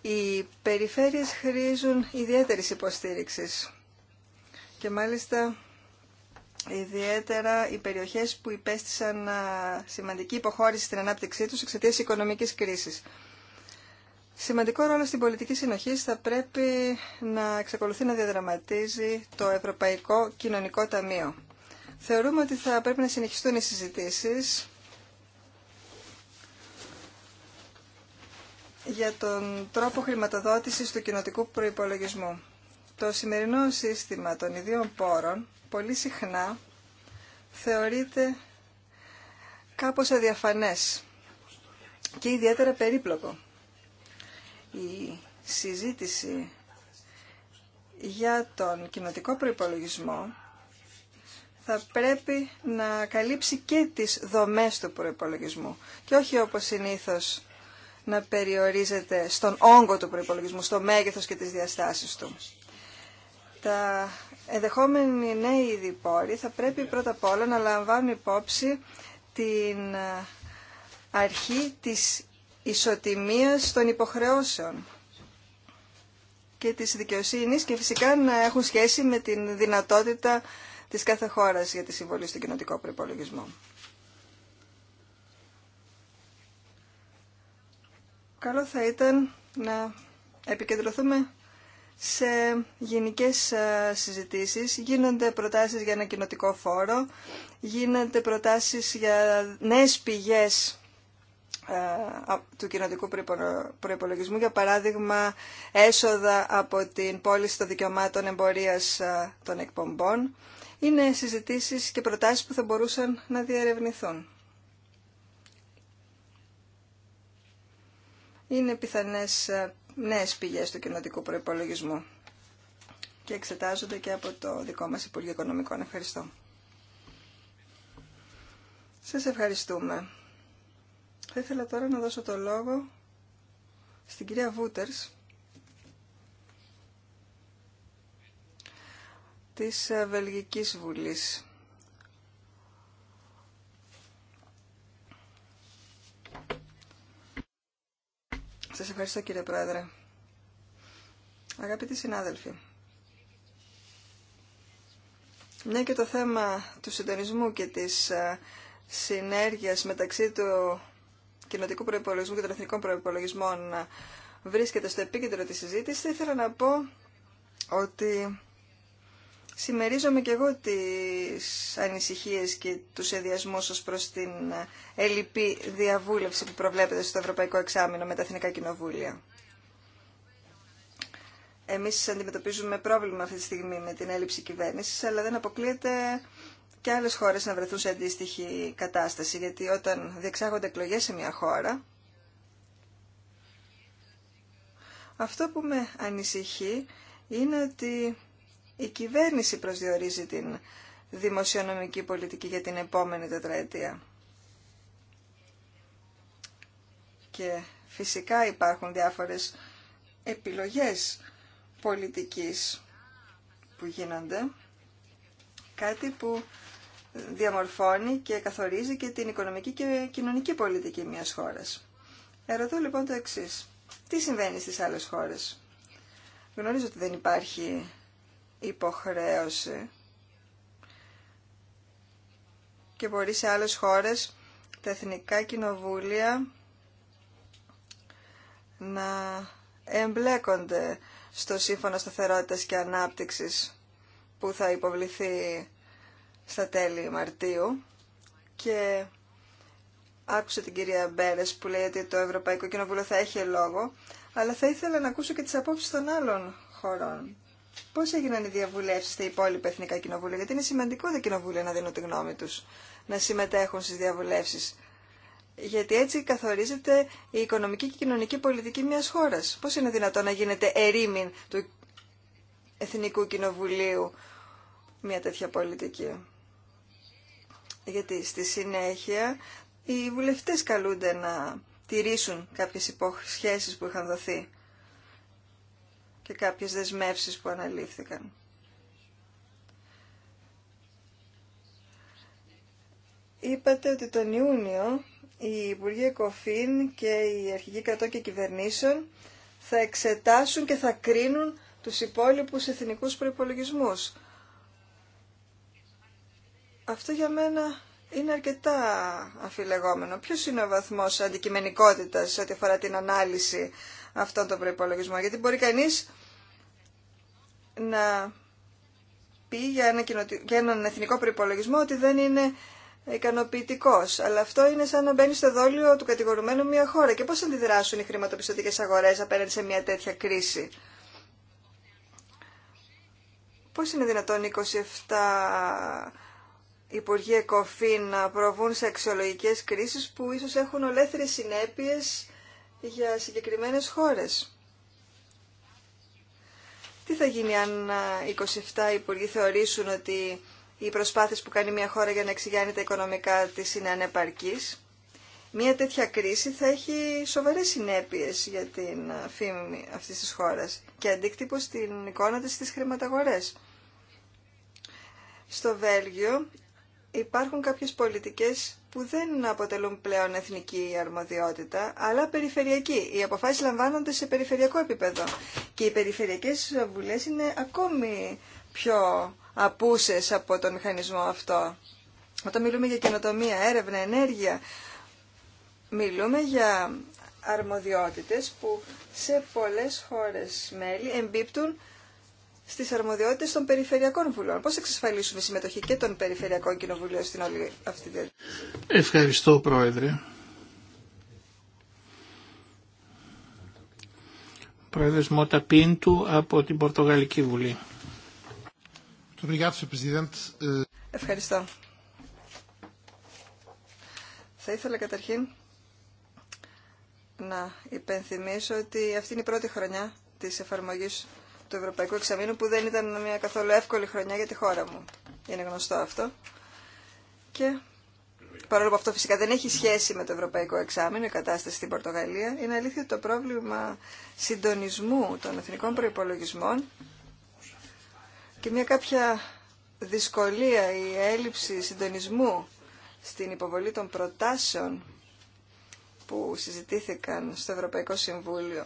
Οι περιφέρειες χρήζουν ιδιαίτερης υποστήριξης και μάλιστα ιδιαίτερα οι περιοχές που υπέστησαν σημαντική υποχώρηση στην ανάπτυξή τους εξαιτίας οικονομικής κρίσης. Σημαντικό ρόλο στην πολιτική συνοχή θα πρέπει να εξακολουθεί να διαδραματίζει το Ευρωπαϊκό Κοινωνικό Ταμείο. Θεωρούμε ότι θα πρέπει να συνεχιστούν οι συζητήσεις για τον τρόπο χρηματοδότησης του κοινοτικού προϋπολογισμού. Το σημερινό σύστημα των ιδίων πόρων πολύ συχνά θεωρείται κάπως αδιαφανές και ιδιαίτερα περίπλοκο η συζήτηση για τον κοινοτικό προϋπολογισμό θα πρέπει να καλύψει και τις δομές του προϋπολογισμού και όχι όπως συνήθως να περιορίζεται στον όγκο του προϋπολογισμού, στο μέγεθος και τις διαστάσεις του. Τα ενδεχόμενοι νέοι ειδηπόροι θα πρέπει πρώτα απ' όλα να λαμβάνουν υπόψη την αρχή της ισοτιμίας των υποχρεώσεων και της δικαιοσύνης και φυσικά να έχουν σχέση με την δυνατότητα της κάθε χώρας για τη συμβολή στον κοινοτικό προϋπολογισμό. Καλό θα ήταν να επικεντρωθούμε σε γενικές συζητήσεις. Γίνονται προτάσεις για ένα κοινοτικό φόρο, γίνονται προτάσεις για νέες πηγές ε, του κοινοτικού προϋπολογισμού, για παράδειγμα έσοδα από την πώληση των δικαιωμάτων εμπορίας ε, των εκπομπών, είναι συζητήσεις και προτάσεις που θα μπορούσαν να διαρευνηθούν. Είναι πιθανές ε, νέες πηγές του κοινοτικού προϋπολογισμού και εξετάζονται και από το δικό μας Υπουργείο Οικονομικών. Ευχαριστώ. Σας ευχαριστούμε. Θα ήθελα τώρα να δώσω το λόγο στην κυρία Βούτερς της Βελγικής Βουλής. Σας ευχαριστώ κύριε Πρόεδρε. Αγαπητοί συνάδελφοι, μια και το θέμα του συντονισμού και της ε, συνέργειας μεταξύ του κοινοτικού προπολογισμού και των εθνικών προπολογισμών ε, βρίσκεται στο επίκεντρο της συζήτησης, θα ήθελα να πω ότι συμμερίζομαι και εγώ τις ανησυχίες και τους ενδιασμούς ως προς την ε, ελλειπή διαβούλευση που προβλέπεται στο Ευρωπαϊκό Εξάμεινο με τα Εθνικά Κοινοβούλια. Εμείς αντιμετωπίζουμε πρόβλημα αυτή τη στιγμή με την έλλειψη κυβέρνησης, αλλά δεν αποκλείεται και άλλες χώρες να βρεθούν σε αντίστοιχη κατάσταση, γιατί όταν διεξάγονται εκλογέ σε μια χώρα, αυτό που με ανησυχεί είναι ότι η κυβέρνηση προσδιορίζει την δημοσιονομική πολιτική για την επόμενη τετραετία. Και φυσικά υπάρχουν διάφορες επιλογές πολιτικής που γίνονται, κάτι που διαμορφώνει και καθορίζει και την οικονομική και κοινωνική πολιτική μιας χώρας. Ερωτώ λοιπόν το εξή. Τι συμβαίνει στις άλλες χώρες. Γνωρίζω ότι δεν υπάρχει υποχρέωση και μπορεί σε άλλες χώρες τα εθνικά κοινοβούλια να εμπλέκονται στο Σύμφωνο Σταθερότητας και Ανάπτυξης που θα υποβληθεί στα τέλη Μαρτίου και άκουσα την κυρία Μπέρες που λέει ότι το Ευρωπαϊκό Κοινοβούλιο θα έχει λόγο, αλλά θα ήθελα να ακούσω και τις απόψεις των άλλων χωρών. Πώς έγιναν οι διαβουλεύσεις στα υπόλοιπα Εθνικά Κοινοβούλια, γιατί είναι σημαντικό τα κοινοβούλια να δίνουν τη γνώμη τους, να συμμετέχουν στις διαβουλεύσεις. Γιατί έτσι καθορίζεται η οικονομική και κοινωνική πολιτική μιας χώρας. Πώς είναι δυνατόν να γίνεται ερήμην του Εθνικού Κοινοβουλίου μια τέτοια πολιτική γιατί στη συνέχεια οι βουλευτές καλούνται να τηρήσουν κάποιες υποσχέσεις που είχαν δοθεί και κάποιες δεσμεύσεις που αναλήφθηκαν. Είπατε ότι τον Ιούνιο οι Υπουργοί Κοφίν και οι Αρχηγοί Κρατών και Κυβερνήσεων θα εξετάσουν και θα κρίνουν τους υπόλοιπους εθνικούς προϋπολογισμούς. Αυτό για μένα είναι αρκετά αφιλεγόμενο. Ποιο είναι ο βαθμός αντικειμενικότητας σε ό,τι αφορά την ανάλυση αυτών των προπολογισμών. Γιατί μπορεί κανεί να πει για, ένα για έναν εθνικό προπολογισμό ότι δεν είναι ικανοποιητικό. Αλλά αυτό είναι σαν να μπαίνει στο δόλιο του κατηγορουμένου μια χώρα. Και πώς αντιδράσουν οι χρηματοπιστωτικέ αγορέ απέναντι σε μια τέτοια κρίση. Πώς είναι δυνατόν 27 Υπουργοί Εκοφήν να προβούν σε αξιολογικές κρίσεις που ίσως έχουν ολέθριες συνέπειες για συγκεκριμένες χώρες. Τι θα γίνει αν 27 υπουργοί θεωρήσουν ότι οι προσπάθειες που κάνει μια χώρα για να εξηγιάνει τα οικονομικά της είναι ανεπαρκή. Μια τέτοια κρίση θα έχει σοβαρές συνέπειες για την φήμη αυτής της χώρας και αντίκτυπο στην εικόνα της στις χρηματαγορές. Στο Βέλγιο υπάρχουν κάποιες πολιτικές που δεν αποτελούν πλέον εθνική αρμοδιότητα, αλλά περιφερειακή. Οι αποφάσεις λαμβάνονται σε περιφερειακό επίπεδο και οι περιφερειακές βουλές είναι ακόμη πιο απούσες από τον μηχανισμό αυτό. Όταν μιλούμε για καινοτομία, έρευνα, ενέργεια, μιλούμε για αρμοδιότητες που σε πολλές χώρες μέλη εμπίπτουν στις αρμοδιότητες των περιφερειακών βουλών. Πώς εξασφαλίσουμε η συμμετοχή και των περιφερειακών κοινοβουλίων στην όλη αυτή τη διαδικασία. Ευχαριστώ Πρόεδρε. πρόεδρες Μότα Πίντου από την Πορτογαλική Βουλή. Ευχαριστώ. Θα ήθελα καταρχήν να υπενθυμίσω ότι αυτή είναι η πρώτη χρονιά της εφαρμογής του Ευρωπαϊκού Εξαμήνου που δεν ήταν μια καθόλου εύκολη χρονιά για τη χώρα μου. Είναι γνωστό αυτό. Και παρόλο που αυτό φυσικά δεν έχει σχέση με το Ευρωπαϊκό Εξάμεινο, η κατάσταση στην Πορτογαλία, είναι αλήθεια το πρόβλημα συντονισμού των εθνικών προπολογισμών και μια κάποια δυσκολία ή έλλειψη συντονισμού στην υποβολή των προτάσεων που συζητήθηκαν στο Ευρωπαϊκό Συμβούλιο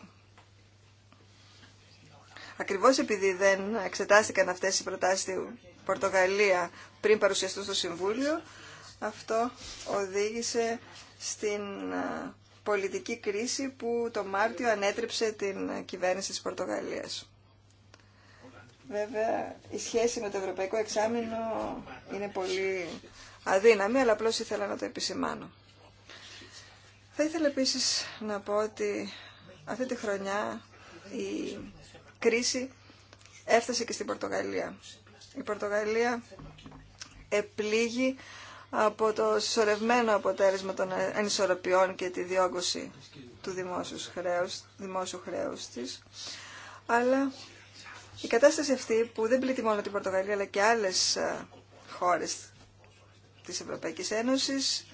Ακριβώς επειδή δεν εξετάστηκαν αυτές οι προτάσεις στην Πορτογαλία πριν παρουσιαστούν στο Συμβούλιο, αυτό οδήγησε στην πολιτική κρίση που το Μάρτιο ανέτρεψε την κυβέρνηση της Πορτογαλίας. Βέβαια, η σχέση με το Ευρωπαϊκό Εξάμεινο είναι πολύ αδύναμη, αλλά απλώς ήθελα να το επισημάνω. Θα ήθελα επίσης να πω ότι αυτή τη χρονιά η κρίση έφτασε και στην Πορτογαλία. Η Πορτογαλία επλήγει από το συσσωρευμένο αποτέλεσμα των ανισορροπιών και τη διόγκωση του δημόσιου χρέους, δημόσιου χρέους της. Αλλά η κατάσταση αυτή που δεν πλήττει μόνο την Πορτογαλία αλλά και άλλες ε, χώρες της Ευρωπαϊκής Ένωσης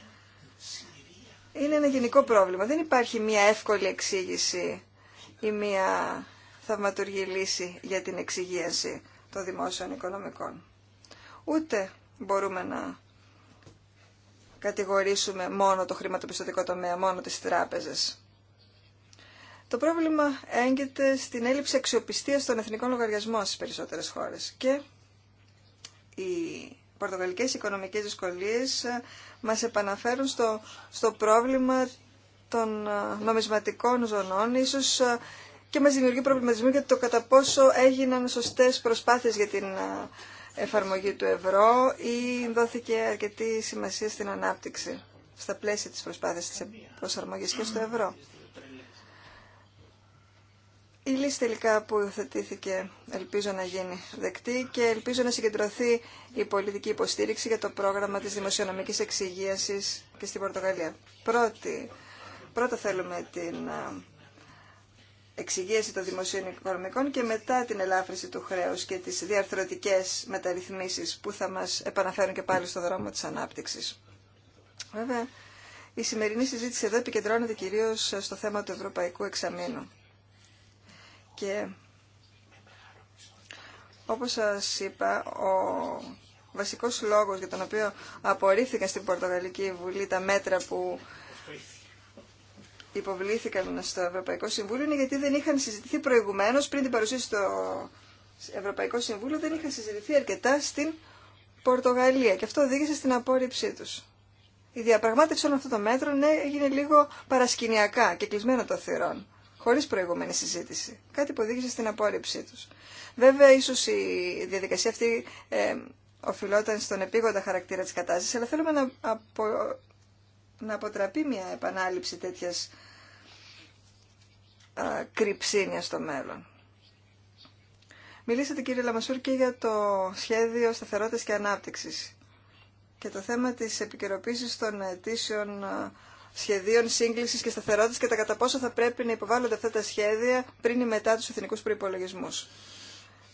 είναι ένα γενικό πρόβλημα. Δεν υπάρχει μια εύκολη εξήγηση ή μια θαυματουργή λύση για την εξυγίαση των δημόσιων οικονομικών. Ούτε μπορούμε να κατηγορήσουμε μόνο το χρηματοπιστωτικό τομέα, μόνο τις τράπεζες. Το πρόβλημα έγκυται στην έλλειψη αξιοπιστίας των εθνικών λογαριασμών στις περισσότερες χώρες και οι πορτογαλικές οικονομικές δυσκολίες ε, μας επαναφέρουν στο, στο πρόβλημα των ε, νομισματικών ζωνών, ίσως ε, και μας δημιουργεί προβληματισμό για το κατά πόσο έγιναν σωστές προσπάθειες για την εφαρμογή του ευρώ ή δόθηκε αρκετή σημασία στην ανάπτυξη στα πλαίσια της προσπάθειας της προσαρμογής και στο ευρώ. Η λύση τελικά που υιοθετήθηκε ελπίζω να γίνει δεκτή και ελπίζω να συγκεντρωθεί η πολιτική υποστήριξη για το πρόγραμμα της δημοσιονομικής εξυγίασης και στην Πορτογαλία. Πρώτη, πρώτα θέλουμε την εξυγίαση των δημοσίων οικονομικών και μετά την ελάφρυνση του χρέους και τις διαρθρωτικές μεταρρυθμίσεις που θα μας επαναφέρουν και πάλι στον δρόμο της ανάπτυξη. Βέβαια, η σημερινή συζήτηση εδώ επικεντρώνεται κυρίως στο θέμα του Ευρωπαϊκού Εξαμήνου. Και όπως σας είπα, ο βασικός λόγο για τον οποίο απορρίφθηκαν στην Πορτογαλική Βουλή τα μέτρα που υποβλήθηκαν στο Ευρωπαϊκό Συμβούλιο είναι γιατί δεν είχαν συζητηθεί προηγουμένω πριν την παρουσίαση στο Ευρωπαϊκό Συμβούλιο δεν είχαν συζητηθεί αρκετά στην Πορτογαλία και αυτό οδήγησε στην απόρριψή του. Η διαπραγμάτευση όλων αυτών των μέτρων ναι, έγινε λίγο παρασκηνιακά και κλεισμένο των θυρών, χωρί προηγούμενη συζήτηση. Κάτι που οδήγησε στην απόρριψή του. Βέβαια, ίσω η διαδικασία αυτή ε, οφειλόταν στον επίγοντα χαρακτήρα τη κατάσταση, αλλά θέλουμε να, απο, να αποτραπεί μια επανάληψη τέτοιας α, κρυψίνιας στο μέλλον. Μιλήσατε κύριε Λαμασούρ και για το σχέδιο σταθερότητας και ανάπτυξης και το θέμα της επικαιροποίηση των αιτήσεων σχεδίων σύγκλησης και σταθερότητας και τα κατά πόσο θα πρέπει να υποβάλλονται αυτά τα σχέδια πριν ή μετά τους εθνικούς προϋπολογισμούς.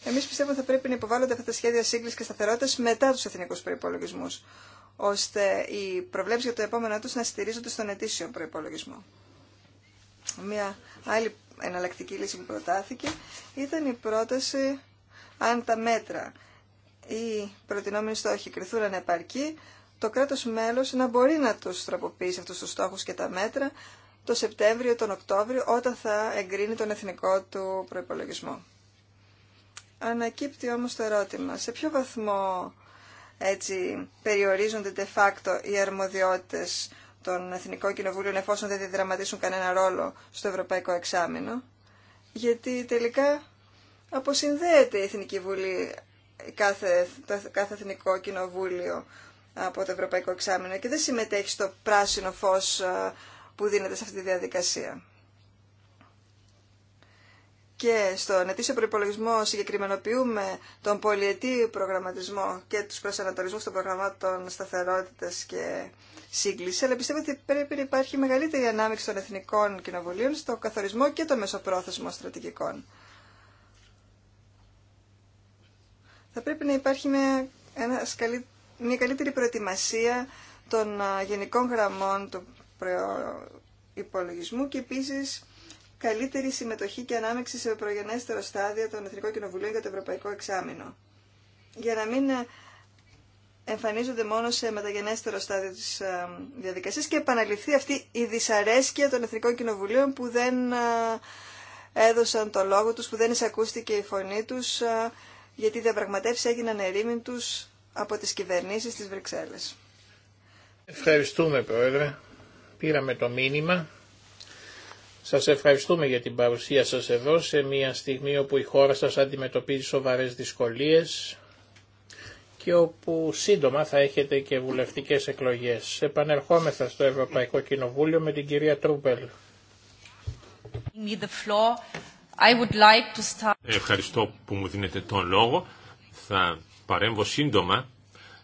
Εμείς πιστεύουμε ότι θα πρέπει να υποβάλλονται αυτά τα σχέδια σύγκλησης και σταθερότητα μετά του εθνικού προπολογισμού ώστε οι προβλέψεις για το επόμενο έτος να στηρίζονται στον ετήσιο προϋπολογισμό. Μια άλλη εναλλακτική λύση που προτάθηκε ήταν η πρόταση αν τα μέτρα ή προτινόμενοι στόχοι κρυθούν ανεπαρκή, το κράτος μέλος να μπορεί να τους τροποποιήσει αυτούς τους στόχους και τα μέτρα το Σεπτέμβριο, τον Οκτώβριο, όταν θα εγκρίνει τον εθνικό του προϋπολογισμό. Ανακύπτει όμως το ερώτημα, σε ποιο βαθμό έτσι περιορίζονται de facto οι αρμοδιότητες των Εθνικών Κοινοβούλων εφόσον δεν διδραματίσουν κανένα ρόλο στο Ευρωπαϊκό Εξάμεινο. Γιατί τελικά αποσυνδέεται η Εθνική Βουλή, κάθε, το κάθε Εθνικό Κοινοβούλιο από το Ευρωπαϊκό Εξάμεινο και δεν συμμετέχει στο πράσινο φως που δίνεται σε αυτή τη διαδικασία και στον ετήσιο προπολογισμό συγκεκριμενοποιούμε τον πολιετή προγραμματισμό και τους προσανατολισμούς των προγραμμάτων σταθερότητας και σύγκληση, αλλά πιστεύω ότι πρέπει να υπάρχει μεγαλύτερη ανάμειξη των εθνικών κοινοβουλίων στο καθορισμό και το μεσοπρόθεσμο στρατηγικών. Θα πρέπει να υπάρχει μια, καλύτερη προετοιμασία των γενικών γραμμών του προϋπολογισμού και επίσης καλύτερη συμμετοχή και ανάμεξη σε προγενέστερο στάδιο των Εθνικών Κοινοβουλίων για το Ευρωπαϊκό Εξάμεινο. Για να μην ε, εμφανίζονται μόνο σε μεταγενέστερο στάδιο της ε, διαδικασίας και επαναληφθεί αυτή η δυσαρέσκεια των Εθνικών Κοινοβουλίων που δεν ε, έδωσαν το λόγο τους, που δεν εισακούστηκε η φωνή τους, γιατί οι διαπραγματεύσει έγιναν ερήμην τους από τις κυβερνήσεις της Βρυξέλλες. Ευχαριστούμε Πρόεδρε. Πήραμε το μήνυμα σας ευχαριστούμε για την παρουσία σας εδώ σε μια στιγμή όπου η χώρα σας αντιμετωπίζει σοβαρές δυσκολίες και όπου σύντομα θα έχετε και βουλευτικές εκλογές. Επανερχόμεθα στο Ευρωπαϊκό Κοινοβούλιο με την κυρία Τρούπελ. Ευχαριστώ που μου δίνετε τον λόγο. Θα παρέμβω σύντομα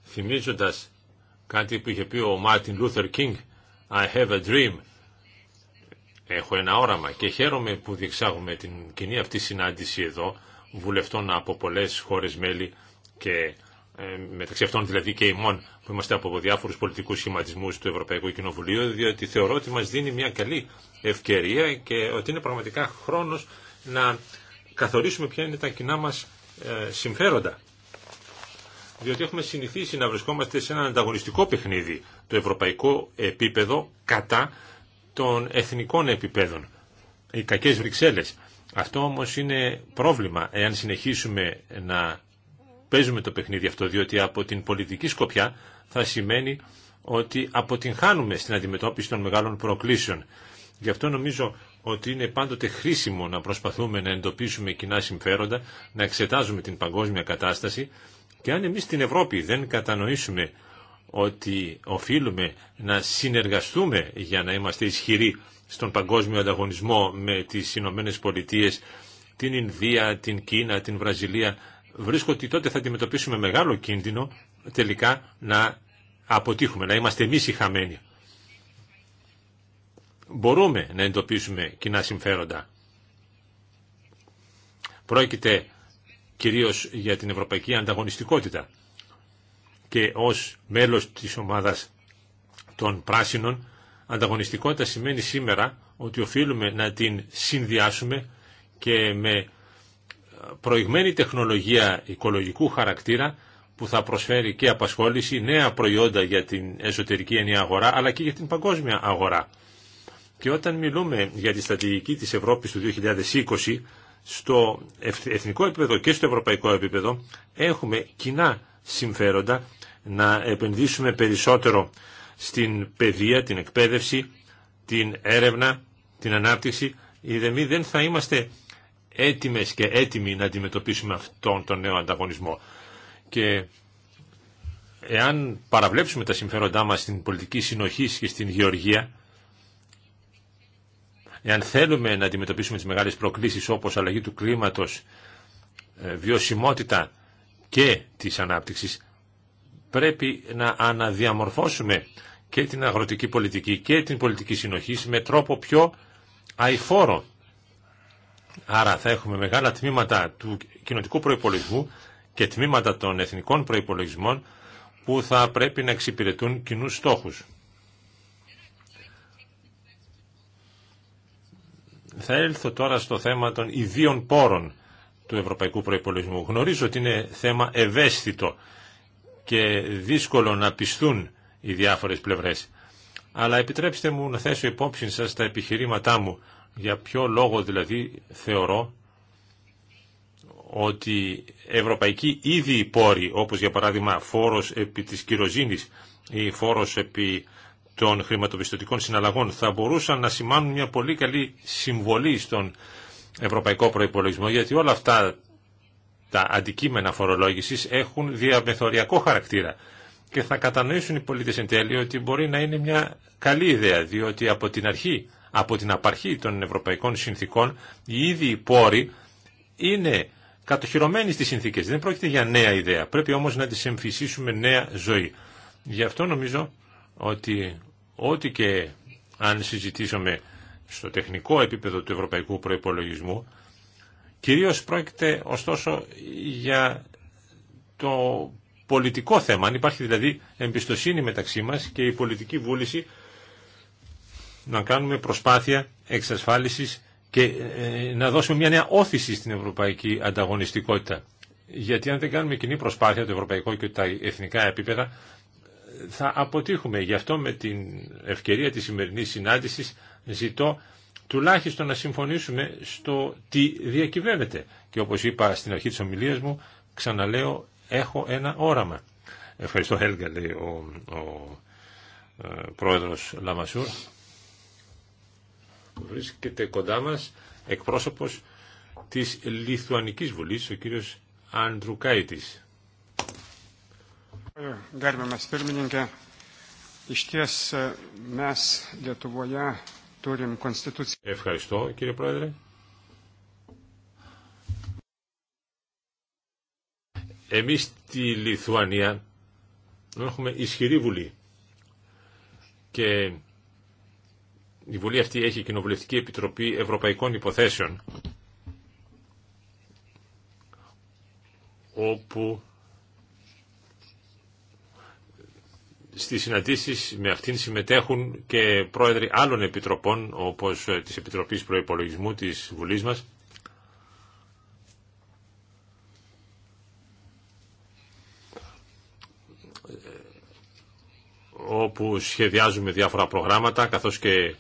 θυμίζοντας κάτι που είχε πει ο Μάρτιν Λούθερ Κίνγκ «I have a dream» Έχω ένα όραμα και χαίρομαι που διεξάγουμε την κοινή αυτή συνάντηση εδώ βουλευτών από πολλές χώρες μέλη και ε, μεταξύ αυτών δηλαδή και ημών που είμαστε από διάφορους πολιτικού σχηματισμούς του Ευρωπαϊκού Κοινοβουλίου διότι θεωρώ ότι μας δίνει μια καλή ευκαιρία και ότι είναι πραγματικά χρόνος να καθορίσουμε ποια είναι τα κοινά μας ε, συμφέροντα. Διότι έχουμε συνηθίσει να βρισκόμαστε σε ένα ανταγωνιστικό παιχνίδι το ευρωπαϊκό επίπεδο κατά των εθνικών επιπέδων, οι κακές Βρυξέλλες. Αυτό όμως είναι πρόβλημα εάν συνεχίσουμε να παίζουμε το παιχνίδι αυτό, διότι από την πολιτική σκοπιά θα σημαίνει ότι αποτυγχάνουμε στην αντιμετώπιση των μεγάλων προκλήσεων. Γι' αυτό νομίζω ότι είναι πάντοτε χρήσιμο να προσπαθούμε να εντοπίσουμε κοινά συμφέροντα, να εξετάζουμε την παγκόσμια κατάσταση και αν εμείς στην Ευρώπη δεν κατανοήσουμε ότι οφείλουμε να συνεργαστούμε για να είμαστε ισχυροί στον παγκόσμιο ανταγωνισμό με τις Ηνωμένε Πολιτείε, την Ινδία, την Κίνα, την Βραζιλία. Βρίσκω ότι τότε θα αντιμετωπίσουμε μεγάλο κίνδυνο τελικά να αποτύχουμε, να είμαστε εμεί οι χαμένοι. Μπορούμε να εντοπίσουμε κοινά συμφέροντα. Πρόκειται κυρίως για την ευρωπαϊκή ανταγωνιστικότητα και ως μέλος της ομάδας των πράσινων, ανταγωνιστικότητα σημαίνει σήμερα ότι οφείλουμε να την συνδυάσουμε και με προηγμένη τεχνολογία οικολογικού χαρακτήρα που θα προσφέρει και απασχόληση νέα προϊόντα για την εσωτερική ενιαία αγορά αλλά και για την παγκόσμια αγορά. Και όταν μιλούμε για τη στρατηγική της Ευρώπης του 2020 στο εθνικό επίπεδο και στο ευρωπαϊκό επίπεδο έχουμε κοινά συμφέροντα να επενδύσουμε περισσότερο στην παιδεία, την εκπαίδευση, την έρευνα, την ανάπτυξη, οι δεν θα είμαστε έτοιμες και έτοιμοι να αντιμετωπίσουμε αυτόν τον νέο ανταγωνισμό. Και εάν παραβλέψουμε τα συμφέροντά μας στην πολιτική συνοχή και στην γεωργία, εάν θέλουμε να αντιμετωπίσουμε τις μεγάλες προκλήσεις όπως αλλαγή του κλίματος, ε, βιωσιμότητα και της ανάπτυξης, πρέπει να αναδιαμορφώσουμε και την αγροτική πολιτική και την πολιτική συνοχής με τρόπο πιο αηφόρο. Άρα θα έχουμε μεγάλα τμήματα του κοινοτικού προϋπολογισμού και τμήματα των εθνικών προϋπολογισμών που θα πρέπει να εξυπηρετούν κοινού στόχους. Θα έλθω τώρα στο θέμα των ιδίων πόρων του Ευρωπαϊκού Προϋπολογισμού. Γνωρίζω ότι είναι θέμα ευαίσθητο και δύσκολο να πιστούν οι διάφορες πλευρές. Αλλά επιτρέψτε μου να θέσω υπόψη σας τα επιχειρήματά μου, για ποιο λόγο δηλαδή θεωρώ ότι ευρωπαϊκοί ήδη πόροι, όπως για παράδειγμα φόρος επί της κυροζήνης ή φόρος επί των χρηματοπιστωτικών συναλλαγών, θα μπορούσαν να σημάνουν μια πολύ καλή συμβολή στον ευρωπαϊκό προϋπολογισμό, γιατί όλα αυτά τα αντικείμενα φορολόγησης έχουν διαμεθοριακό χαρακτήρα και θα κατανοήσουν οι πολίτες εν τέλει ότι μπορεί να είναι μια καλή ιδέα διότι από την αρχή, από την απαρχή των ευρωπαϊκών συνθήκων οι ίδιοι πόροι είναι κατοχυρωμένοι στις συνθήκες. Δεν πρόκειται για νέα ιδέα. Πρέπει όμως να τις εμφυσίσουμε νέα ζωή. Γι' αυτό νομίζω ότι ό,τι και αν συζητήσουμε στο τεχνικό επίπεδο του ευρωπαϊκού προϋπολογισμού Κυρίως πρόκειται ωστόσο για το πολιτικό θέμα, αν υπάρχει δηλαδή εμπιστοσύνη μεταξύ μας και η πολιτική βούληση να κάνουμε προσπάθεια εξασφάλισης και ε, να δώσουμε μια νέα όθηση στην ευρωπαϊκή ανταγωνιστικότητα. Γιατί αν δεν κάνουμε κοινή προσπάθεια το ευρωπαϊκό και τα εθνικά επίπεδα θα αποτύχουμε. Γι' αυτό με την ευκαιρία της σημερινής συνάντησης ζητώ τουλάχιστον να συμφωνήσουμε στο τι διακυβεύεται. Και όπως είπα στην αρχή της ομιλίας μου, ξαναλέω, έχω ένα όραμα. Ευχαριστώ, Έλγα, λέει ο, ο ε, πρόεδρος Λαμασούρ. Βρίσκεται κοντά μας εκπρόσωπος της Λιθουανικής Βουλής, ο κύριος Ανδρουκάητης. Gerbiamas για το Ευχαριστώ κύριε Πρόεδρε. Εμείς στη Λιθουανία έχουμε ισχυρή βουλή και η βουλή αυτή έχει Κοινοβουλευτική Επιτροπή Ευρωπαϊκών Υποθέσεων όπου Στις συναντήσεις με αυτήν συμμετέχουν και πρόεδροι άλλων επιτροπών, όπως ε, της Επιτροπής Προϋπολογισμού της Βουλής μας. όπου σχεδιάζουμε διάφορα προγράμματα, καθώς και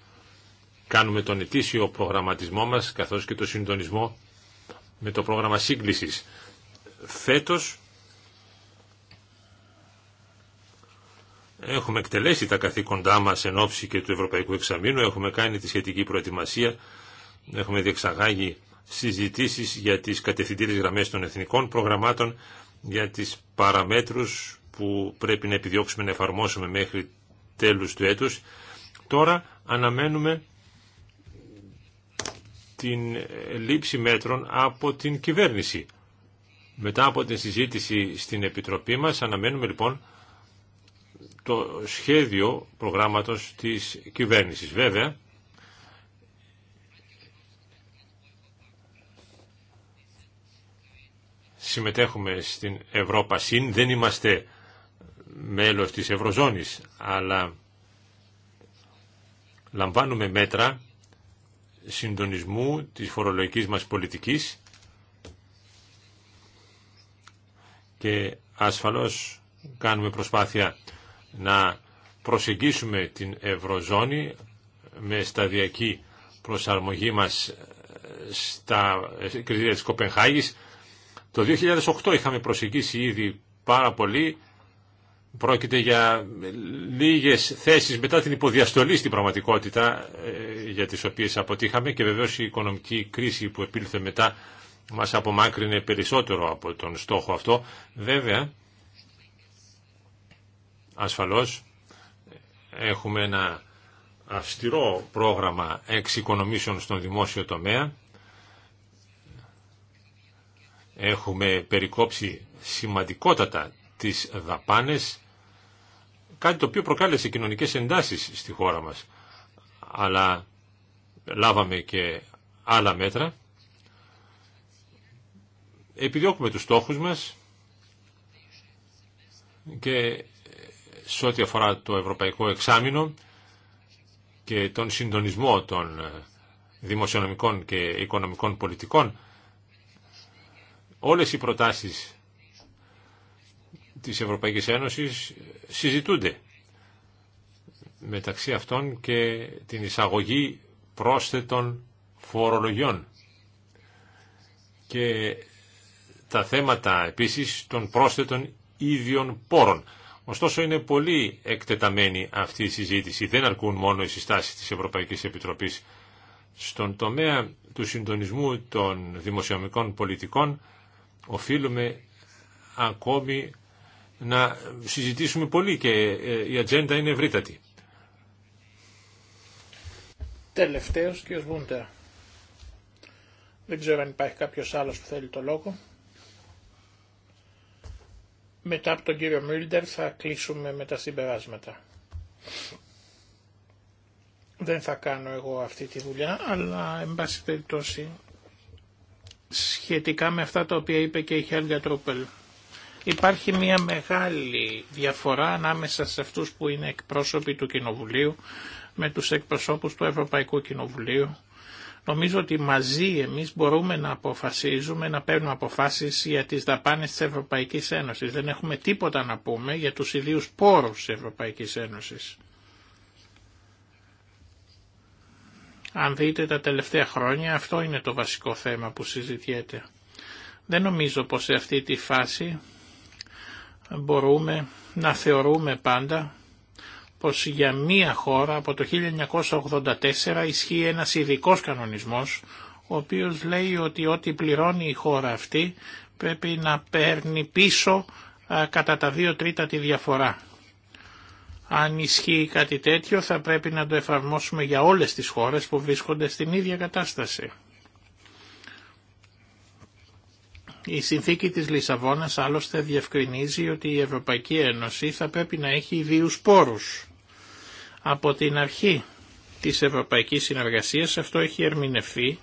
κάνουμε τον ετήσιο προγραμματισμό μας, καθώς και το συντονισμό με το πρόγραμμα σύγκλησης. Φέτος Έχουμε εκτελέσει τα καθήκοντά μας εν ώψη και του Ευρωπαϊκού Εξαμήνου, έχουμε κάνει τη σχετική προετοιμασία, έχουμε διεξαγάγει συζητήσεις για τις κατευθυντήριες γραμμές των εθνικών προγραμμάτων, για τις παραμέτρους που πρέπει να επιδιώξουμε να εφαρμόσουμε μέχρι τέλους του έτους. Τώρα αναμένουμε την λήψη μέτρων από την κυβέρνηση. Μετά από την συζήτηση στην Επιτροπή μας αναμένουμε λοιπόν το σχέδιο προγράμματος της κυβέρνησης. Βέβαια, συμμετέχουμε στην Ευρώπα ΣΥΝ, δεν είμαστε μέλος της Ευρωζώνης, αλλά λαμβάνουμε μέτρα συντονισμού της φορολογικής μας πολιτικής και ασφαλώς κάνουμε προσπάθεια να προσεγγίσουμε την Ευρωζώνη με σταδιακή προσαρμογή μας στα κριτήρια της Κοπενχάγης. Το 2008 είχαμε προσεγγίσει ήδη πάρα πολύ. Πρόκειται για λίγες θέσεις μετά την υποδιαστολή στην πραγματικότητα ε, για τις οποίες αποτύχαμε και βεβαίως η οικονομική κρίση που επήλθε μετά μας απομάκρυνε περισσότερο από τον στόχο αυτό. Βέβαια, Ασφαλώς έχουμε ένα αυστηρό πρόγραμμα εξοικονομήσεων στον δημόσιο τομέα. Έχουμε περικόψει σημαντικότατα τις δαπάνες, κάτι το οποίο προκάλεσε κοινωνικές εντάσεις στη χώρα μας. Αλλά λάβαμε και άλλα μέτρα. Επιδιώκουμε τους στόχους μας και σε ό,τι αφορά το Ευρωπαϊκό Εξάμεινο και τον συντονισμό των ε, δημοσιονομικών και οικονομικών πολιτικών, όλες οι προτάσεις της Ευρωπαϊκής Ένωσης συζητούνται μεταξύ αυτών και την εισαγωγή πρόσθετων φορολογιών και τα θέματα επίσης των πρόσθετων ίδιων πόρων. Ωστόσο είναι πολύ εκτεταμένη αυτή η συζήτηση. Δεν αρκούν μόνο οι συστάσεις της Ευρωπαϊκής Επιτροπής. Στον τομέα του συντονισμού των δημοσιομικών πολιτικών οφείλουμε ακόμη να συζητήσουμε πολύ και ε, η ατζέντα είναι ευρύτατη. Τελευταίος κ. Βούντερ. Δεν ξέρω αν υπάρχει κάποιος άλλος που θέλει το λόγο μετά από τον κύριο Μίλντερ θα κλείσουμε με τα συμπεράσματα. Δεν θα κάνω εγώ αυτή τη δουλειά, αλλά εν πάση περιπτώσει σχετικά με αυτά τα οποία είπε και η Χέλγα Τρούπελ. Υπάρχει μια μεγάλη διαφορά ανάμεσα σε αυτούς που είναι εκπρόσωποι του Κοινοβουλίου με τους εκπροσώπους του Ευρωπαϊκού Κοινοβουλίου Νομίζω ότι μαζί εμείς μπορούμε να αποφασίζουμε, να παίρνουμε αποφάσεις για τις δαπάνες της Ευρωπαϊκής Ένωσης. Δεν έχουμε τίποτα να πούμε για τους ιδίους πόρους της Ευρωπαϊκής Ένωσης. Αν δείτε τα τελευταία χρόνια αυτό είναι το βασικό θέμα που συζητιέται. Δεν νομίζω πως σε αυτή τη φάση μπορούμε να θεωρούμε πάντα πως για μία χώρα από το 1984 ισχύει ένας ειδικό κανονισμός, ο οποίος λέει ότι ό,τι πληρώνει η χώρα αυτή πρέπει να παίρνει πίσω κατά τα δύο τρίτα τη διαφορά. Αν ισχύει κάτι τέτοιο θα πρέπει να το εφαρμόσουμε για όλες τις χώρες που βρίσκονται στην ίδια κατάσταση. Η συνθήκη της Λισαβόνας άλλωστε διευκρινίζει ότι η Ευρωπαϊκή Ένωση θα πρέπει να έχει ιδίους πόρους. Από την αρχή της Ευρωπαϊκής Συνεργασίας αυτό έχει ερμηνευθεί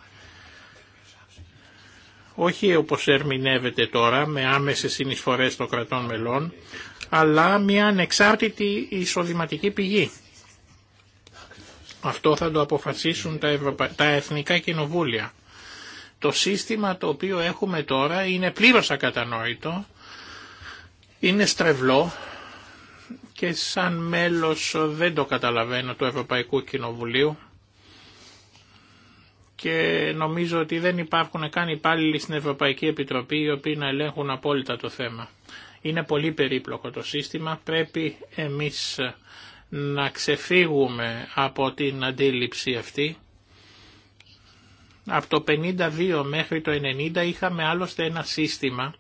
όχι όπως ερμηνεύεται τώρα με άμεσες συνεισφορές των κρατών μελών, αλλά μια ανεξάρτητη εισοδηματική πηγή. Αυτό θα το αποφασίσουν τα, εθνικά κοινοβούλια. Το σύστημα το οποίο έχουμε τώρα είναι πλήρως ακατανόητο, είναι στρεβλό, και σαν μέλος δεν το καταλαβαίνω του Ευρωπαϊκού Κοινοβουλίου και νομίζω ότι δεν υπάρχουν καν υπάλληλοι στην Ευρωπαϊκή Επιτροπή οι οποίοι να ελέγχουν απόλυτα το θέμα. Είναι πολύ περίπλοκο το σύστημα, πρέπει εμείς να ξεφύγουμε από την αντίληψη αυτή. Από το 52 μέχρι το 90 είχαμε άλλωστε ένα σύστημα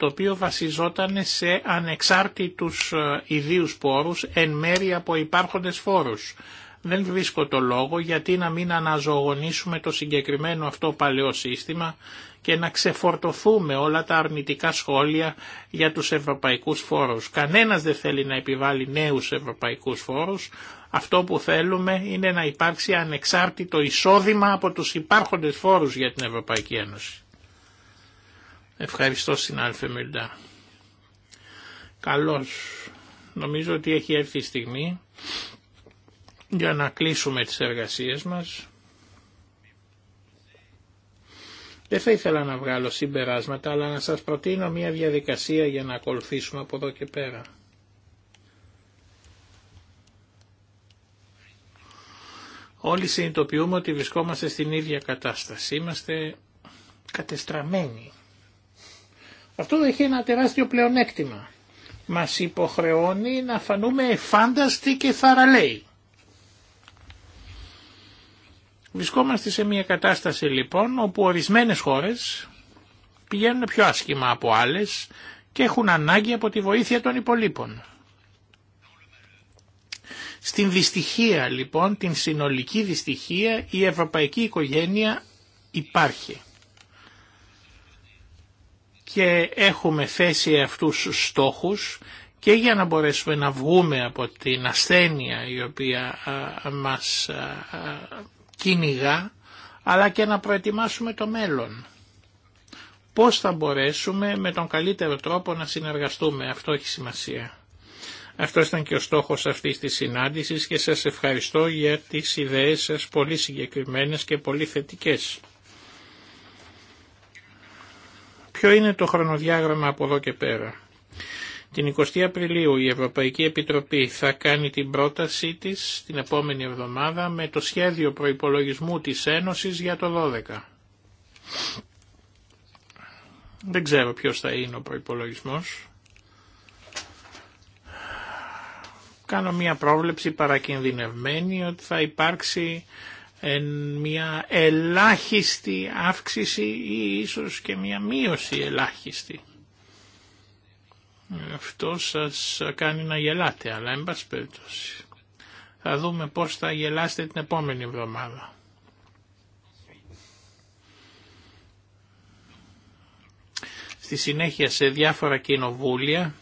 το οποίο βασιζόταν σε ανεξάρτητους ε, ιδίους πόρους εν μέρη από υπάρχοντες φόρους. Δεν βρίσκω το λόγο γιατί να μην αναζωογονήσουμε το συγκεκριμένο αυτό παλαιό σύστημα και να ξεφορτωθούμε όλα τα αρνητικά σχόλια για τους ευρωπαϊκούς φόρους. Κανένας δεν θέλει να επιβάλλει νέους ευρωπαϊκούς φόρους. Αυτό που θέλουμε είναι να υπάρξει ανεξάρτητο εισόδημα από τους υπάρχοντες φόρους για την Ευρωπαϊκή Ένωση. Ευχαριστώ συνάδελφε Μιλντά. Καλώς. Νομίζω ότι έχει έρθει η στιγμή για να κλείσουμε τις εργασίες μας. Δεν θα ήθελα να βγάλω συμπεράσματα, αλλά να σας προτείνω μια διαδικασία για να ακολουθήσουμε από εδώ και πέρα. Όλοι συνειδητοποιούμε ότι βρισκόμαστε στην ίδια κατάσταση. Είμαστε κατεστραμμένοι. Αυτό έχει ένα τεράστιο πλεονέκτημα. Μας υποχρεώνει να φανούμε εφάνταστοι και θαραλέοι. Βρισκόμαστε σε μια κατάσταση λοιπόν όπου ορισμένες χώρες πηγαίνουν πιο άσχημα από άλλες και έχουν ανάγκη από τη βοήθεια των υπολείπων. Στην δυστυχία λοιπόν, την συνολική δυστυχία, η ευρωπαϊκή οικογένεια υπάρχει και έχουμε θέσει αυτούς στόχους και για να μπορέσουμε να βγούμε από την ασθένεια η οποία μας κυνηγά αλλά και να προετοιμάσουμε το μέλλον. Πώς θα μπορέσουμε με τον καλύτερο τρόπο να συνεργαστούμε, αυτό έχει σημασία. Αυτό ήταν και ο στόχος αυτής της συνάντησης και σας ευχαριστώ για τις ιδέες σας πολύ συγκεκριμένες και πολύ θετικές. Ποιο είναι το χρονοδιάγραμμα από εδώ και πέρα. Την 20 Απριλίου η Ευρωπαϊκή Επιτροπή θα κάνει την πρότασή της την επόμενη εβδομάδα με το σχέδιο προϋπολογισμού της Ένωσης για το 12. Δεν ξέρω ποιος θα είναι ο προϋπολογισμός. Κάνω μία πρόβλεψη παρακινδυνευμένη ότι θα υπάρξει μια ελάχιστη αύξηση ή ίσως και μια μείωση ελάχιστη. Αυτό σας κάνει να γελάτε, αλλά εν πάση περιπτώσει. Θα δούμε πώς θα γελάσετε την επόμενη εβδομάδα. Στη συνέχεια σε διάφορα κοινοβούλια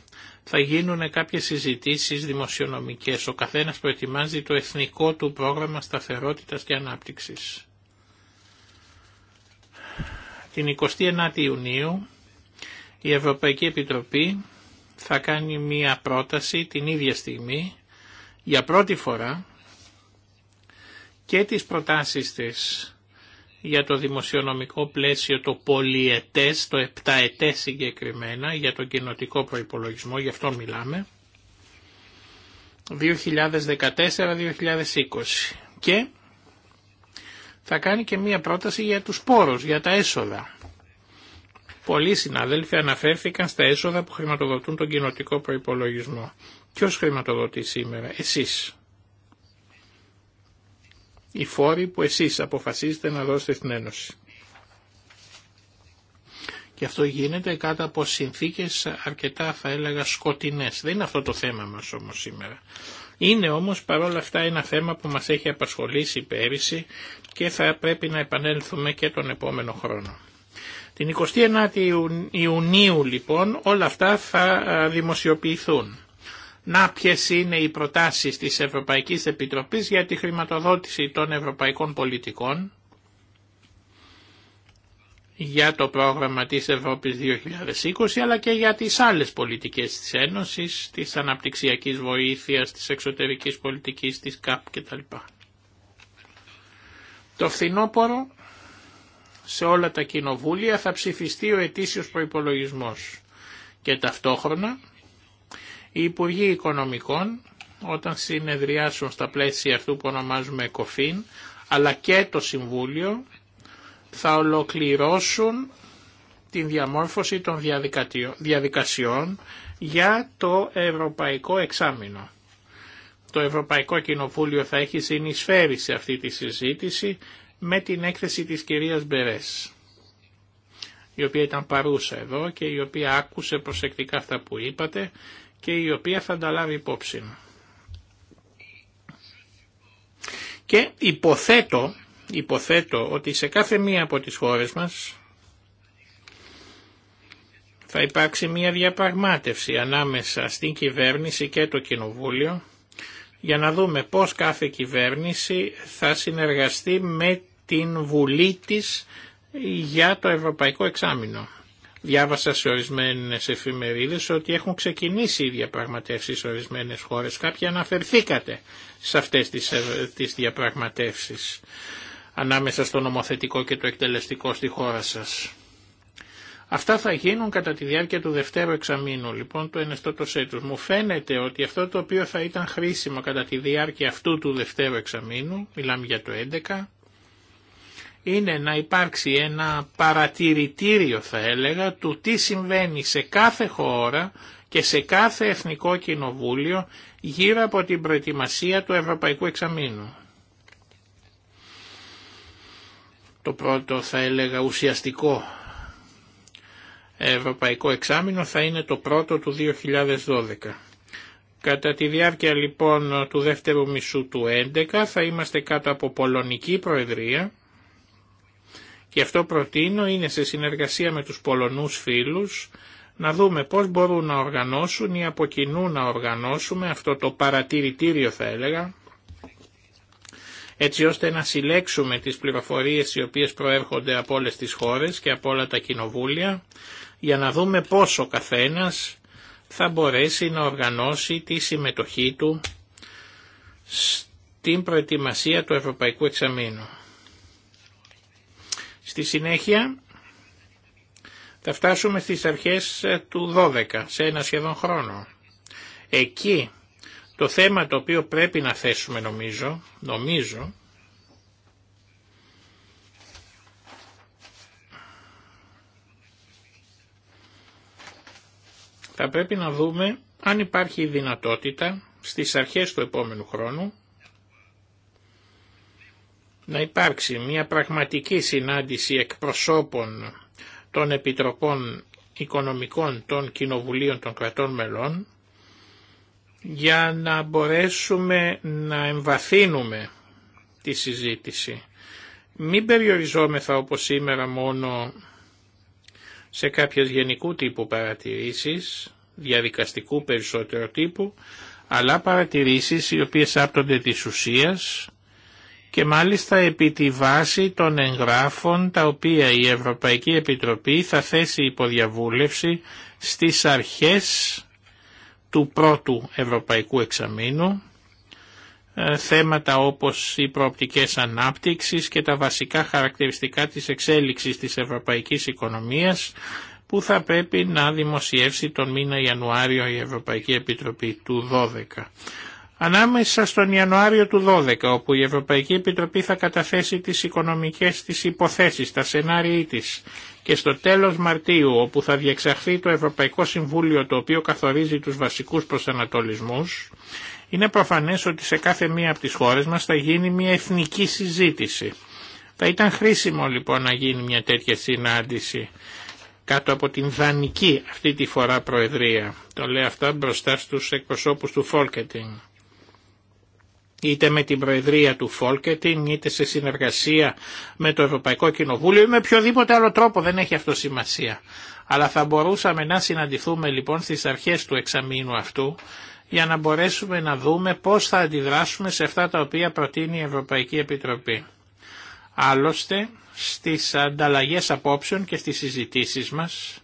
θα γίνουν κάποιες συζητήσεις δημοσιονομικές. Ο καθένας προετοιμάζει το εθνικό του πρόγραμμα σταθερότητας και ανάπτυξης. Την 29η Ιουνίου η Ευρωπαϊκή Επιτροπή θα κάνει μία πρόταση την ίδια στιγμή για πρώτη φορά και τις προτάσεις της για το δημοσιονομικό πλαίσιο το πολιετές, το επταετές συγκεκριμένα, για τον κοινοτικό προϋπολογισμό, γι' αυτό μιλάμε, 2014-2020. Και θα κάνει και μία πρόταση για τους πόρους, για τα έσοδα. Πολλοί συναδέλφοι αναφέρθηκαν στα έσοδα που χρηματοδοτούν τον κοινοτικό προϋπολογισμό. Ποιος χρηματοδοτεί σήμερα, εσείς οι φόροι που εσείς αποφασίζετε να δώσετε στην Ένωση. Και αυτό γίνεται κάτω από συνθήκες αρκετά θα έλεγα σκοτεινές. Δεν είναι αυτό το θέμα μας όμως σήμερα. Είναι όμως παρόλα αυτά ένα θέμα που μας έχει απασχολήσει πέρυσι και θα πρέπει να επανέλθουμε και τον επόμενο χρόνο. Την 29η Ιουνίου λοιπόν όλα αυτά θα δημοσιοποιηθούν να ποιες είναι οι προτάσεις της Ευρωπαϊκής Επιτροπής για τη χρηματοδότηση των ευρωπαϊκών πολιτικών για το πρόγραμμα της Ευρώπης 2020 αλλά και για τις άλλες πολιτικές της Ένωσης, της αναπτυξιακής βοήθειας, της εξωτερικής πολιτικής, της ΚΑΠ κτλ. Το φθινόπωρο σε όλα τα κοινοβούλια θα ψηφιστεί ο ετήσιος προϋπολογισμός και ταυτόχρονα οι Υπουργοί Οικονομικών όταν συνεδριάσουν στα πλαίσια αυτού που ονομάζουμε κοφίν, αλλά και το Συμβούλιο θα ολοκληρώσουν την διαμόρφωση των διαδικασιών για το Ευρωπαϊκό Εξάμεινο. Το Ευρωπαϊκό Κοινοβούλιο θα έχει συνεισφέρει σε αυτή τη συζήτηση με την έκθεση της κυρίας Μπερές, η οποία ήταν παρούσα εδώ και η οποία άκουσε προσεκτικά αυτά που είπατε και η οποία θα τα λάβει υπόψη. Και υποθέτω, υποθέτω ότι σε κάθε μία από τις χώρες μας θα υπάρξει μία διαπραγμάτευση ανάμεσα στην κυβέρνηση και το κοινοβούλιο για να δούμε πώς κάθε κυβέρνηση θα συνεργαστεί με την Βουλή της για το Ευρωπαϊκό Εξάμεινο. Διάβασα σε ορισμένες εφημερίδες ότι έχουν ξεκινήσει οι διαπραγματεύσεις σε ορισμένες χώρες. Κάποιοι αναφερθήκατε σε αυτές τις, ε, τις διαπραγματεύσεις ανάμεσα στο νομοθετικό και το εκτελεστικό στη χώρα σας. Αυτά θα γίνουν κατά τη διάρκεια του δευτέρου εξαμήνου, λοιπόν, του ενεστώτος έτους. Μου φαίνεται ότι αυτό το οποίο θα ήταν χρήσιμο κατά τη διάρκεια αυτού του δευτέρου εξαμήνου, μιλάμε για το 11, είναι να υπάρξει ένα παρατηρητήριο θα έλεγα του τι συμβαίνει σε κάθε χώρα και σε κάθε εθνικό κοινοβούλιο γύρω από την προετοιμασία του Ευρωπαϊκού Εξαμήνου. Το πρώτο θα έλεγα ουσιαστικό Ευρωπαϊκό Εξάμεινο θα είναι το πρώτο του 2012. Κατά τη διάρκεια λοιπόν του δεύτερου μισού του 2011 θα είμαστε κάτω από Πολωνική Προεδρία και αυτό προτείνω είναι σε συνεργασία με τους Πολωνούς φίλους να δούμε πώς μπορούν να οργανώσουν ή από κοινού να οργανώσουμε αυτό το παρατηρητήριο θα έλεγα, έτσι ώστε να συλλέξουμε τις πληροφορίες οι οποίες προέρχονται από όλες τις χώρες και από όλα τα κοινοβούλια, για να δούμε πόσο καθένας θα μπορέσει να οργανώσει τη συμμετοχή του στην προετοιμασία του Ευρωπαϊκού Εξαμήνου. Στη συνέχεια θα φτάσουμε στις αρχές ε, του 12, σε ένα σχεδόν χρόνο. Εκεί το θέμα το οποίο πρέπει να θέσουμε νομίζω, νομίζω, θα πρέπει να δούμε αν υπάρχει δυνατότητα στις αρχές του επόμενου χρόνου να υπάρξει μια πραγματική συνάντηση εκπροσώπων των Επιτροπών Οικονομικών των Κοινοβουλίων των Κρατών Μελών για να μπορέσουμε να εμβαθύνουμε τη συζήτηση. Μην περιοριζόμεθα όπως σήμερα μόνο σε κάποιες γενικού τύπου παρατηρήσεις, διαδικαστικού περισσότερο τύπου, αλλά παρατηρήσεις οι οποίες άπτονται της ουσίας, και μάλιστα επί τη βάση των εγγράφων τα οποία η Ευρωπαϊκή Επιτροπή θα θέσει υποδιαβούλευση στις αρχές του πρώτου Ευρωπαϊκού Εξαμήνου ε, θέματα όπως οι προοπτικές ανάπτυξης και τα βασικά χαρακτηριστικά της εξέλιξης της ευρωπαϊκής οικονομίας που θα πρέπει να δημοσιεύσει τον μήνα Ιανουάριο η Ευρωπαϊκή Επιτροπή του 12. Ανάμεσα στον Ιανουάριο του 12, όπου η Ευρωπαϊκή Επιτροπή θα καταθέσει τις οικονομικές της υποθέσεις, τα σενάρια της, και στο τέλος Μαρτίου, όπου θα διεξαχθεί το Ευρωπαϊκό Συμβούλιο, το οποίο καθορίζει τους βασικούς προσανατολισμούς, είναι προφανές ότι σε κάθε μία από τις χώρες μας θα γίνει μια εθνική συζήτηση. Θα ήταν χρήσιμο λοιπόν να γίνει μια τέτοια συνάντηση κάτω από την δανική αυτή τη φορά προεδρία. Το λέω αυτά μπροστά στους εκπροσώπους του Folketing είτε με την Προεδρία του Φόλκετιν, είτε σε συνεργασία με το Ευρωπαϊκό Κοινοβούλιο ή με οποιοδήποτε άλλο τρόπο, δεν έχει αυτό σημασία. Αλλά θα μπορούσαμε να συναντηθούμε λοιπόν στις αρχές του εξαμήνου αυτού για να μπορέσουμε να δούμε πώς θα αντιδράσουμε σε αυτά τα οποία προτείνει η Ευρωπαϊκή Επιτροπή. Άλλωστε, στις ανταλλαγές απόψεων και στις συζητήσεις μας,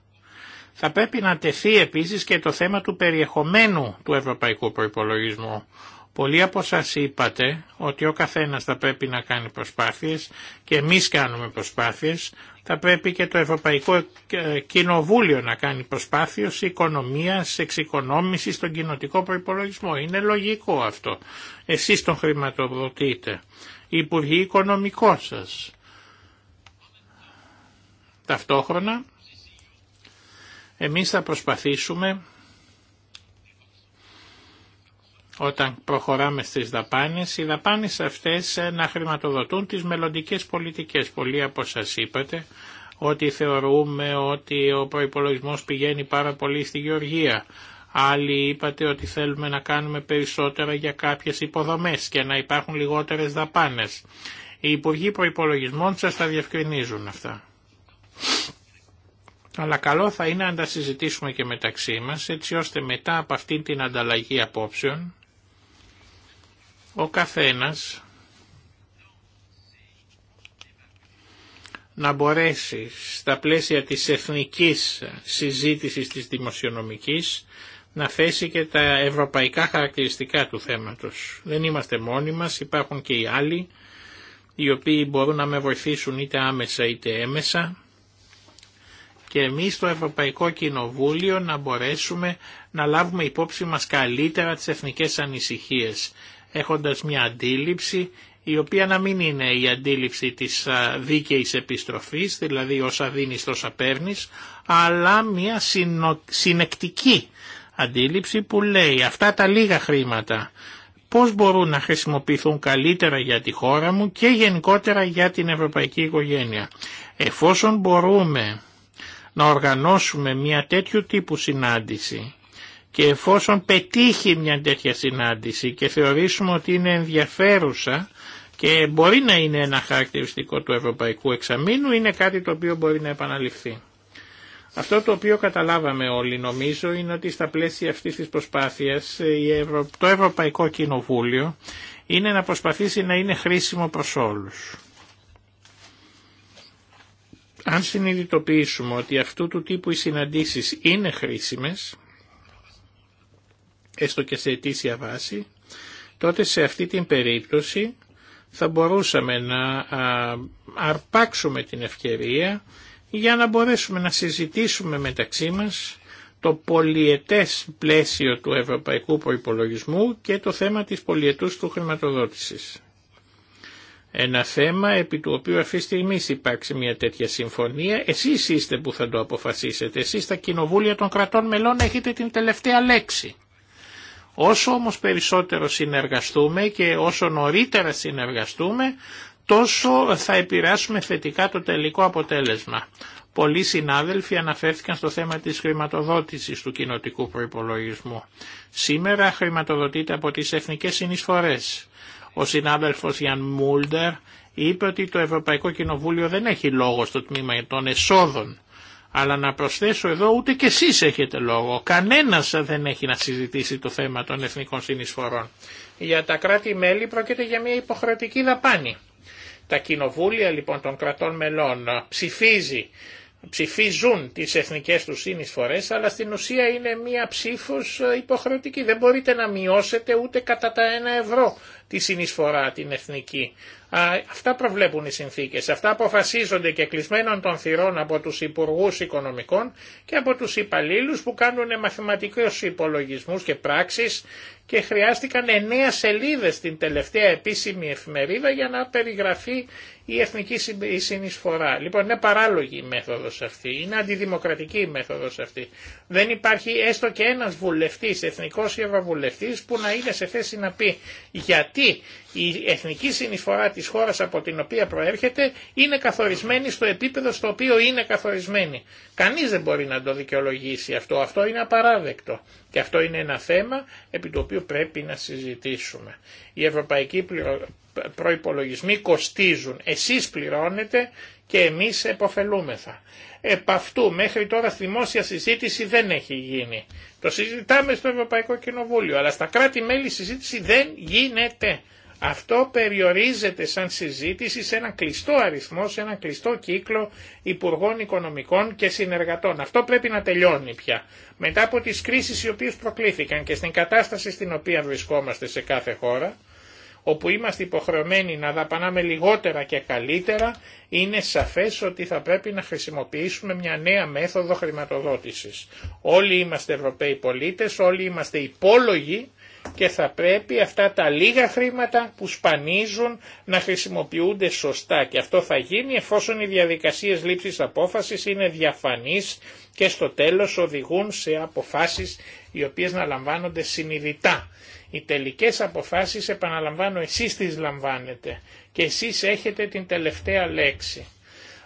θα πρέπει να τεθεί επίσης και το θέμα του περιεχομένου του ευρωπαϊκού προϋπολογισμού, Πολλοί από εσά είπατε ότι ο καθένας θα πρέπει να κάνει προσπάθειες και εμείς κάνουμε προσπάθειες. Θα πρέπει και το Ευρωπαϊκό ε, Κοινοβούλιο να κάνει προσπάθειες οικονομία, εξοικονόμηση, στον κοινοτικό προϋπολογισμό. Είναι λογικό αυτό. Εσείς τον χρηματοδοτείτε. Οι Υπουργοί Οικονομικών σας. Ταυτόχρονα, εμείς θα προσπαθήσουμε όταν προχωράμε στις δαπάνες, οι δαπάνες αυτές ε, να χρηματοδοτούν τις μελλοντικέ πολιτικές. Πολλοί από σας είπατε ότι θεωρούμε ότι ο προπολογισμό πηγαίνει πάρα πολύ στη Γεωργία. Άλλοι είπατε ότι θέλουμε να κάνουμε περισσότερα για κάποιες υποδομές και να υπάρχουν λιγότερες δαπάνες. Οι Υπουργοί Προϋπολογισμών σας τα διευκρινίζουν αυτά. Αλλά καλό θα είναι να τα συζητήσουμε και μεταξύ μας, έτσι ώστε μετά από αυτή την ανταλλαγή απόψεων, ο καθένας να μπορέσει στα πλαίσια της εθνικής συζήτησης της δημοσιονομικής να θέσει και τα ευρωπαϊκά χαρακτηριστικά του θέματος. Δεν είμαστε μόνοι μας, υπάρχουν και οι άλλοι οι οποίοι μπορούν να με βοηθήσουν είτε άμεσα είτε έμεσα και εμείς στο Ευρωπαϊκό Κοινοβούλιο να μπορέσουμε να λάβουμε υπόψη μας καλύτερα τις εθνικές ανησυχίες έχοντας μια αντίληψη η οποία να μην είναι η αντίληψη της δίκαιης επιστροφής, δηλαδή όσα δίνεις τόσα παίρνεις, αλλά μια συνεκτική αντίληψη που λέει αυτά τα λίγα χρήματα πώς μπορούν να χρησιμοποιηθούν καλύτερα για τη χώρα μου και γενικότερα για την ευρωπαϊκή οικογένεια. Εφόσον μπορούμε να οργανώσουμε μια τέτοιου τύπου συνάντηση και εφόσον πετύχει μια τέτοια συνάντηση και θεωρήσουμε ότι είναι ενδιαφέρουσα και μπορεί να είναι ένα χαρακτηριστικό του Ευρωπαϊκού Εξαμήνου, είναι κάτι το οποίο μπορεί να επαναληφθεί. Αυτό το οποίο καταλάβαμε όλοι νομίζω είναι ότι στα πλαίσια αυτής της προσπάθειας το Ευρωπαϊκό Κοινοβούλιο είναι να προσπαθήσει να είναι χρήσιμο προς όλους. Αν συνειδητοποιήσουμε ότι αυτού του τύπου οι συναντήσεις είναι χρήσιμες, έστω και σε αιτήσια βάση, τότε σε αυτή την περίπτωση θα μπορούσαμε να αρπάξουμε την ευκαιρία για να μπορέσουμε να συζητήσουμε μεταξύ μας το πολιετές πλαίσιο του ευρωπαϊκού προϋπολογισμού και το θέμα της πολιετούς του χρηματοδότησης. Ένα θέμα επί του οποίου αυτή τη στιγμή υπάρξει μια τέτοια συμφωνία, εσείς είστε που θα το αποφασίσετε, εσείς στα κοινοβούλια των κρατών μελών έχετε την τελευταία λέξη. Όσο όμως περισσότερο συνεργαστούμε και όσο νωρίτερα συνεργαστούμε, τόσο θα επηρεάσουμε θετικά το τελικό αποτέλεσμα. Πολλοί συνάδελφοι αναφέρθηκαν στο θέμα της χρηματοδότησης του κοινοτικού προϋπολογισμού. Σήμερα χρηματοδοτείται από τις εθνικές συνεισφορές. Ο συνάδελφος Γιάν Μούλντερ είπε ότι το Ευρωπαϊκό Κοινοβούλιο δεν έχει λόγο στο τμήμα των εσόδων αλλά να προσθέσω εδώ ούτε κι εσείς έχετε λόγο. Κανένας δεν έχει να συζητήσει το θέμα των εθνικών συνεισφορών. Για τα κράτη-μέλη πρόκειται για μια υποχρεωτική δαπάνη. Τα κοινοβούλια λοιπόν των κρατών μελών ψηφίζει, ψηφίζουν τις εθνικές τους συνεισφορές, αλλά στην ουσία είναι μία ψήφος υποχρεωτική. Δεν μπορείτε να μειώσετε ούτε κατά τα ένα ευρώ τη συνεισφορά την εθνική. Αυτά προβλέπουν οι συνθήκες, αυτά αποφασίζονται και κλεισμένων των θυρών από τους υπουργού οικονομικών και από τους υπαλλήλους που κάνουν μαθηματικούς υπολογισμούς και πράξεις και χρειάστηκαν εννέα σελίδες στην τελευταία επίσημη εφημερίδα για να περιγραφεί η εθνική συνεισφορά. Λοιπόν είναι παράλογη η μέθοδος αυτή, είναι αντιδημοκρατική η μέθοδος αυτή. Δεν υπάρχει έστω και ένας βουλευτής, εθνικός ή ευρωβουλευτής που να είναι σε θέση να πει γιατί η εθνική συνεισφορά της χώρας από την οποία προέρχεται είναι καθορισμένη στο επίπεδο στο οποίο είναι καθορισμένη. Κανείς δεν μπορεί να το δικαιολογήσει αυτό. Αυτό είναι απαράδεκτο. Και αυτό είναι ένα θέμα επί το οποίο πρέπει να συζητήσουμε. Οι ευρωπαϊκοί προϋπολογισμοί κοστίζουν. Εσείς πληρώνετε και εμείς εποφελούμεθα. Επ' αυτού μέχρι τώρα δημόσια συζήτηση δεν έχει γίνει. Το συζητάμε στο Ευρωπαϊκό Κοινοβούλιο, αλλά στα κράτη-μέλη συζήτηση δεν γίνεται. Αυτό περιορίζεται σαν συζήτηση σε ένα κλειστό αριθμό, σε ένα κλειστό κύκλο υπουργών οικονομικών και συνεργατών. Αυτό πρέπει να τελειώνει πια. Μετά από τις κρίσεις οι οποίες προκλήθηκαν και στην κατάσταση στην οποία βρισκόμαστε σε κάθε χώρα, όπου είμαστε υποχρεωμένοι να δαπανάμε λιγότερα και καλύτερα, είναι σαφές ότι θα πρέπει να χρησιμοποιήσουμε μια νέα μέθοδο χρηματοδότησης. Όλοι είμαστε Ευρωπαίοι πολίτες, όλοι είμαστε υπόλογοι και θα πρέπει αυτά τα λίγα χρήματα που σπανίζουν να χρησιμοποιούνται σωστά και αυτό θα γίνει εφόσον οι διαδικασίες λήψης απόφασης είναι διαφανείς και στο τέλος οδηγούν σε αποφάσεις οι οποίες να λαμβάνονται συνειδητά. Οι τελικές αποφάσεις, επαναλαμβάνω, εσείς τις λαμβάνετε και εσείς έχετε την τελευταία λέξη.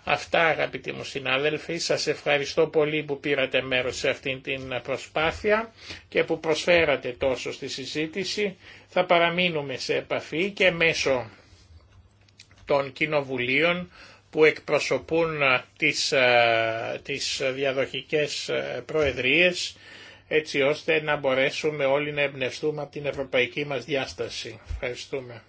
Αυτά αγαπητοί μου συνάδελφοι, σας ευχαριστώ πολύ που πήρατε μέρος σε αυτήν την προσπάθεια και που προσφέρατε τόσο στη συζήτηση. Θα παραμείνουμε σε επαφή και μέσω των κοινοβουλίων που εκπροσωπούν ε, τις, ε, τις διαδοχικές ε, προεδρίες έτσι ώστε να μπορέσουμε όλοι να εμπνευστούμε από την ευρωπαϊκή μας διάσταση. Ευχαριστούμε.